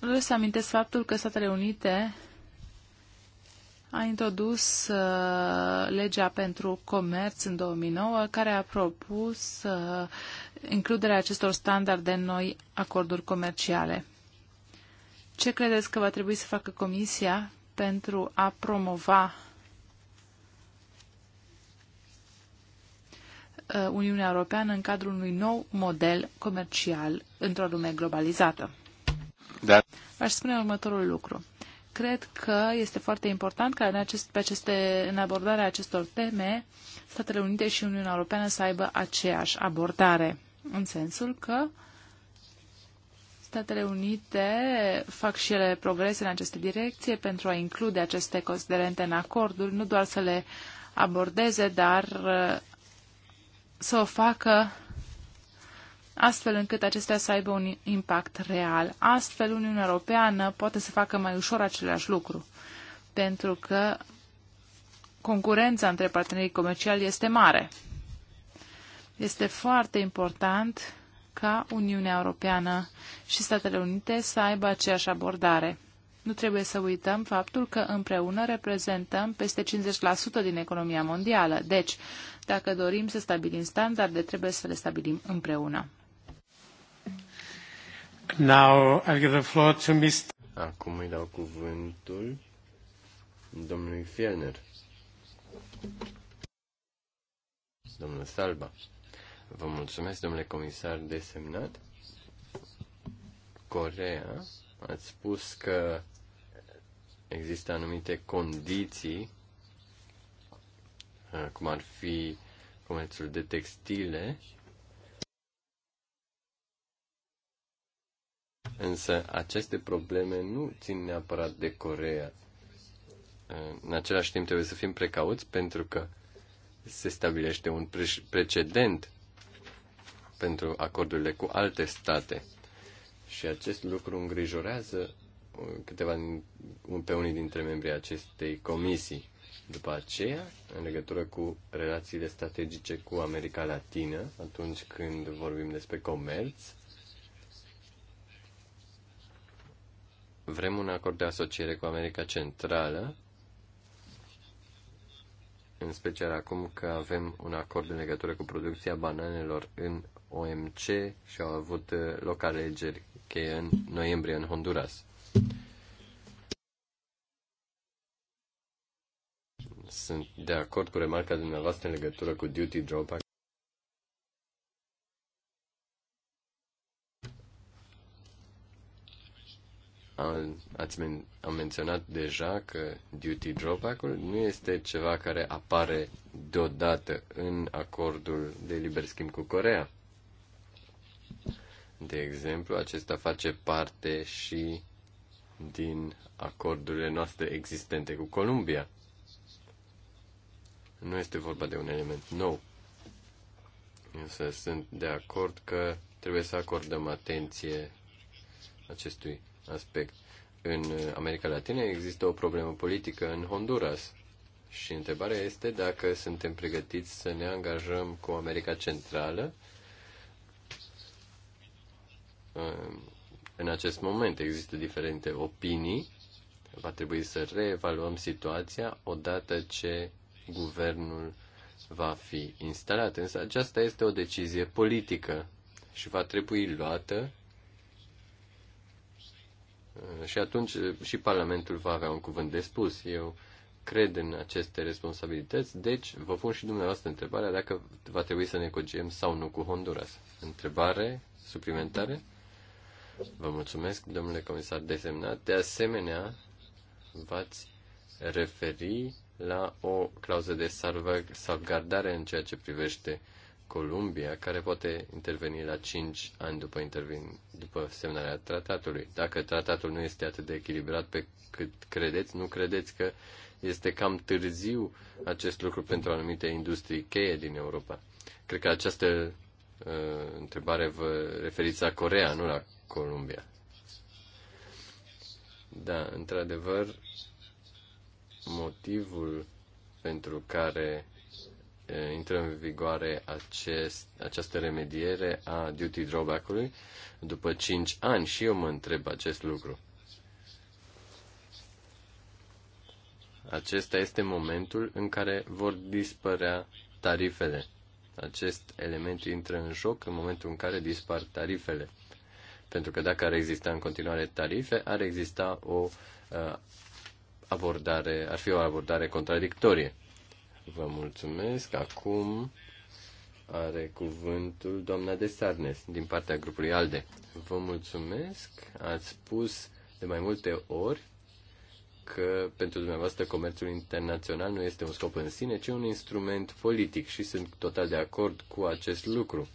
Vreau să amintesc faptul că Statele Unite a introdus uh, legea pentru comerț în 2009, care a propus uh, includerea acestor standarde în noi acorduri comerciale. Ce credeți că va trebui să facă Comisia pentru a promova uh, Uniunea Europeană în cadrul unui nou model comercial într-o lume globalizată? Da. Aș spune următorul lucru cred că este foarte important ca în, acest, pe aceste, în abordarea acestor teme Statele Unite și Uniunea Europeană să aibă aceeași abordare, în sensul că Statele Unite fac și ele progrese în această direcție pentru a include aceste considerente în acorduri, nu doar să le abordeze, dar uh, să o facă astfel încât acestea să aibă un impact real. Astfel, Uniunea Europeană poate să facă mai ușor același lucru, pentru că concurența între partenerii comerciali este mare. Este foarte important ca Uniunea Europeană și Statele Unite să aibă aceeași abordare. Nu trebuie să uităm faptul că împreună reprezentăm peste 50% din economia mondială. Deci, dacă dorim să stabilim standarde, trebuie să le stabilim împreună. Now I'll give the floor to Mr. Acum îi dau cuvântul domnului Fierner. Domnul Salba. Vă mulțumesc, domnule comisar desemnat. Corea, ați spus că există anumite condiții, cum ar fi comerțul de textile, Însă aceste probleme nu țin neapărat de Corea. În același timp trebuie să fim precauți pentru că se stabilește un precedent pentru acordurile cu alte state. Și acest lucru îngrijorează uh, câteva pe unii dintre membrii acestei comisii. După aceea, în legătură cu relațiile strategice cu America Latină, atunci când vorbim despre comerț, Vrem un acord de asociere cu America Centrală, în special acum că avem un acord în legătură cu producția bananelor în OMC și au avut uh, loc alegeri cheie în noiembrie în Honduras. Sunt de acord cu remarca dumneavoastră în legătură cu Duty Drawback. ați men- am menționat deja că duty drawback-ul nu este ceva care apare deodată în acordul de liber schimb cu Corea. De exemplu, acesta face parte și din acordurile noastre existente cu Columbia. Nu este vorba de un element nou. Însă sunt de acord că trebuie să acordăm atenție acestui aspect. În America Latină există o problemă politică în Honduras și întrebarea este dacă suntem pregătiți să ne angajăm cu America Centrală uh, în acest moment. Există diferite opinii. Va trebui să reevaluăm situația odată ce guvernul va fi instalat. Însă aceasta este o decizie politică și va trebui luată Eh, și atunci eh, și Parlamentul va avea un cuvânt de spus. Eu cred în aceste responsabilități, deci vă pun și dumneavoastră întrebarea dacă va trebui să negociem sau nu cu Honduras. Întrebare suplimentare? Vă mulțumesc, domnule comisar desemnat. De asemenea, v-ați referi la o clauză de salvgardare în ceea ce privește Columbia, care poate interveni la 5 ani după, intervin, după semnarea tratatului. Dacă tratatul nu este atât de echilibrat pe cât credeți, nu credeți că este cam târziu acest lucru pentru anumite industrii cheie din Europa. Cred că această uh, întrebare vă referiți la Corea, nu la Columbia. Da, într-adevăr, motivul pentru care Eh, intră în vigoare acest, această remediere a duty drawback-ului după 5 ani și eu mă întreb acest lucru. Acesta este momentul în care vor dispărea tarifele. Acest element intră în joc în momentul în care dispar tarifele. Pentru că dacă ar exista în continuare tarife, ar exista o uh, abordare, ar fi o abordare contradictorie. Vă mulțumesc. Acum are cuvântul doamna de Sarnes din partea grupului ALDE. Vă mulțumesc. Ați spus de mai multe ori că pentru dumneavoastră comerțul internațional nu este un scop în sine, ci un instrument politic și sunt total de acord cu acest lucru.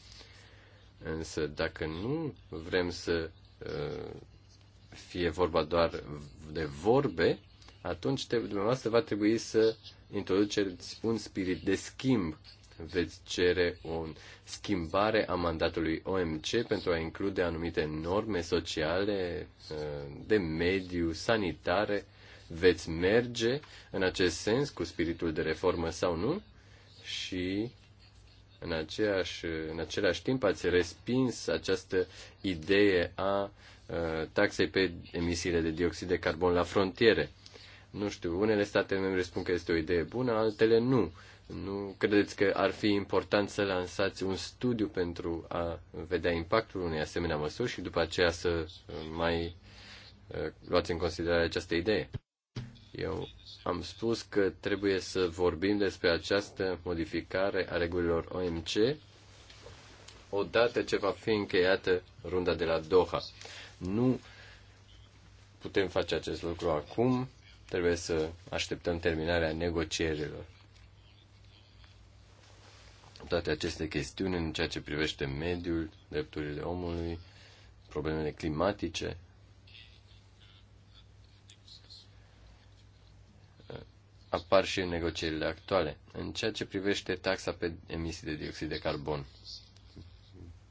Însă dacă nu vrem să uh, fie vorba doar de vorbe, atunci dumneavoastră va trebui să introduceți un spirit de schimb. Veți cere o schimbare a mandatului OMC pentru a include anumite norme sociale, uh, de mediu, sanitare. Veți merge în acest sens cu spiritul de reformă sau nu? Și în, aceeași, în același timp ați respins această idee a uh, taxei pe emisiile de dioxid de carbon la frontiere nu știu, unele state membre spun că este o idee bună, altele nu. Nu credeți că ar fi important să lansați un studiu pentru a vedea impactul unei asemenea măsuri și după aceea să uh, mai uh, luați în considerare această idee? Eu am spus că trebuie să vorbim despre această modificare a regulilor OMC odată ce va fi încheiată runda de la Doha. Nu putem face acest lucru acum, Trebuie să așteptăm terminarea negocierilor. Toate aceste chestiuni în ceea ce privește mediul, drepturile omului, problemele climatice, apar și în negocierile actuale, în ceea ce privește taxa pe emisii de dioxid de carbon.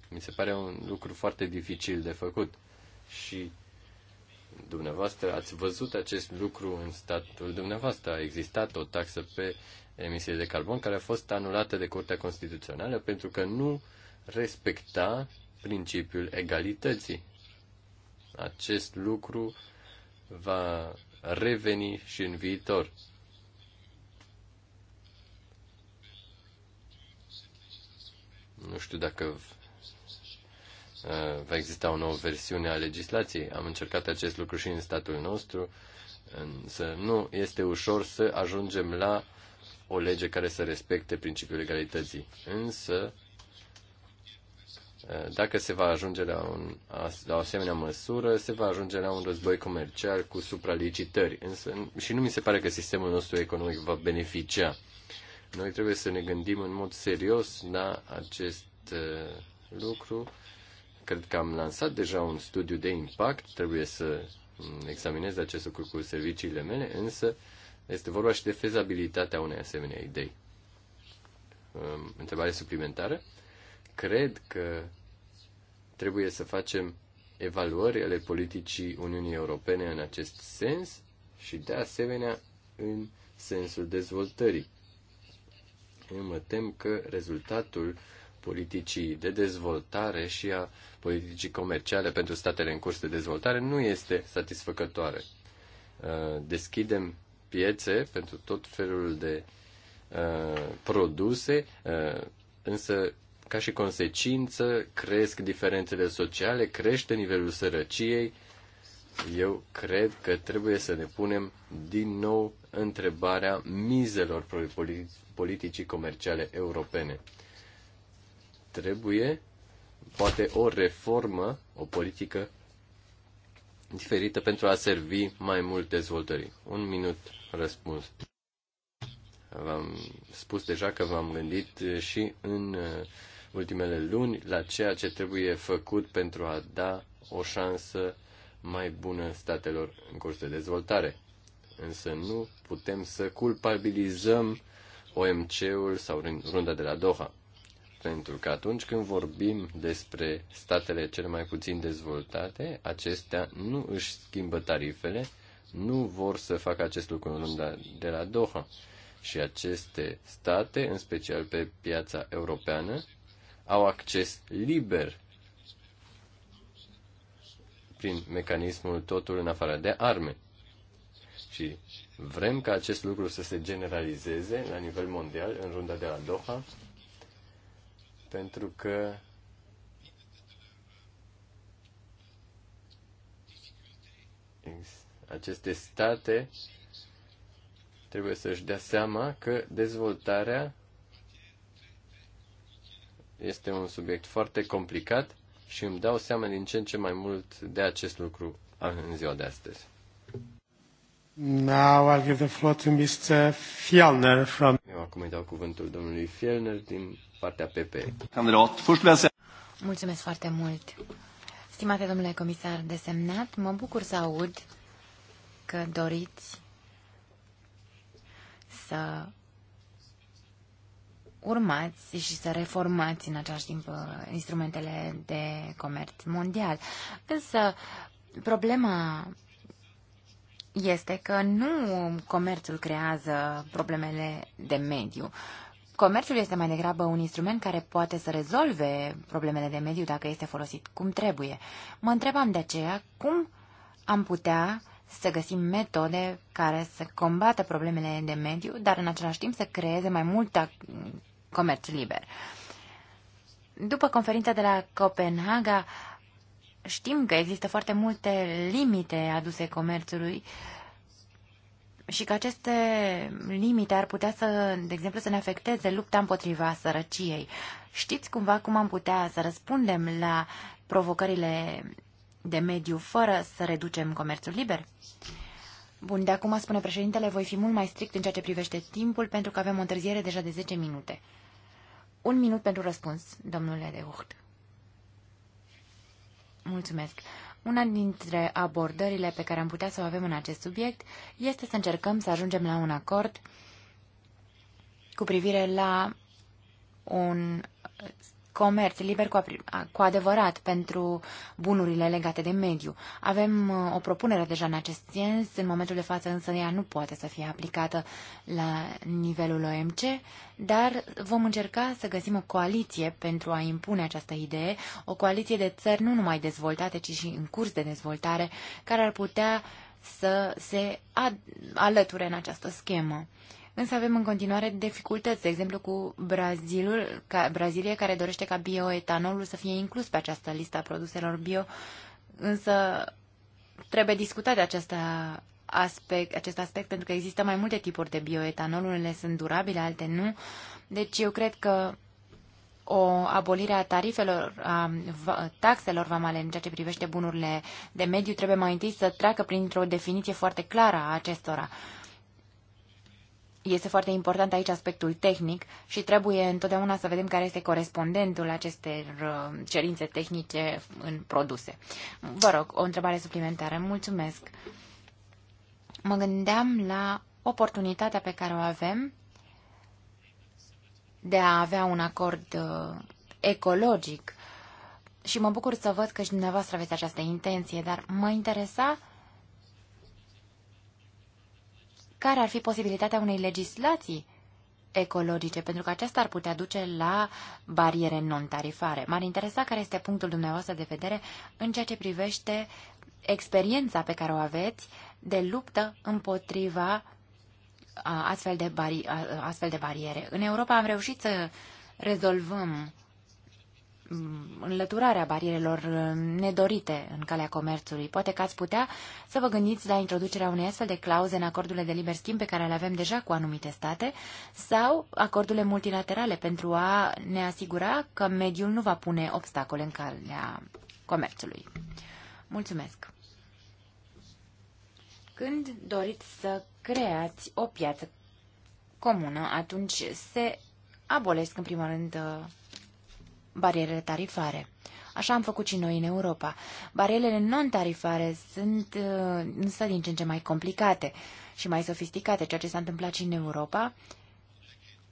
Mi se pare un lucru foarte dificil de făcut și dumneavoastră ați văzut acest lucru în statul dumneavoastră. A existat o taxă pe emisie de carbon care a fost anulată de Curtea Constituțională pentru că nu respecta principiul egalității. Acest lucru va reveni și în viitor. Nu știu dacă Eh, va exista o nouă versiune a legislației. Am încercat acest lucru și în statul nostru, însă nu este ușor să ajungem la o lege care să respecte principiul legalității. Însă, eh, dacă se va ajunge la, un, la o asemenea măsură, se va ajunge la un război comercial cu supralicitări. Însă, și nu mi se pare că sistemul nostru economic va beneficia. Noi trebuie să ne gândim în mod serios la acest eh, lucru cred că am lansat deja un studiu de impact, trebuie să examinez acest lucru cu serviciile mele, însă este vorba și de fezabilitatea unei asemenea idei. Um, întrebare suplimentară. Cred că trebuie să facem evaluări ale politicii Uniunii Europene în acest sens și de asemenea în sensul dezvoltării. Eu mă tem că rezultatul uh, politicii de dezvoltare și a politicii comerciale pentru statele în curs de dezvoltare nu este satisfăcătoare. Uh, deschidem piețe pentru tot felul de uh, produse, uh, însă ca și consecință cresc diferențele sociale, crește nivelul sărăciei. Eu cred că trebuie să ne punem din nou întrebarea mizelor politicii comerciale europene. Trebuie poate o reformă, o politică diferită pentru a servi mai mult dezvoltării. Un minut răspuns. V-am spus deja că v-am gândit și în uh, ultimele luni la ceea ce trebuie făcut pentru a da o șansă mai bună statelor în curs de dezvoltare. Însă nu putem să culpabilizăm OMC-ul sau runda de la Doha. Pentru că atunci când vorbim despre statele cel mai puțin dezvoltate, acestea nu își schimbă tarifele, nu vor să facă acest lucru în runda de la Doha. Și aceste state, în special pe piața europeană, au acces liber prin mecanismul totul în afară de arme. Și vrem ca acest lucru să se generalizeze la nivel mondial în runda de la Doha pentru că aceste state trebuie să-și dea seama că dezvoltarea este un subiect foarte complicat și îmi dau seama din ce în ce mai mult de acest lucru în ziua de astăzi. Now I'll give the floor to Mr. Fjellner from... Eu acum îi dau cuvântul domnului Fjellner din partea PP. Mulțumesc foarte mult. Stimate domnule comisar desemnat, mă bucur să aud că doriți să urmați și să reformați în același timp uh, instrumentele de comerț mondial. Însă, problema este că nu comerțul creează problemele de mediu. Comerțul este mai degrabă un instrument care poate să rezolve problemele de mediu dacă este folosit cum trebuie. Mă întrebam de aceea cum am putea să găsim metode care să combată problemele de mediu, dar în același timp să creeze mai mult comerț liber. După conferința de la Copenhaga, știm că există foarte multe limite aduse comerțului uh, și că aceste limite ar putea să, de exemplu, să ne afecteze lupta împotriva sărăciei. Știți cumva cum am putea să răspundem la provocările de mediu fără să reducem comerțul liber? Bun, de acum, spune președintele, voi fi mult mai strict în ceea ce privește timpul, pentru că avem o întârziere deja de 10 minute. Un minut pentru răspuns, domnule de Ucht. Mulțumesc. Una dintre abordările pe care am putea să o avem în acest subiect este să încercăm să ajungem la un acord cu privire la un comerț liber cu, cu adevărat pentru bunurile legate de mediu. Avem uh, o propunere deja în acest sens, în momentul de față însă ea nu poate să fie aplicată la nivelul OMC, dar vom încerca să găsim o coaliție pentru a impune această idee, o coaliție de țări nu numai dezvoltate, ci și în curs de dezvoltare, care ar putea să se alăture în această schemă. Însă avem în continuare dificultăți, de exemplu cu Brazilul, ca, Brazilie, care dorește ca bioetanolul să fie inclus pe această listă a produselor bio, însă trebuie discutat acest aspect, acest aspect pentru că există mai multe tipuri de bioetanol, unele sunt durabile, alte nu. Deci eu cred că o abolire a tarifelor, a taxelor vamale în ceea ce privește bunurile de mediu trebuie mai întâi să treacă printr-o definiție foarte clară a acestora este foarte important aici aspectul tehnic și trebuie întotdeauna să vedem care este corespondentul acestor uh, cerințe tehnice în produse. Vă rog, o întrebare suplimentară. Mulțumesc. Mă gândeam la oportunitatea pe care o avem de a avea un acord uh, ecologic și mă bucur să văd că și dumneavoastră aveți această intenție, dar mă interesa care ar fi posibilitatea unei legislații ecologice, pentru că aceasta ar putea duce la bariere non-tarifare. M-ar interesa care este punctul dumneavoastră de vedere în ceea ce privește experiența pe care o aveți de luptă împotriva astfel de, bari- astfel de bariere. În Europa am reușit să rezolvăm Mm, înlăturarea barierelor mm, nedorite în calea comerțului. Poate că ați putea să vă gândiți la introducerea unei astfel de clauze în acordurile de liber schimb pe care le avem deja cu anumite state sau acordurile multilaterale pentru a ne asigura că mediul nu va pune obstacole în calea comerțului. Mulțumesc! Când doriți să creați o piață comună, atunci se abolesc în primul rând barierele tarifare. Așa am făcut și noi în Europa. Barierele non-tarifare sunt uh, însă din ce în ce mai complicate și mai sofisticate, ceea ce s-a întâmplat și în Europa.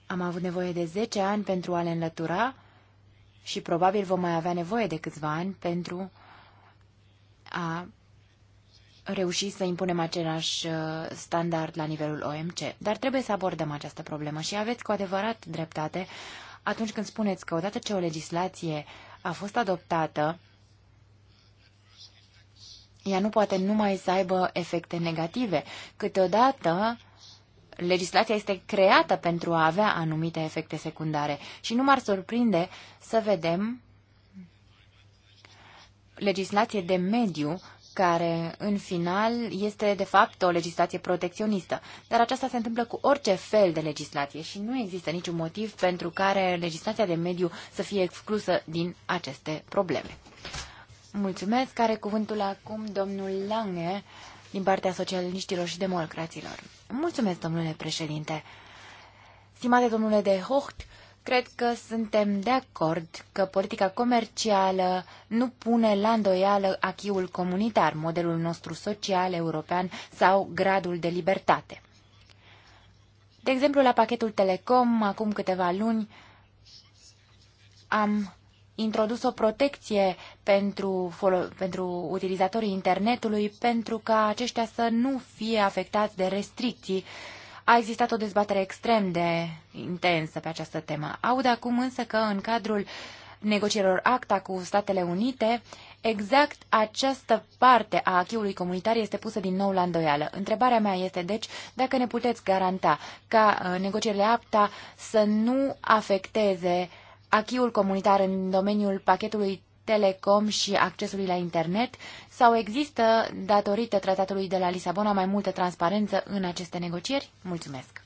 Am avut nevoie de 10 ani pentru a le înlătura și probabil vom mai avea nevoie de câțiva ani pentru a reuși să impunem același uh, standard la nivelul OMC. Dar trebuie să abordăm această problemă și aveți cu adevărat dreptate atunci când spuneți că odată ce o legislație a fost adoptată, ea nu poate numai să aibă efecte negative. Câteodată, legislația este creată pentru a avea anumite efecte secundare și nu m-ar surprinde să vedem legislație de mediu care, în final, este de fapt o legislație protecționistă. Dar aceasta se întâmplă cu orice fel de legislație și nu există niciun motiv pentru care legislația de mediu să fie exclusă din aceste probleme. Mulțumesc. Care cuvântul acum domnul Lange din partea socialiștilor și democraților. Mulțumesc, domnule președinte. Stimate domnule de Hocht, Cred că suntem de acord că politica comercială nu pune la îndoială achiul comunitar, modelul nostru social european sau gradul de libertate. De exemplu, la pachetul Telecom, acum câteva luni, am introdus o protecție pentru, pentru utilizatorii internetului pentru ca aceștia să nu fie afectați de restricții uh, a existat o dezbatere extrem de intensă pe această temă. Aud acum însă că în cadrul negocierilor ACTA cu Statele Unite, exact această parte a achiului comunitar este pusă din nou la îndoială. Întrebarea mea este, deci, dacă ne puteți garanta ca uh, negocierile ACTA să nu afecteze achiul comunitar în domeniul pachetului telecom și accesului la internet sau există, datorită tratatului de la Lisabona, mai multă transparență în aceste negocieri? Mulțumesc!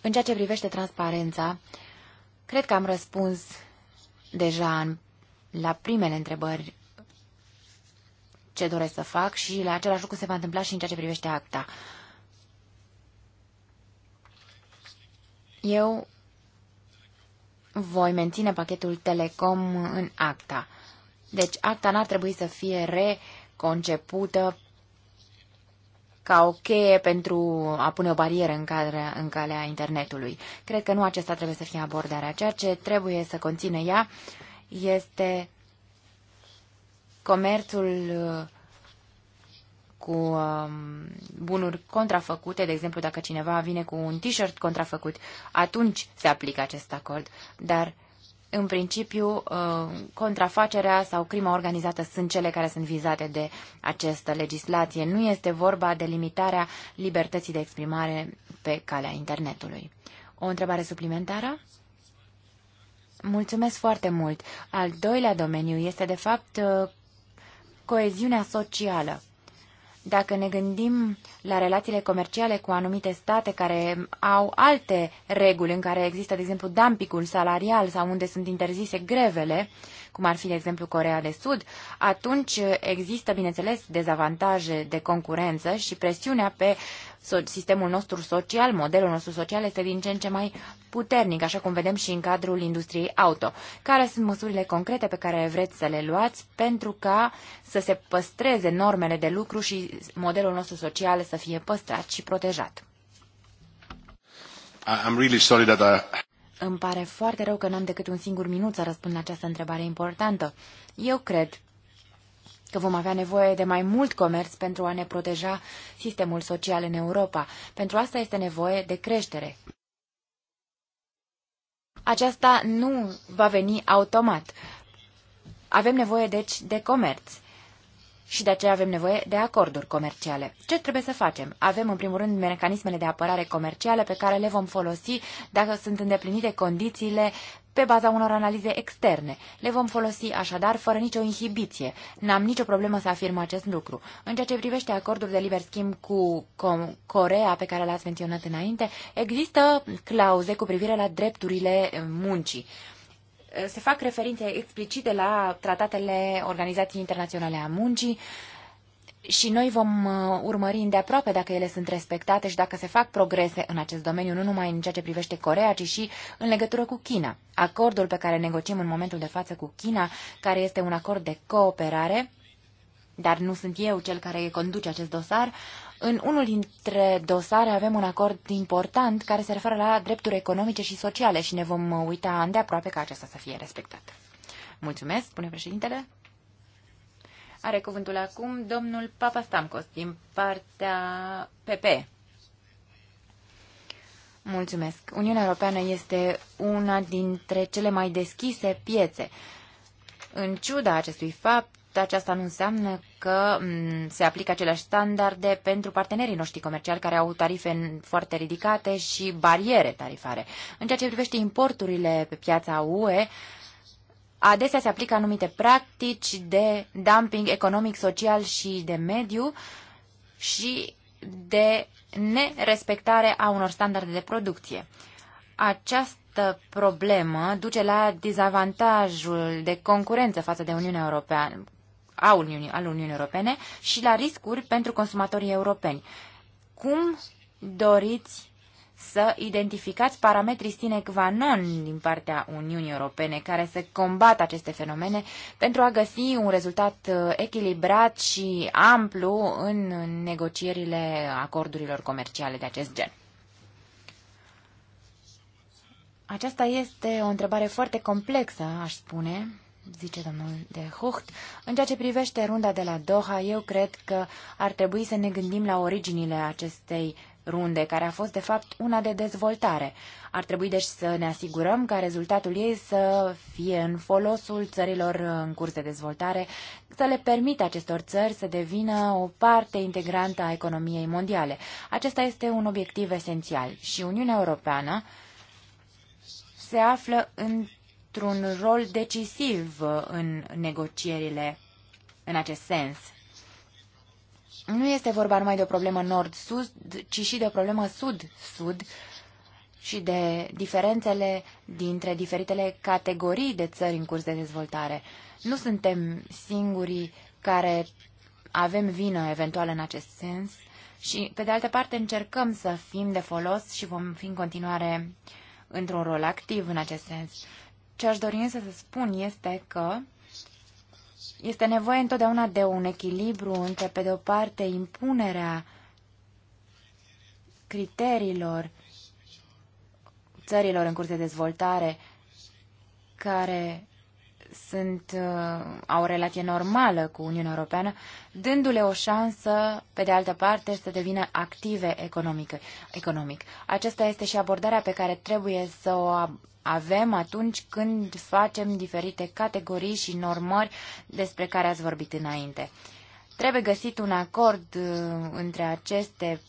În ceea ce privește transparența, cred că am răspuns deja în, la primele întrebări ce doresc să fac și la același lucru se va întâmpla și în ceea ce privește acta. Eu voi menține pachetul Telecom în acta. Deci acta n-ar trebui să fie reconcepută ca o cheie pentru a pune o barieră în, care, în calea internetului. Cred că nu acesta trebuie să fie abordarea. Ceea ce trebuie să conține ea este comerțul cu um, bunuri contrafăcute, de exemplu, dacă cineva vine cu un t-shirt contrafăcut, atunci se aplică acest acord. Dar, în principiu, uh, contrafacerea sau crima organizată sunt cele care sunt vizate de această legislație. Nu este vorba de limitarea libertății de exprimare pe calea internetului. O întrebare suplimentară? Mulțumesc foarte mult. Al doilea domeniu este, de fapt, uh, coeziunea socială. Dacă ne gândim la relațiile comerciale cu anumite state care au alte reguli în care există, de exemplu, dumpingul salarial sau unde sunt interzise grevele, cum ar fi, de exemplu, Corea de Sud, atunci există, bineînțeles, dezavantaje de concurență și presiunea pe sistemul nostru social, modelul nostru social este din ce în ce mai puternic, așa cum vedem și în cadrul industriei auto. Care sunt măsurile concrete pe care vreți să le luați pentru ca să se păstreze normele de lucru și modelul nostru social să fie păstrat și protejat? I'm really sorry that I... Îmi pare foarte rău că n-am decât un singur minut să răspund la această întrebare importantă. Eu cred că vom avea nevoie de mai mult comerț pentru a ne proteja sistemul social în Europa. Pentru asta este nevoie de creștere. Aceasta nu va veni automat. Avem nevoie, deci, de comerț și de aceea avem nevoie de acorduri comerciale. Ce trebuie să facem? Avem, în primul rând, mecanismele de apărare comercială pe care le vom folosi dacă sunt îndeplinite condițiile pe baza unor analize externe. Le vom folosi așadar fără nicio inhibiție. N-am nicio problemă să afirm acest lucru. În ceea ce privește acordul de liber schimb cu Corea, pe care l-ați menționat înainte, există clauze cu privire la drepturile muncii se fac referințe explicite la tratatele Organizației Internaționale a Muncii și noi vom uh, urmări îndeaproape dacă ele sunt respectate și dacă se fac progrese în acest domeniu, nu numai în ceea ce privește Corea, ci și în legătură cu China. Acordul pe care negociem în momentul de față cu China, care este un acord de cooperare, dar nu sunt eu cel care conduce acest dosar, în unul dintre dosare avem un acord important care se referă la drepturi economice și sociale și ne vom uita îndeaproape ca acesta să fie respectat. Mulțumesc, spune președintele. Are cuvântul acum domnul Papa Stamcos din partea PP. Mulțumesc. Uniunea Europeană este una dintre cele mai deschise piețe. În ciuda acestui fapt, aceasta nu înseamnă că mm, se aplică aceleași standarde pentru partenerii noștri comerciali care au tarife foarte ridicate și bariere tarifare. În ceea ce privește importurile pe piața UE, adesea se aplică anumite practici de dumping economic, social și de mediu și de nerespectare a unor standarde de producție. Această problemă duce la dezavantajul de concurență față de Uniunea Europeană, a Uniunii, al Uniunii Europene și la riscuri pentru consumatorii europeni. Cum doriți să identificați parametrii sine qua non din partea Uniunii Europene care să combată aceste fenomene pentru a găsi un rezultat uh, echilibrat și amplu în negocierile acordurilor comerciale de acest gen? Aceasta este o întrebare foarte complexă, aș spune, zice domnul de Hucht. În ceea ce privește runda de la Doha, eu cred că ar trebui să ne gândim la originile acestei runde, care a fost de fapt una de dezvoltare. Ar trebui deci să ne asigurăm ca rezultatul ei să fie în folosul țărilor în curs de dezvoltare, să le permită acestor țări să devină o parte integrantă a economiei mondiale. Acesta este un obiectiv esențial și Uniunea Europeană se află în într-un rol decisiv uh, în negocierile în acest sens. Nu este vorba numai de o problemă nord-sud, ci și de o problemă sud-sud și de diferențele dintre diferitele categorii de țări în curs de dezvoltare. Nu suntem singurii care avem vină eventual în acest sens și, pe de altă parte, încercăm să fim de folos și vom fi în continuare într-un rol activ în acest sens. Ce aș dori să spun este că este nevoie întotdeauna de un echilibru între, pe de o parte, impunerea criteriilor țărilor în curs de dezvoltare care sunt, uh, au o relație normală cu Uniunea Europeană, dându-le o șansă, pe de altă parte, să devină active economică, economic. Aceasta este și abordarea pe care trebuie să o avem atunci când facem diferite categorii și normări despre care ați vorbit înainte. Trebuie găsit un acord uh, între aceste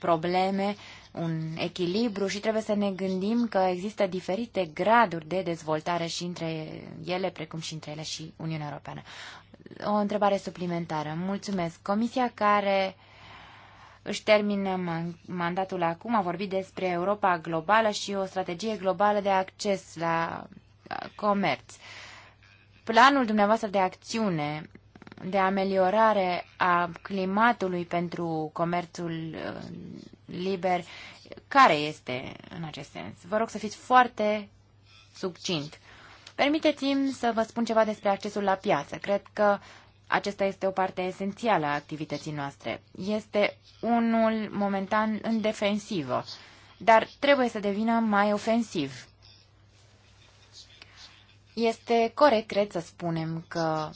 probleme un echilibru și trebuie să ne gândim că există diferite graduri de dezvoltare și între ele, precum și între ele și Uniunea Europeană. O întrebare suplimentară. Mulțumesc. Comisia care își termină mandatul acum a vorbit despre Europa globală și o strategie globală de acces la comerț. Planul dumneavoastră de acțiune de ameliorare a climatului pentru comerțul uh, liber, care este în acest sens? Vă rog să fiți foarte subcint. Permiteți-mi să vă spun ceva despre accesul la piață. Cred că acesta este o parte esențială a activității noastre. Este unul momentan în defensivă, dar trebuie să devină mai ofensiv. Este corect, cred, să spunem că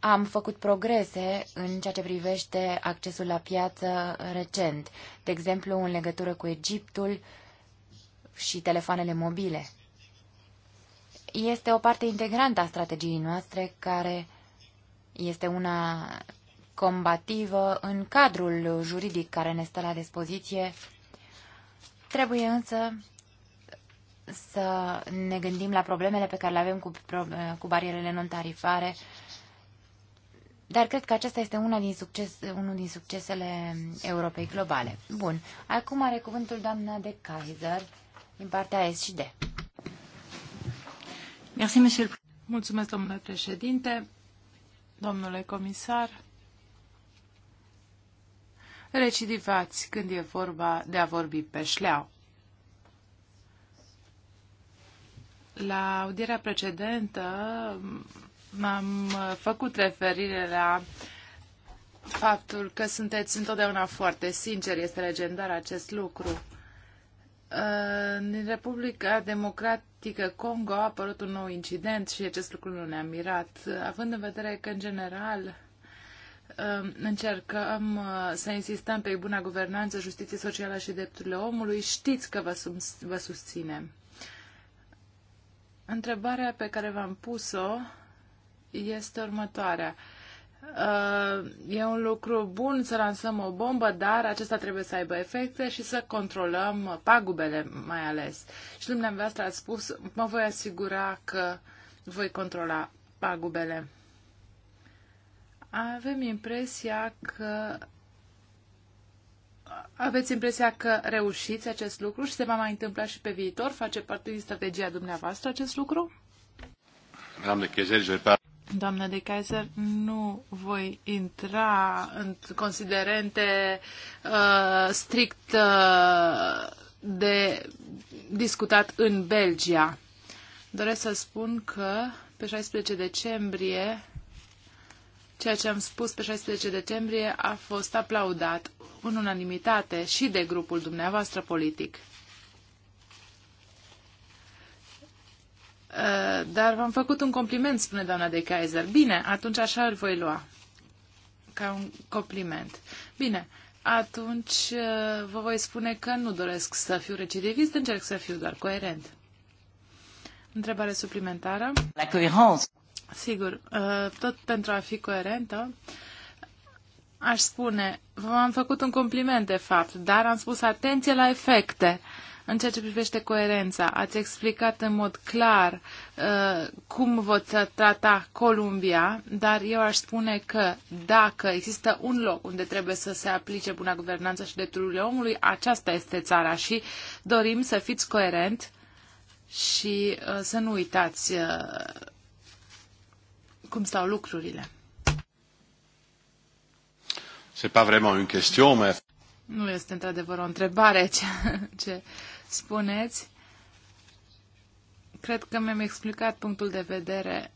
am făcut progrese în ceea ce privește accesul la piață recent, de exemplu în legătură cu Egiptul și telefoanele mobile. Este o parte integrantă a strategiei noastre care este una combativă în cadrul juridic care ne stă la dispoziție. Trebuie însă să ne gândim la problemele pe care le avem cu, cu barierele non-tarifare dar cred că acesta este una din succes, unul din succesele Europei globale. Bun. Acum are cuvântul doamna de Kaiser din partea S și D. Mulțumesc, domnule președinte, domnule comisar. Recidivați când e vorba de a vorbi pe șleau. La audierea precedentă m-am uh, făcut referire la faptul că sunteți întotdeauna foarte sinceri. Este legendar acest lucru. Uh, în Republica Democratică Congo a apărut un nou incident și acest lucru nu ne-a mirat, având în vedere că, în general, uh, încercăm să insistăm pe buna guvernanță, justiție socială și drepturile omului, știți că vă, susținem. Întrebarea pe care v-am pus-o este următoarea. Uh, e un lucru bun să lansăm o bombă, dar acesta trebuie să aibă efecte și să controlăm pagubele mai ales. Și dumneavoastră ați spus, mă voi asigura că voi controla pagubele. Avem impresia că aveți impresia că reușiți acest lucru și se va mai întâmpla și pe viitor? Face parte din strategia dumneavoastră acest lucru? Doamne Doamna de Kaiser, nu voi intra în considerente uh, strict uh, de discutat în Belgia. Doresc să spun că pe 16 decembrie, ceea ce am spus pe 16 decembrie a fost aplaudat în unanimitate și de grupul dumneavoastră politic. Eh, dar v-am făcut un compliment, spune doamna de Kaiser. Bine, atunci așa îl voi lua. Ca un compliment. Bine, atunci eh, vă voi spune că nu doresc să fiu recidivist, încerc să fiu doar coerent. Întrebare suplimentară. La coerent. Sigur, eh, tot pentru a fi coerentă, aș spune, v-am făcut un compliment de fapt, dar am spus atenție la efecte. În ceea ce privește coerența, ați explicat în mod clar uh, cum voți trata Columbia, dar eu aș spune că dacă există un loc unde trebuie să se aplice buna guvernanță și drepturile omului, aceasta este țara și dorim să fiți coerent și uh, să nu uitați uh, cum stau lucrurile. Nu este într-adevăr o întrebare ce, ce spuneți. Cred că mi-am explicat punctul de vedere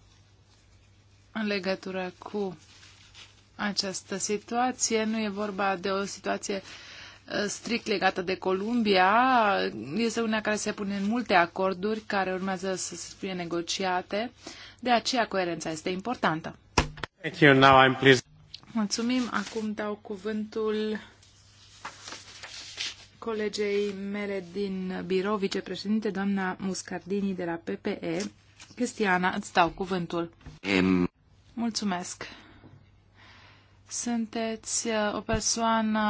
în legătură cu această situație. Nu e vorba de o situație uh, strict legată de Columbia. Este una care se pune în multe acorduri care urmează să se fie negociate. De aceea coerența este importantă. Thank you. Now I'm pleased. Mulțumim. Acum dau cuvântul colegei mele din birou, vicepreședinte, doamna Muscardini de la PPE. Cristiana, îți dau cuvântul. Em... Mulțumesc. Sunteți uh, o persoană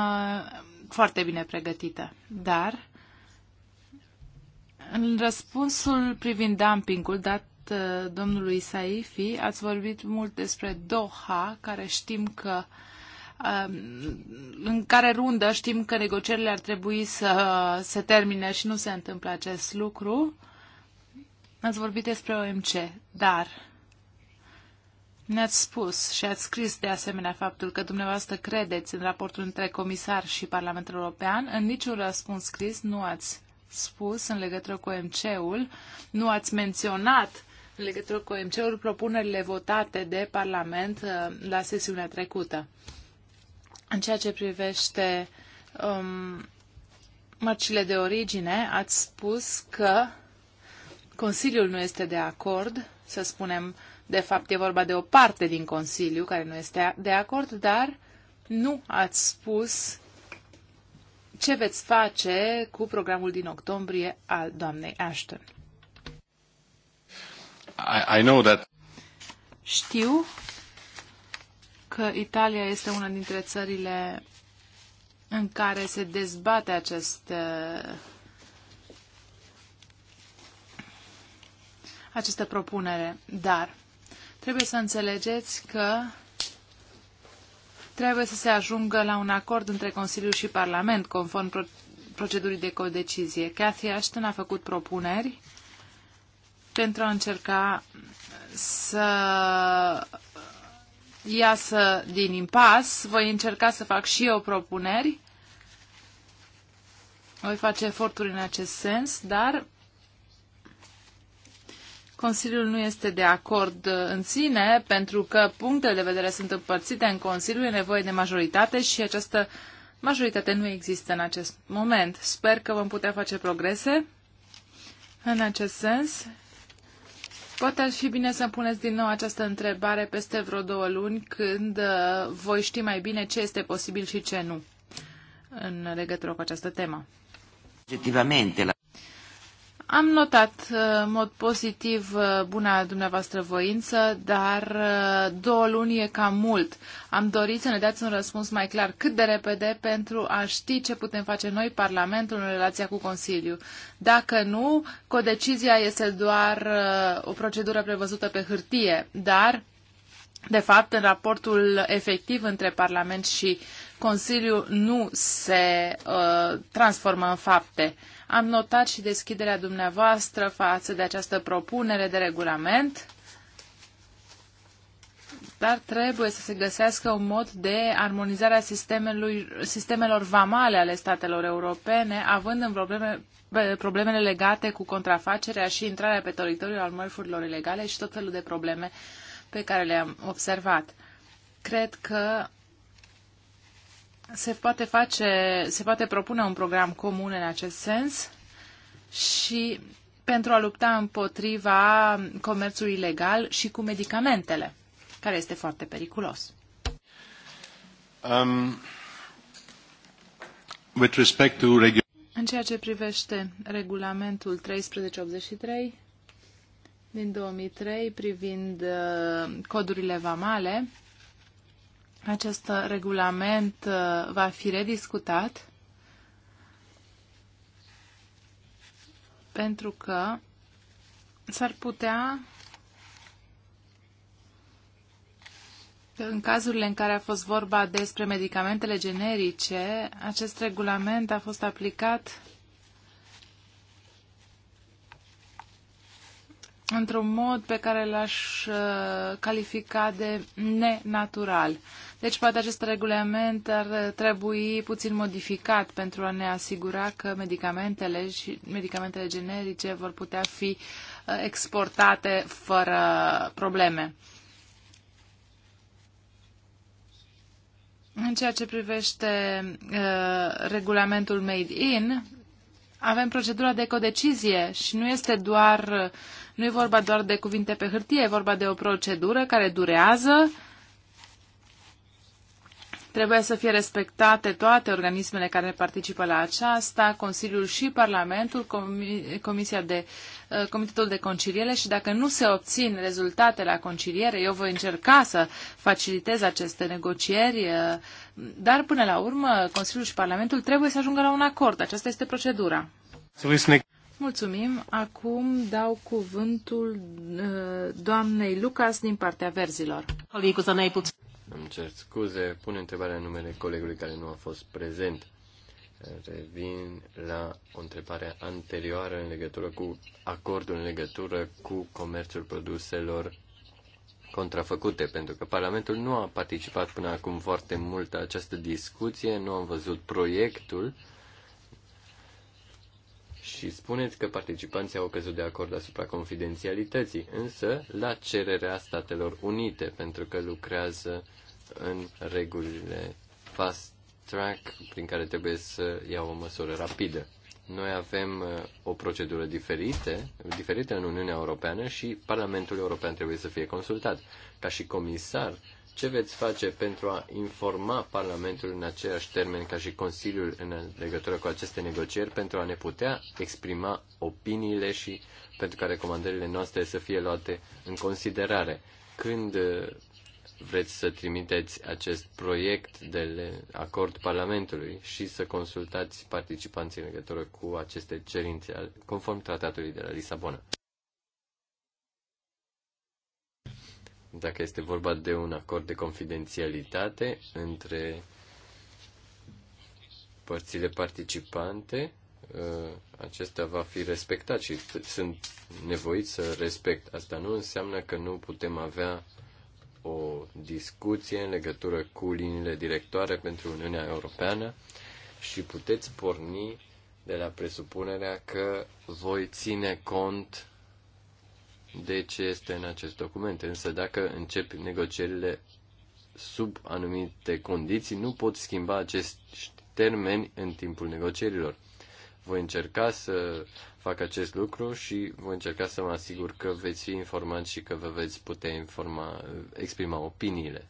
foarte bine pregătită, dar în răspunsul privind dumpingul dat uh, domnului Saifi, ați vorbit mult despre Doha, care știm că uh, Um, în care rundă știm că negocierile ar trebui să se termine și nu se întâmplă acest lucru. Ați vorbit despre OMC, dar ne-ați spus și ați scris de asemenea faptul că dumneavoastră credeți în raportul între comisar și Parlamentul European. În niciun răspuns scris nu ați spus în legătură cu OMC-ul, nu ați menționat în legătură cu OMC-ul propunerile votate de Parlament uh, la sesiunea trecută. În ceea ce privește um, mărcile de origine, ați spus că Consiliul nu este de acord, să spunem, de fapt e vorba de o parte din Consiliu care nu este de acord, dar nu ați spus ce veți face cu programul din octombrie al doamnei Ashton. I, I know that. Știu că Italia este una dintre țările în care se dezbate acest, această propunere, dar trebuie să înțelegeți că trebuie să se ajungă la un acord între Consiliu și Parlament, conform procedurii de codecizie. Cathy Ashton a făcut propuneri pentru a încerca să iasă din impas. Voi încerca să fac și eu propuneri. Voi face eforturi în acest sens, dar Consiliul nu este de acord uh, în sine, pentru că punctele de vedere sunt împărțite în Consiliu, e nevoie de majoritate și această majoritate nu există în acest moment. Sper că vom putea face progrese în acest sens Poate ar fi bine să puneți din nou această întrebare peste vreo două luni, când uh, voi ști mai bine ce este posibil și ce nu în legătură cu această temă. Obiectivamente, am notat uh, în mod pozitiv uh, buna dumneavoastră voință, dar uh, două luni e cam mult. Am dorit să ne dați un răspuns mai clar cât de repede pentru a ști ce putem face noi, Parlamentul, în relația cu Consiliu. Dacă nu, codecizia este doar o procedură prevăzută pe hârtie, dar, de fapt, în raportul efectiv între Parlament și Consiliu nu se uh, transformă în fapte. Am notat și deschiderea dumneavoastră față de această propunere de regulament, dar trebuie să se găsească un mod de armonizare a sistemelor vamale ale statelor europene, având în probleme, problemele legate cu contrafacerea și intrarea pe teritoriul al mărfurilor ilegale și tot felul de probleme pe care le-am observat. Cred că se poate face, se poate propune un program comun în acest sens și pentru a lupta împotriva comerțului ilegal și cu medicamentele, care este foarte periculos. Um, with respect to în ceea ce privește regulamentul 1383 din 2003 privind uh, codurile vamale, acest regulament uh, va fi rediscutat pentru că s-ar putea în cazurile în care a fost vorba despre medicamentele generice, acest regulament a fost aplicat într-un mod pe care l-aș uh, califica de nenatural. Deci poate acest regulament ar trebui puțin modificat pentru a ne asigura că medicamentele și medicamentele generice vor putea fi uh, exportate fără probleme. În ceea ce privește uh, regulamentul Made In, avem procedura de codecizie și nu este doar, nu e vorba doar de cuvinte pe hârtie, e vorba de o procedură care durează uh, Trebuie să fie respectate toate organismele care participă la aceasta, Consiliul și Parlamentul, Comisia de, uh, Comitetul de Conciliere și dacă nu se obțin rezultate la conciliere, eu voi încerca să facilitez aceste negocieri, uh, dar până la urmă Consiliul și Parlamentul trebuie să ajungă la un acord. Aceasta este procedura. Mulțumim. Acum dau cuvântul uh, doamnei Lucas din partea verzilor. Îmi cer scuze, pun întrebarea în numele colegului care nu a fost prezent. Revin la o întrebare anterioară în legătură cu acordul în legătură cu comerțul produselor contrafăcute, pentru că Parlamentul nu a participat până acum foarte mult la această discuție, nu am văzut proiectul și spuneți că participanții au căzut de acord asupra confidențialității, însă la cererea Statelor Unite, pentru că lucrează în regulile fast track prin care trebuie să iau o măsură rapidă. Noi avem uh, o procedură diferită, diferită în Uniunea Europeană și Parlamentul European trebuie să fie consultat. Ca și comisar, ce veți face pentru a informa Parlamentul în aceeași termen ca și Consiliul în legătură cu aceste negocieri pentru a ne putea exprima opiniile și pentru ca recomandările noastre să fie luate în considerare? Când uh, vreți să trimiteți acest proiect de acord Parlamentului și să consultați participanții în legătură cu aceste cerințe conform tratatului de la Lisabona. Dacă este vorba de un acord de confidențialitate între părțile participante, ă, acesta va fi respectat și sunt nevoit să respect. Asta nu înseamnă că nu putem avea o discuție în legătură cu liniile directoare pentru Uniunea Europeană și puteți porni de la presupunerea că voi ține cont de ce este în acest document. Însă dacă încep negocierile sub anumite condiții, nu pot schimba acest termeni în timpul negocierilor. Voi încerca să fac acest lucru și voi încerca să mă asigur că veți fi informați și că vă veți putea informa, exprima opiniile.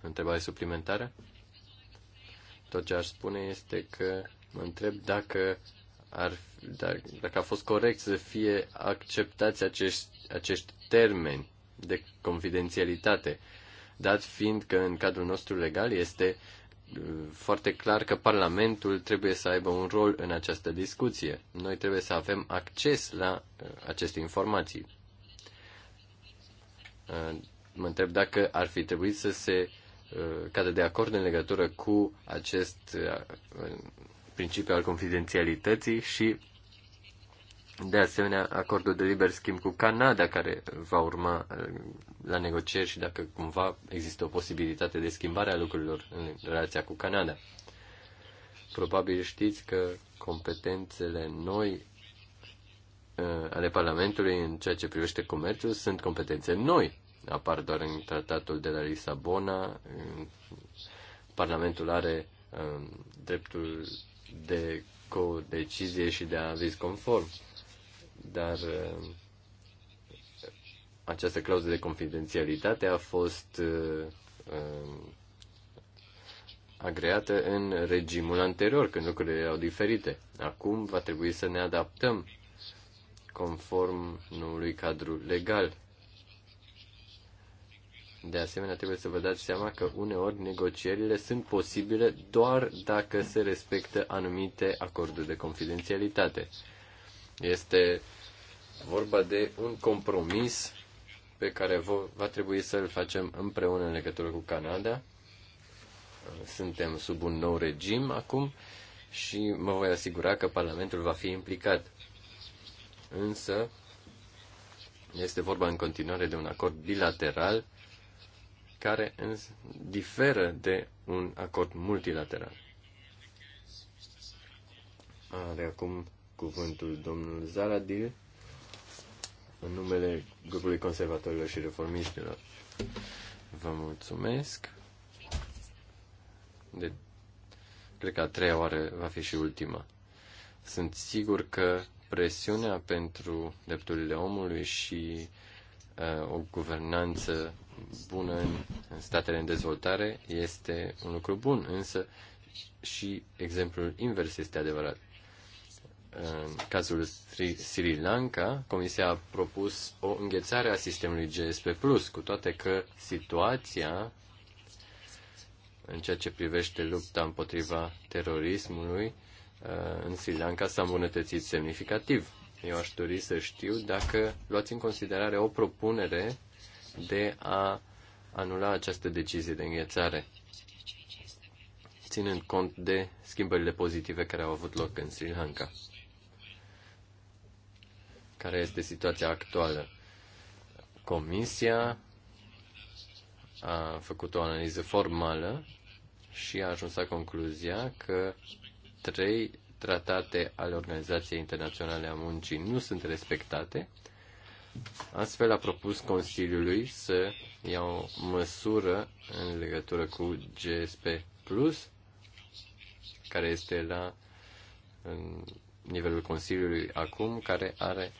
Întrebare suplimentară? Tot ce aș spune este că mă întreb dacă ar, dacă a fost corect să fie acceptați acești, acești termeni de confidențialitate, dat fiind că în cadrul nostru legal este foarte clar că Parlamentul trebuie să aibă un rol în această discuție. Noi trebuie să avem acces la uh, aceste informații. Uh, mă întreb dacă ar fi trebuit să se uh, cadă de acord în legătură cu acest principiu al confidențialității și de asemenea, acordul de liber schimb cu Canada, care va urma uh, la negocieri și dacă cumva există o posibilitate de schimbare a lucrurilor în relația cu Canada. Probabil știți că competențele noi uh, ale Parlamentului în ceea ce privește comerțul sunt competențe noi. Apar doar în tratatul de la Lisabona. Parlamentul are um, dreptul de codecizie și de aviz conform dar uh, această clauză de confidențialitate a fost uh, uh, agreată în regimul anterior, când lucrurile erau diferite. Acum va trebui să ne adaptăm conform noului cadru legal. De asemenea, trebuie să vă dați seama că uneori negocierile sunt posibile doar dacă se respectă anumite acorduri de confidențialitate. Este vorba de un compromis pe care va trebui să-l facem împreună în legătură cu Canada. Suntem sub un nou regim acum și mă voi asigura că Parlamentul va fi implicat. Însă, este vorba în continuare de un acord bilateral care diferă de un acord multilateral. Are acum cuvântul domnul Zaradir în numele grupului conservatorilor și reformiștilor. Vă mulțumesc. De, cred că a treia oară va fi și ultima. Sunt sigur că presiunea pentru drepturile omului și uh, o guvernanță bună în, în statele în dezvoltare este un lucru bun, însă și exemplul invers este adevărat. În cazul Sri Lanka, Comisia a propus o înghețare a sistemului GSP+, cu toate că situația în ceea ce privește lupta împotriva terorismului uh, în Sri Lanka s-a îmbunătățit semnificativ. Eu aș dori să știu dacă luați în considerare o propunere de a anula această decizie de înghețare, ținând cont de schimbările pozitive care au avut loc în Sri Lanka care este situația actuală. Comisia a făcut o analiză formală și a ajuns la concluzia că trei tratate ale Organizației Internaționale a Muncii nu sunt respectate. Astfel a propus Consiliului să ia o măsură în legătură cu GSP Plus, care este la nivelul Consiliului acum, care are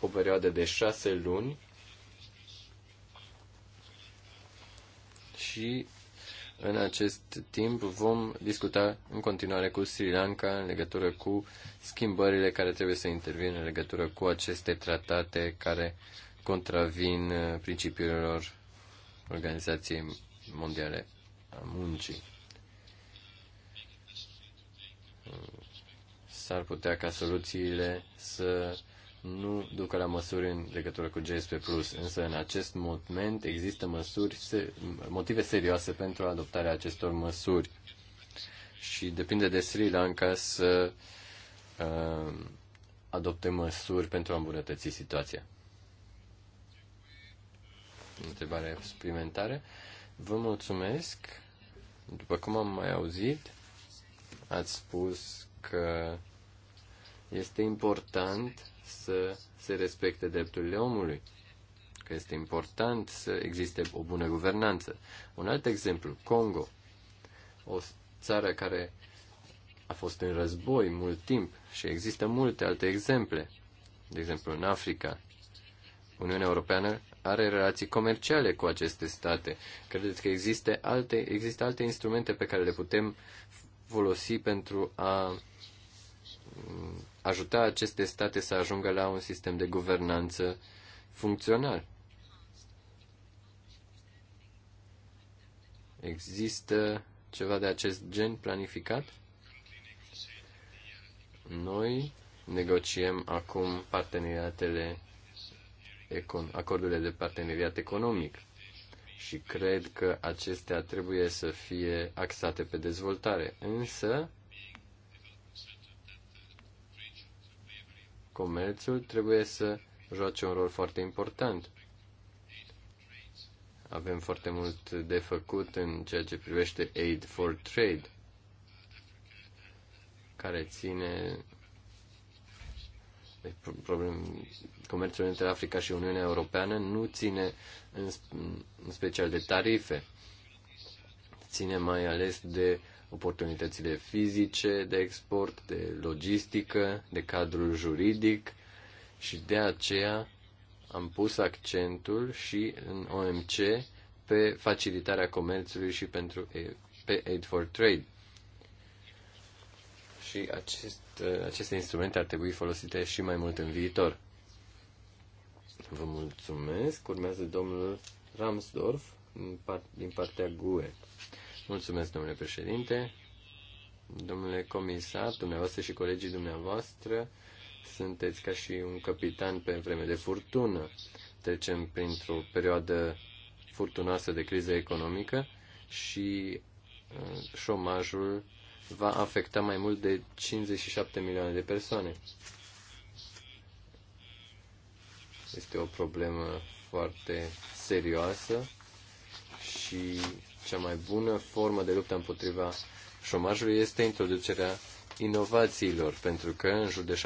o perioadă de șase luni și în acest timp vom discuta în continuare cu Sri Lanka în legătură cu schimbările care trebuie să intervină în legătură cu aceste tratate care contravin principiilor Organizației Mondiale a Muncii. S-ar putea ca soluțiile să nu ducă la măsuri în legătură cu GSP+, însă în acest moment există măsuri, motive serioase pentru adoptarea acestor măsuri și depinde de Sri Lanka să uh, adopte măsuri pentru a îmbunătăți situația. Întrebare suplimentare. Vă mulțumesc. După cum am mai auzit, ați spus că este important să se respecte drepturile omului, că este important să existe o bună guvernanță. Un alt exemplu, Congo, o țară care a fost în război mult timp și există multe alte exemple. De exemplu, în Africa, Uniunea Europeană are relații comerciale cu aceste state. Credeți că există alte, există alte instrumente pe care le putem folosi pentru a ajuta aceste state să ajungă la un sistem de guvernanță funcțional. Există ceva de acest gen planificat? Noi negociem acum parteneriatele, acordurile de parteneriat economic și cred că acestea trebuie să fie axate pe dezvoltare. Însă, comerțul trebuie să joace un rol foarte important. Avem foarte mult de făcut în ceea ce privește Aid for Trade, care ține de problem, comerțul între Africa și Uniunea Europeană nu ține în, special de tarife, ține mai ales de oportunitățile fizice de export, de logistică, de cadrul juridic și de aceea am pus accentul și în OMC pe facilitarea comerțului și pentru, pe Aid for Trade. Și acest, aceste instrumente ar trebui folosite și mai mult în viitor. Vă mulțumesc. Urmează domnul Ramsdorf din, partea GUE. Mulțumesc, domnule președinte. Domnule comisar, dumneavoastră și colegii dumneavoastră, sunteți ca și un capitan pe vreme de furtună. Trecem printr-o perioadă furtunoasă de criză economică și uh, șomajul va afecta mai mult de 57 milioane de persoane. Este o problemă foarte serioasă și cea mai bună formă de luptă împotriva șomajului este introducerea inovațiilor, pentru că în jur de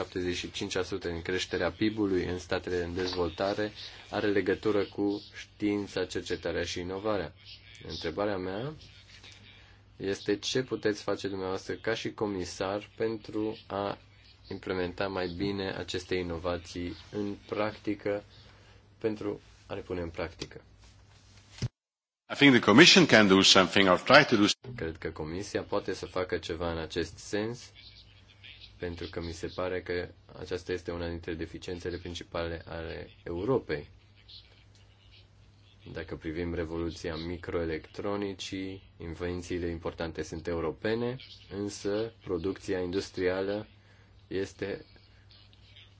75% din creșterea PIB-ului în statele în dezvoltare are legătură cu știința, cercetarea și inovarea. Întrebarea mea este ce puteți face dumneavoastră ca și comisar pentru a implementa mai bine aceste inovații în practică, pentru a le pune în practică. Cred că Comisia poate să facă ceva în acest sens, pentru că mi se pare că aceasta este una dintre deficiențele principale ale Europei. Dacă privim revoluția microelectronicii, invențiile importante sunt europene, însă producția industrială este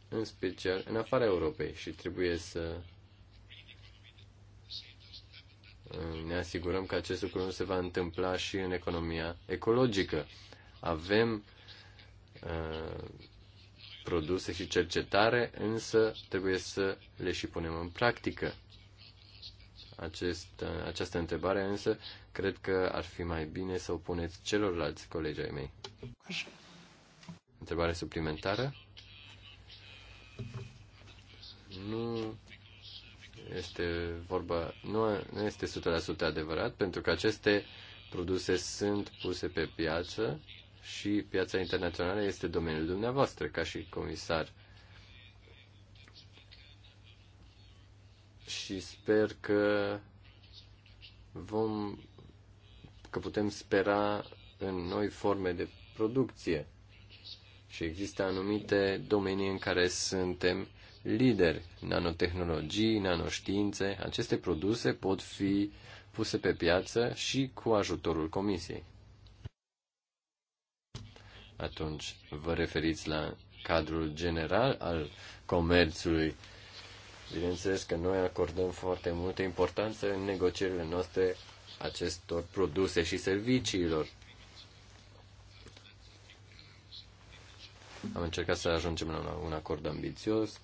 în special în afara Europei și trebuie să ne asigurăm că acest lucru nu se va întâmpla și în economia ecologică. Avem uh, produse și cercetare, însă trebuie să le și punem în practică. Acest, uh, această întrebare însă cred că ar fi mai bine să o puneți celorlalți colegi ai mei. Întrebare suplimentară? Nu este vorba, nu, nu este 100% adevărat, pentru că aceste produse sunt puse pe piață și piața internațională este domeniul dumneavoastră ca și comisar. Și sper că vom că putem spera în noi forme de producție. Și există anumite domenii în care suntem lideri, nanotehnologii, nanoștiințe. Aceste produse pot fi puse pe piață și cu ajutorul Comisiei. Atunci vă referiți la cadrul general al comerțului. Bineînțeles că noi acordăm foarte multă importanță în negocierile noastre acestor produse și serviciilor. Am încercat să ajungem la un acord ambițios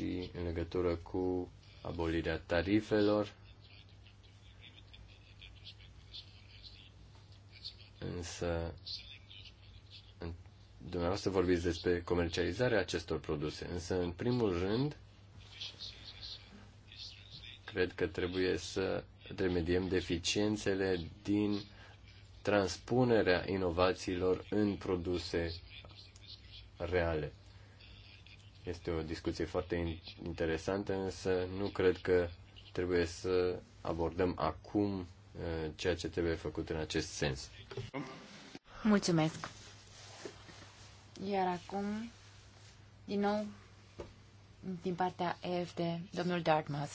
și în legătură cu abolirea tarifelor. Însă, dumneavoastră vorbiți despre comercializarea acestor produse, însă, în primul rând, cred că trebuie să remediem deficiențele din transpunerea inovațiilor în produse reale. Este o discuție foarte interesantă, însă nu cred că trebuie să abordăm acum uh, ceea ce trebuie făcut în acest sens. Mulțumesc. Iar acum, din nou, din partea EFD, domnul Dartmouth.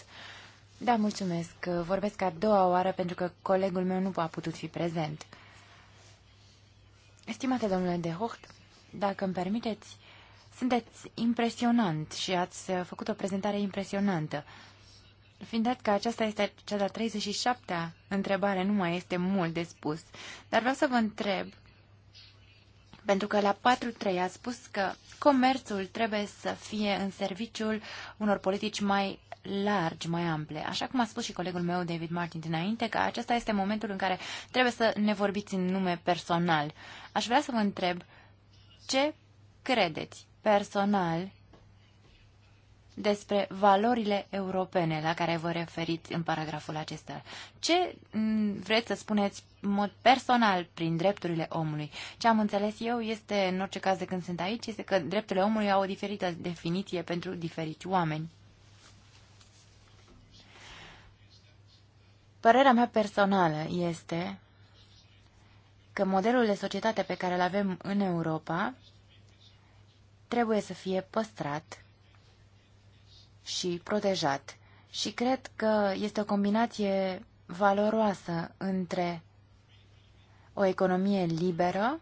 Da, mulțumesc. Vorbesc a doua oară pentru că colegul meu nu a putut fi prezent. Estimate domnule de Hocht, dacă îmi permiteți, sunteți impresionant și ați uh, făcut o prezentare impresionantă. Fiind dat că aceasta este cea de-a 37-a întrebare, nu mai este mult de spus, dar vreau să vă întreb, pentru că la 4-3 a spus că comerțul trebuie să fie în serviciul unor politici mai largi, mai ample. Așa cum a spus și colegul meu David Martin dinainte, că acesta este momentul în care trebuie să ne vorbiți în nume personal. Aș vrea să vă întreb ce credeți personal despre valorile europene la care vă referiți în paragraful acesta. Ce vreți să spuneți în mod personal prin drepturile omului? Ce am înțeles eu este, în orice caz de când sunt aici, este că drepturile omului au o diferită definiție pentru diferiți oameni. Părerea mea personală este că modelul de societate pe care îl avem în Europa trebuie să fie păstrat și protejat. Și cred că este o combinație valoroasă între o economie liberă,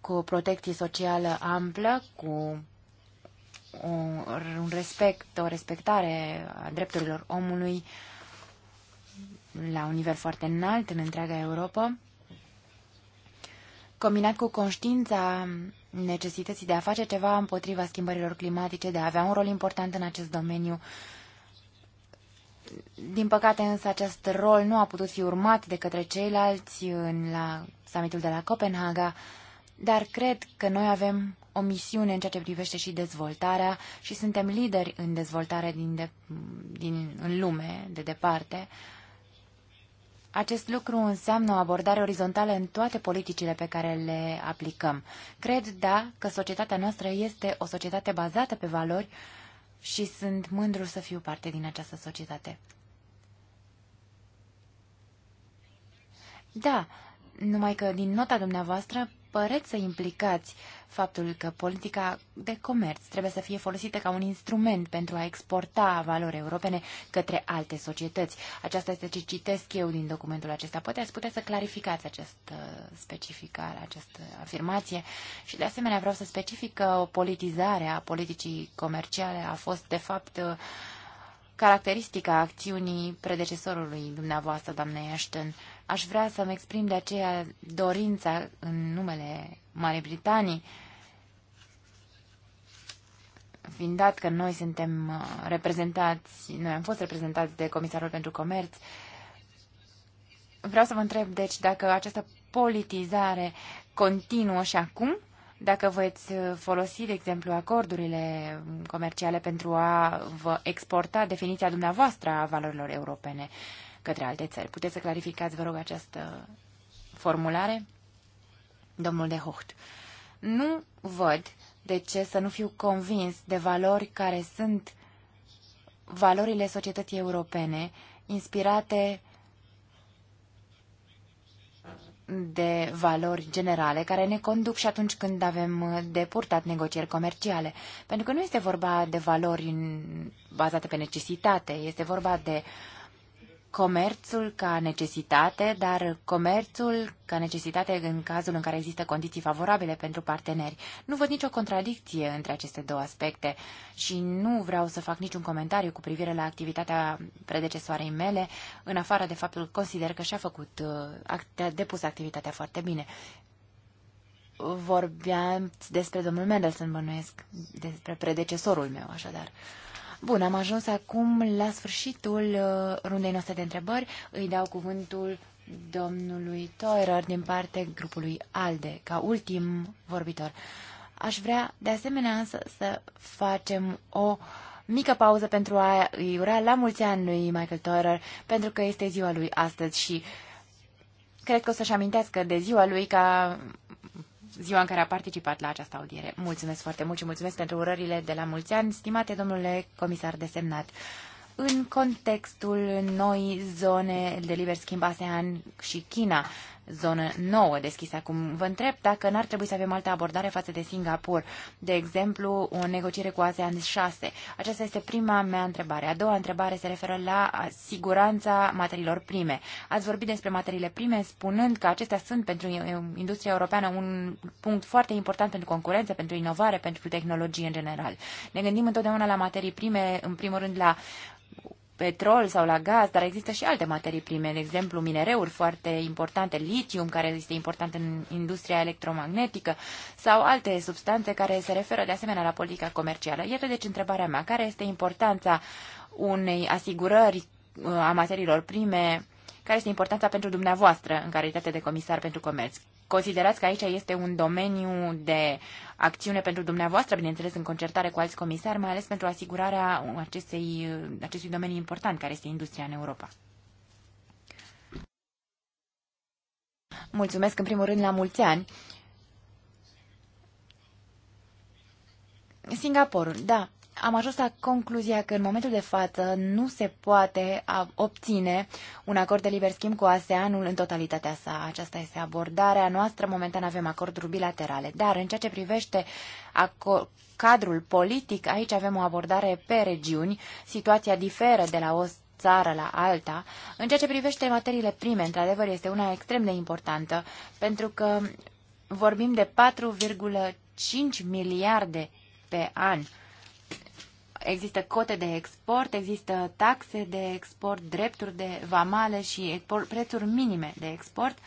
cu o protecție socială amplă, cu un respect, o respectare a drepturilor omului la un nivel foarte înalt în întreaga Europa, combinat cu conștiința necesității de a face ceva împotriva schimbărilor climatice, de a avea un rol important în acest domeniu. Din păcate însă acest rol nu a putut fi urmat de către ceilalți în la summitul de la Copenhaga, dar cred că noi avem o misiune în ceea ce privește și dezvoltarea și suntem lideri în dezvoltare din, de, din, în lume, de departe. Uh, acest lucru înseamnă o abordare orizontală în toate politicile pe care le aplicăm. Cred, da, că societatea noastră este o societate bazată pe valori și sunt mândru să fiu parte din această societate. Da, numai că din nota dumneavoastră păreți să implicați uh, faptul că politica de comerț trebuie să fie folosită ca un instrument pentru a exporta valori europene către alte societăți. Aceasta este ce citesc eu din documentul acesta. Poate ați putea să clarificați această specificare, această afirmație și de asemenea vreau să specific că o politizare a politicii comerciale a fost de fapt caracteristica acțiunii predecesorului dumneavoastră, doamne Ashton. Aș vrea să-mi exprim de aceea dorința în numele Marii Britanii, fiind dat că noi suntem uh, reprezentați, noi am fost reprezentați de Comisarul pentru Comerț, vreau să vă întreb, deci, dacă această politizare continuă și acum, dacă veți uh, folosi, de exemplu, acordurile comerciale pentru a vă exporta definiția dumneavoastră a valorilor europene. Uh, către alte țări. Puteți să clarificați, vă rog, această formulare? Domnul de Hocht. Nu văd de ce să nu fiu convins de valori care sunt valorile societății europene inspirate de valori generale care ne conduc și atunci când avem de purtat negocieri comerciale. Pentru că nu este vorba de valori bazate pe necesitate, este vorba de uh, comerțul ca necesitate, dar comerțul ca necesitate în cazul în care există condiții favorabile pentru parteneri. Nu văd nicio contradicție între aceste două aspecte și nu vreau să fac niciun comentariu cu privire la activitatea predecesoarei mele, în afară de faptul că consider că și-a făcut, uh, a depus activitatea foarte bine. Vorbeam despre domnul Mendelssohn, bănuiesc, despre predecesorul meu, așadar. Uh, Bun, am ajuns acum la sfârșitul uh, rundei noastre de întrebări. Îi dau cuvântul domnului Toerer din partea grupului ALDE, ca ultim vorbitor. Aș vrea, de asemenea, însă, să facem o mică pauză pentru a îi ura la mulți ani lui Michael Toerer, pentru că este ziua lui astăzi și cred că o să-și amintească de ziua lui ca ziua în care a participat la această audiere. Mulțumesc foarte mult și mulțumesc pentru urările de la mulți ani, stimate domnule comisar desemnat. În contextul noi zone de liber schimb ASEAN și China, zonă nouă deschisă acum. Vă întreb dacă n-ar trebui să avem altă abordare față de Singapore, de exemplu, o negociere cu ASEAN 6. Aceasta este prima mea întrebare. A doua întrebare se referă la siguranța materiilor prime. Ați vorbit despre materiile prime spunând că acestea sunt pentru industria europeană un punct foarte important pentru concurență, pentru inovare, pentru tehnologie în general. Ne gândim întotdeauna la materii prime, în primul rând la petrol sau la gaz, dar există și alte materii prime, de exemplu minereuri foarte importante, litium, care este important în industria electromagnetică, sau alte substanțe care se referă de asemenea la politica comercială. Iată deci întrebarea mea, care este importanța unei asigurări uh, a materiilor prime care este importanța pentru dumneavoastră în calitate de comisar pentru comerț. Considerați că aici este un domeniu de acțiune pentru dumneavoastră, bineînțeles în concertare cu alți comisari, mai ales pentru asigurarea acestei, acestui domeniu important care este industria în Europa. Mulțumesc în primul rând la mulți ani. Singaporul, da am ajuns la concluzia că în momentul de față nu se poate obține un acord de liber schimb cu ASEANul în totalitatea sa. Aceasta este abordarea noastră. Momentan avem acorduri bilaterale. Dar în ceea ce privește cadrul politic, aici avem o abordare pe regiuni. Situația diferă de la o țară la alta. În ceea ce privește materiile prime, într-adevăr, este una extrem de importantă, pentru că vorbim de 4,5 miliarde pe an există cote de export, există taxe de export, drepturi de vamale și prețuri minime de export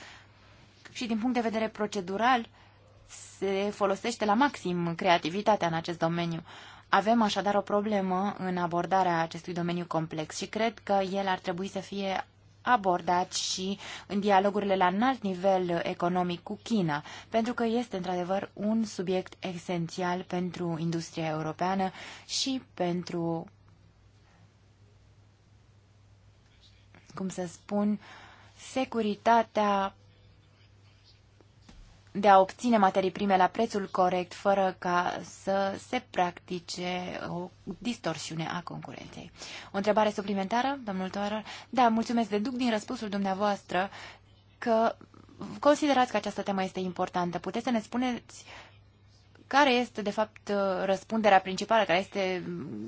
și din punct de vedere procedural se folosește la maxim creativitatea în acest domeniu. Avem așadar o problemă în abordarea acestui domeniu complex și cred că el ar trebui să fie abordat și în dialogurile la înalt nivel economic cu China, pentru că este într-adevăr un subiect esențial pentru industria europeană și pentru, cum să spun, securitatea de a obține materii prime la prețul corect, fără ca să se practice o distorsiune a concurenței. O întrebare suplimentară, domnul Toarer? Da, mulțumesc. Deduc din răspunsul dumneavoastră că considerați că această temă este importantă. Puteți să ne spuneți care este, de fapt, uh, răspunderea principală, care este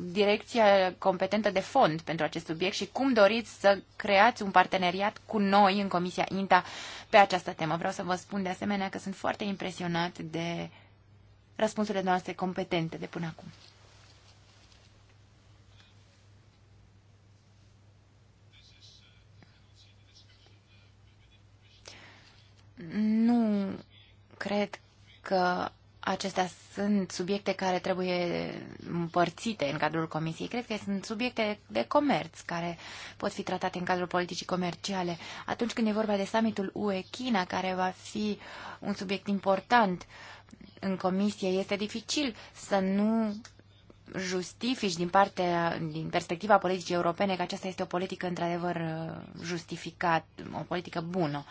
direcția competentă de fond pentru acest subiect și cum doriți să creați un parteneriat cu noi în Comisia INTA pe această temă. Vreau să vă spun de asemenea că sunt foarte impresionat de răspunsurile noastre competente de până acum. Nu cred că acestea sunt subiecte care trebuie împărțite în cadrul Comisiei. Cred că sunt subiecte de comerț care pot fi tratate în cadrul politicii comerciale. Atunci când e vorba de summitul UE-China, care va fi un subiect important în Comisie, este dificil să nu justifici din partea, din perspectiva politicii europene că aceasta este o politică într-adevăr uh, justificat, o politică bună.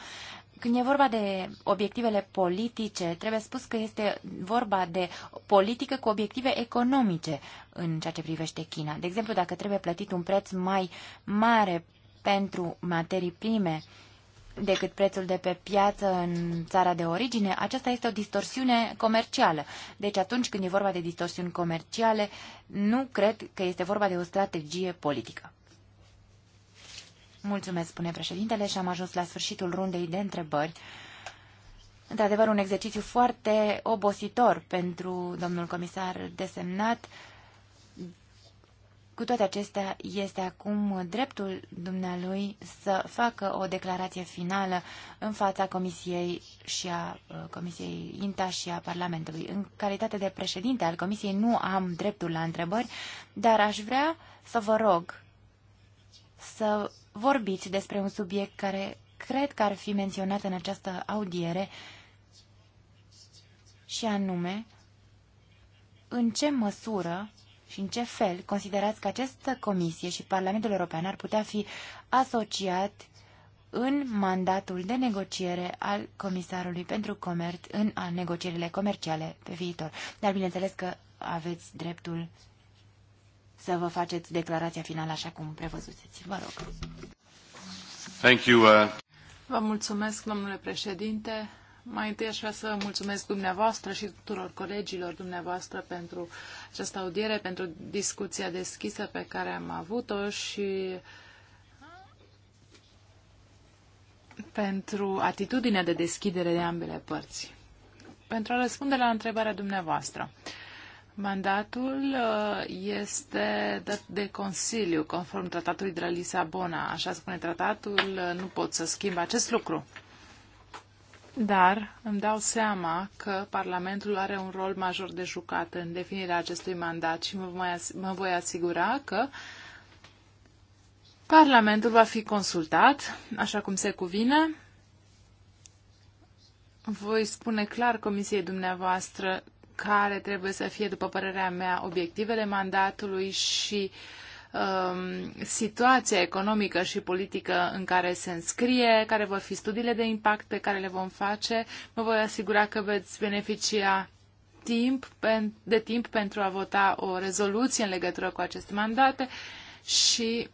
Când e vorba de obiectivele politice, trebuie spus că este vorba de politică cu obiective economice în ceea ce privește China. De exemplu, dacă trebuie plătit un preț mai mare pentru materii prime decât prețul de pe piață în țara de origine, aceasta este o distorsiune comercială. Deci atunci când e vorba de distorsiuni comerciale, nu cred că este vorba de o strategie politică. Mulțumesc, spune președintele, și am ajuns la sfârșitul rundei de întrebări. Într-adevăr, un exercițiu foarte obositor pentru domnul comisar desemnat. Cu toate acestea, este acum dreptul dumnealui să facă o declarație finală în fața Comisiei și a uh, Comisiei INTA și a Parlamentului. În calitate de președinte al Comisiei nu am dreptul la întrebări, dar aș vrea să vă rog să vorbiți despre un subiect care cred că ar fi menționat în această audiere și anume în ce măsură și în ce fel considerați că această comisie și Parlamentul European ar putea fi asociat în mandatul de negociere al Comisarului pentru Comerț în negocierile comerciale pe viitor. Dar bineînțeles că aveți dreptul să vă faceți declarația finală așa cum prevăzuseți. Vă rog. Thank you, uh... Vă mulțumesc, domnule președinte. Mai întâi aș vrea să mulțumesc dumneavoastră și tuturor colegilor dumneavoastră pentru această audiere, pentru discuția deschisă pe care am avut-o și pentru atitudinea de deschidere de ambele părți. Pentru a răspunde la întrebarea dumneavoastră, uh, Mandatul uh, este dat de Consiliu, conform tratatului de la Lisabona. Așa spune tratatul, uh, nu pot să schimb acest lucru. Dar îmi dau seama că Parlamentul are un rol major de jucat în definirea acestui mandat și mă, voi asigura că Parlamentul va fi consultat, așa cum se cuvine. Voi spune clar Comisiei dumneavoastră care trebuie să fie, după părerea mea, obiectivele mandatului și um, situația economică și politică în care se înscrie, care vor fi studiile de impact pe care le vom face. Mă voi asigura că veți beneficia timp, de timp pentru a vota o rezoluție în legătură cu aceste mandate și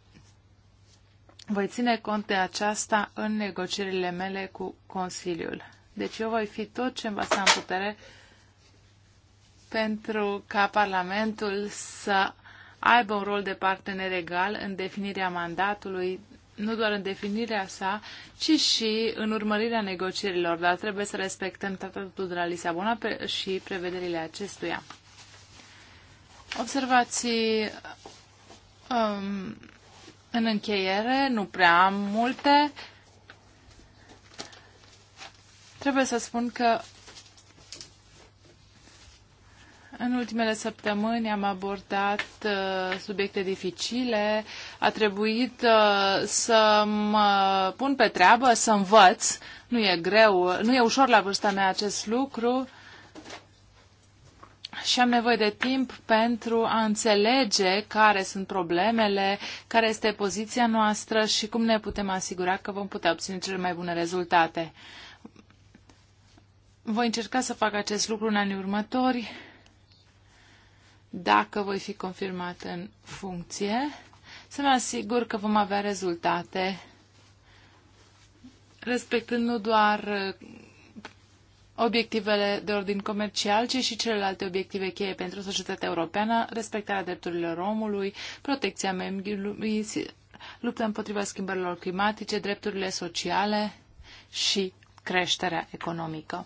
voi ține cont de aceasta în negocierile mele cu Consiliul. Deci eu voi fi tot ce îmi va sta în putere pentru ca Parlamentul să aibă un rol de partener egal în definirea mandatului, nu doar în definirea sa, ci și în urmărirea negocierilor, dar trebuie să respectăm tratatul de la Lisabona și prevederile acestuia. Observații um, în încheiere, nu prea am multe. Trebuie să spun că în ultimele săptămâni am abordat uh, subiecte dificile. A trebuit uh, să mă pun pe treabă, să învăț. Nu e greu, nu e ușor la vârsta mea acest lucru. Și am nevoie de timp pentru a înțelege care sunt problemele, care este poziția noastră și cum ne putem asigura că vom putea obține cele mai bune rezultate. Voi încerca să fac acest lucru în anii următori dacă voi fi confirmat în funcție, să mă asigur că vom avea rezultate respectând nu doar uh, obiectivele de ordin comercial, ci și celelalte obiective cheie pentru societatea europeană, respectarea drepturilor omului, protecția mediului, lupta împotriva schimbărilor climatice, drepturile sociale și creșterea economică.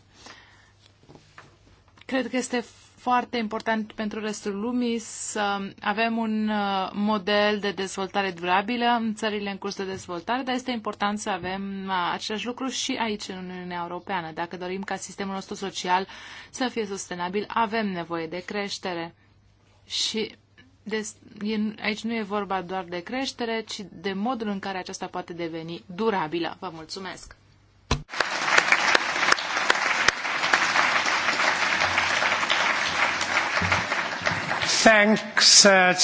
Cred că este foarte important pentru restul lumii să avem un uh, model de dezvoltare durabilă în țările în curs de dezvoltare, dar este important să avem uh, același lucru și aici în Uniunea Europeană. Dacă dorim ca sistemul nostru social să fie sustenabil, avem nevoie de creștere. Și e, aici nu e vorba doar de creștere, ci de modul în care aceasta poate deveni durabilă. Vă mulțumesc! thanks uh, to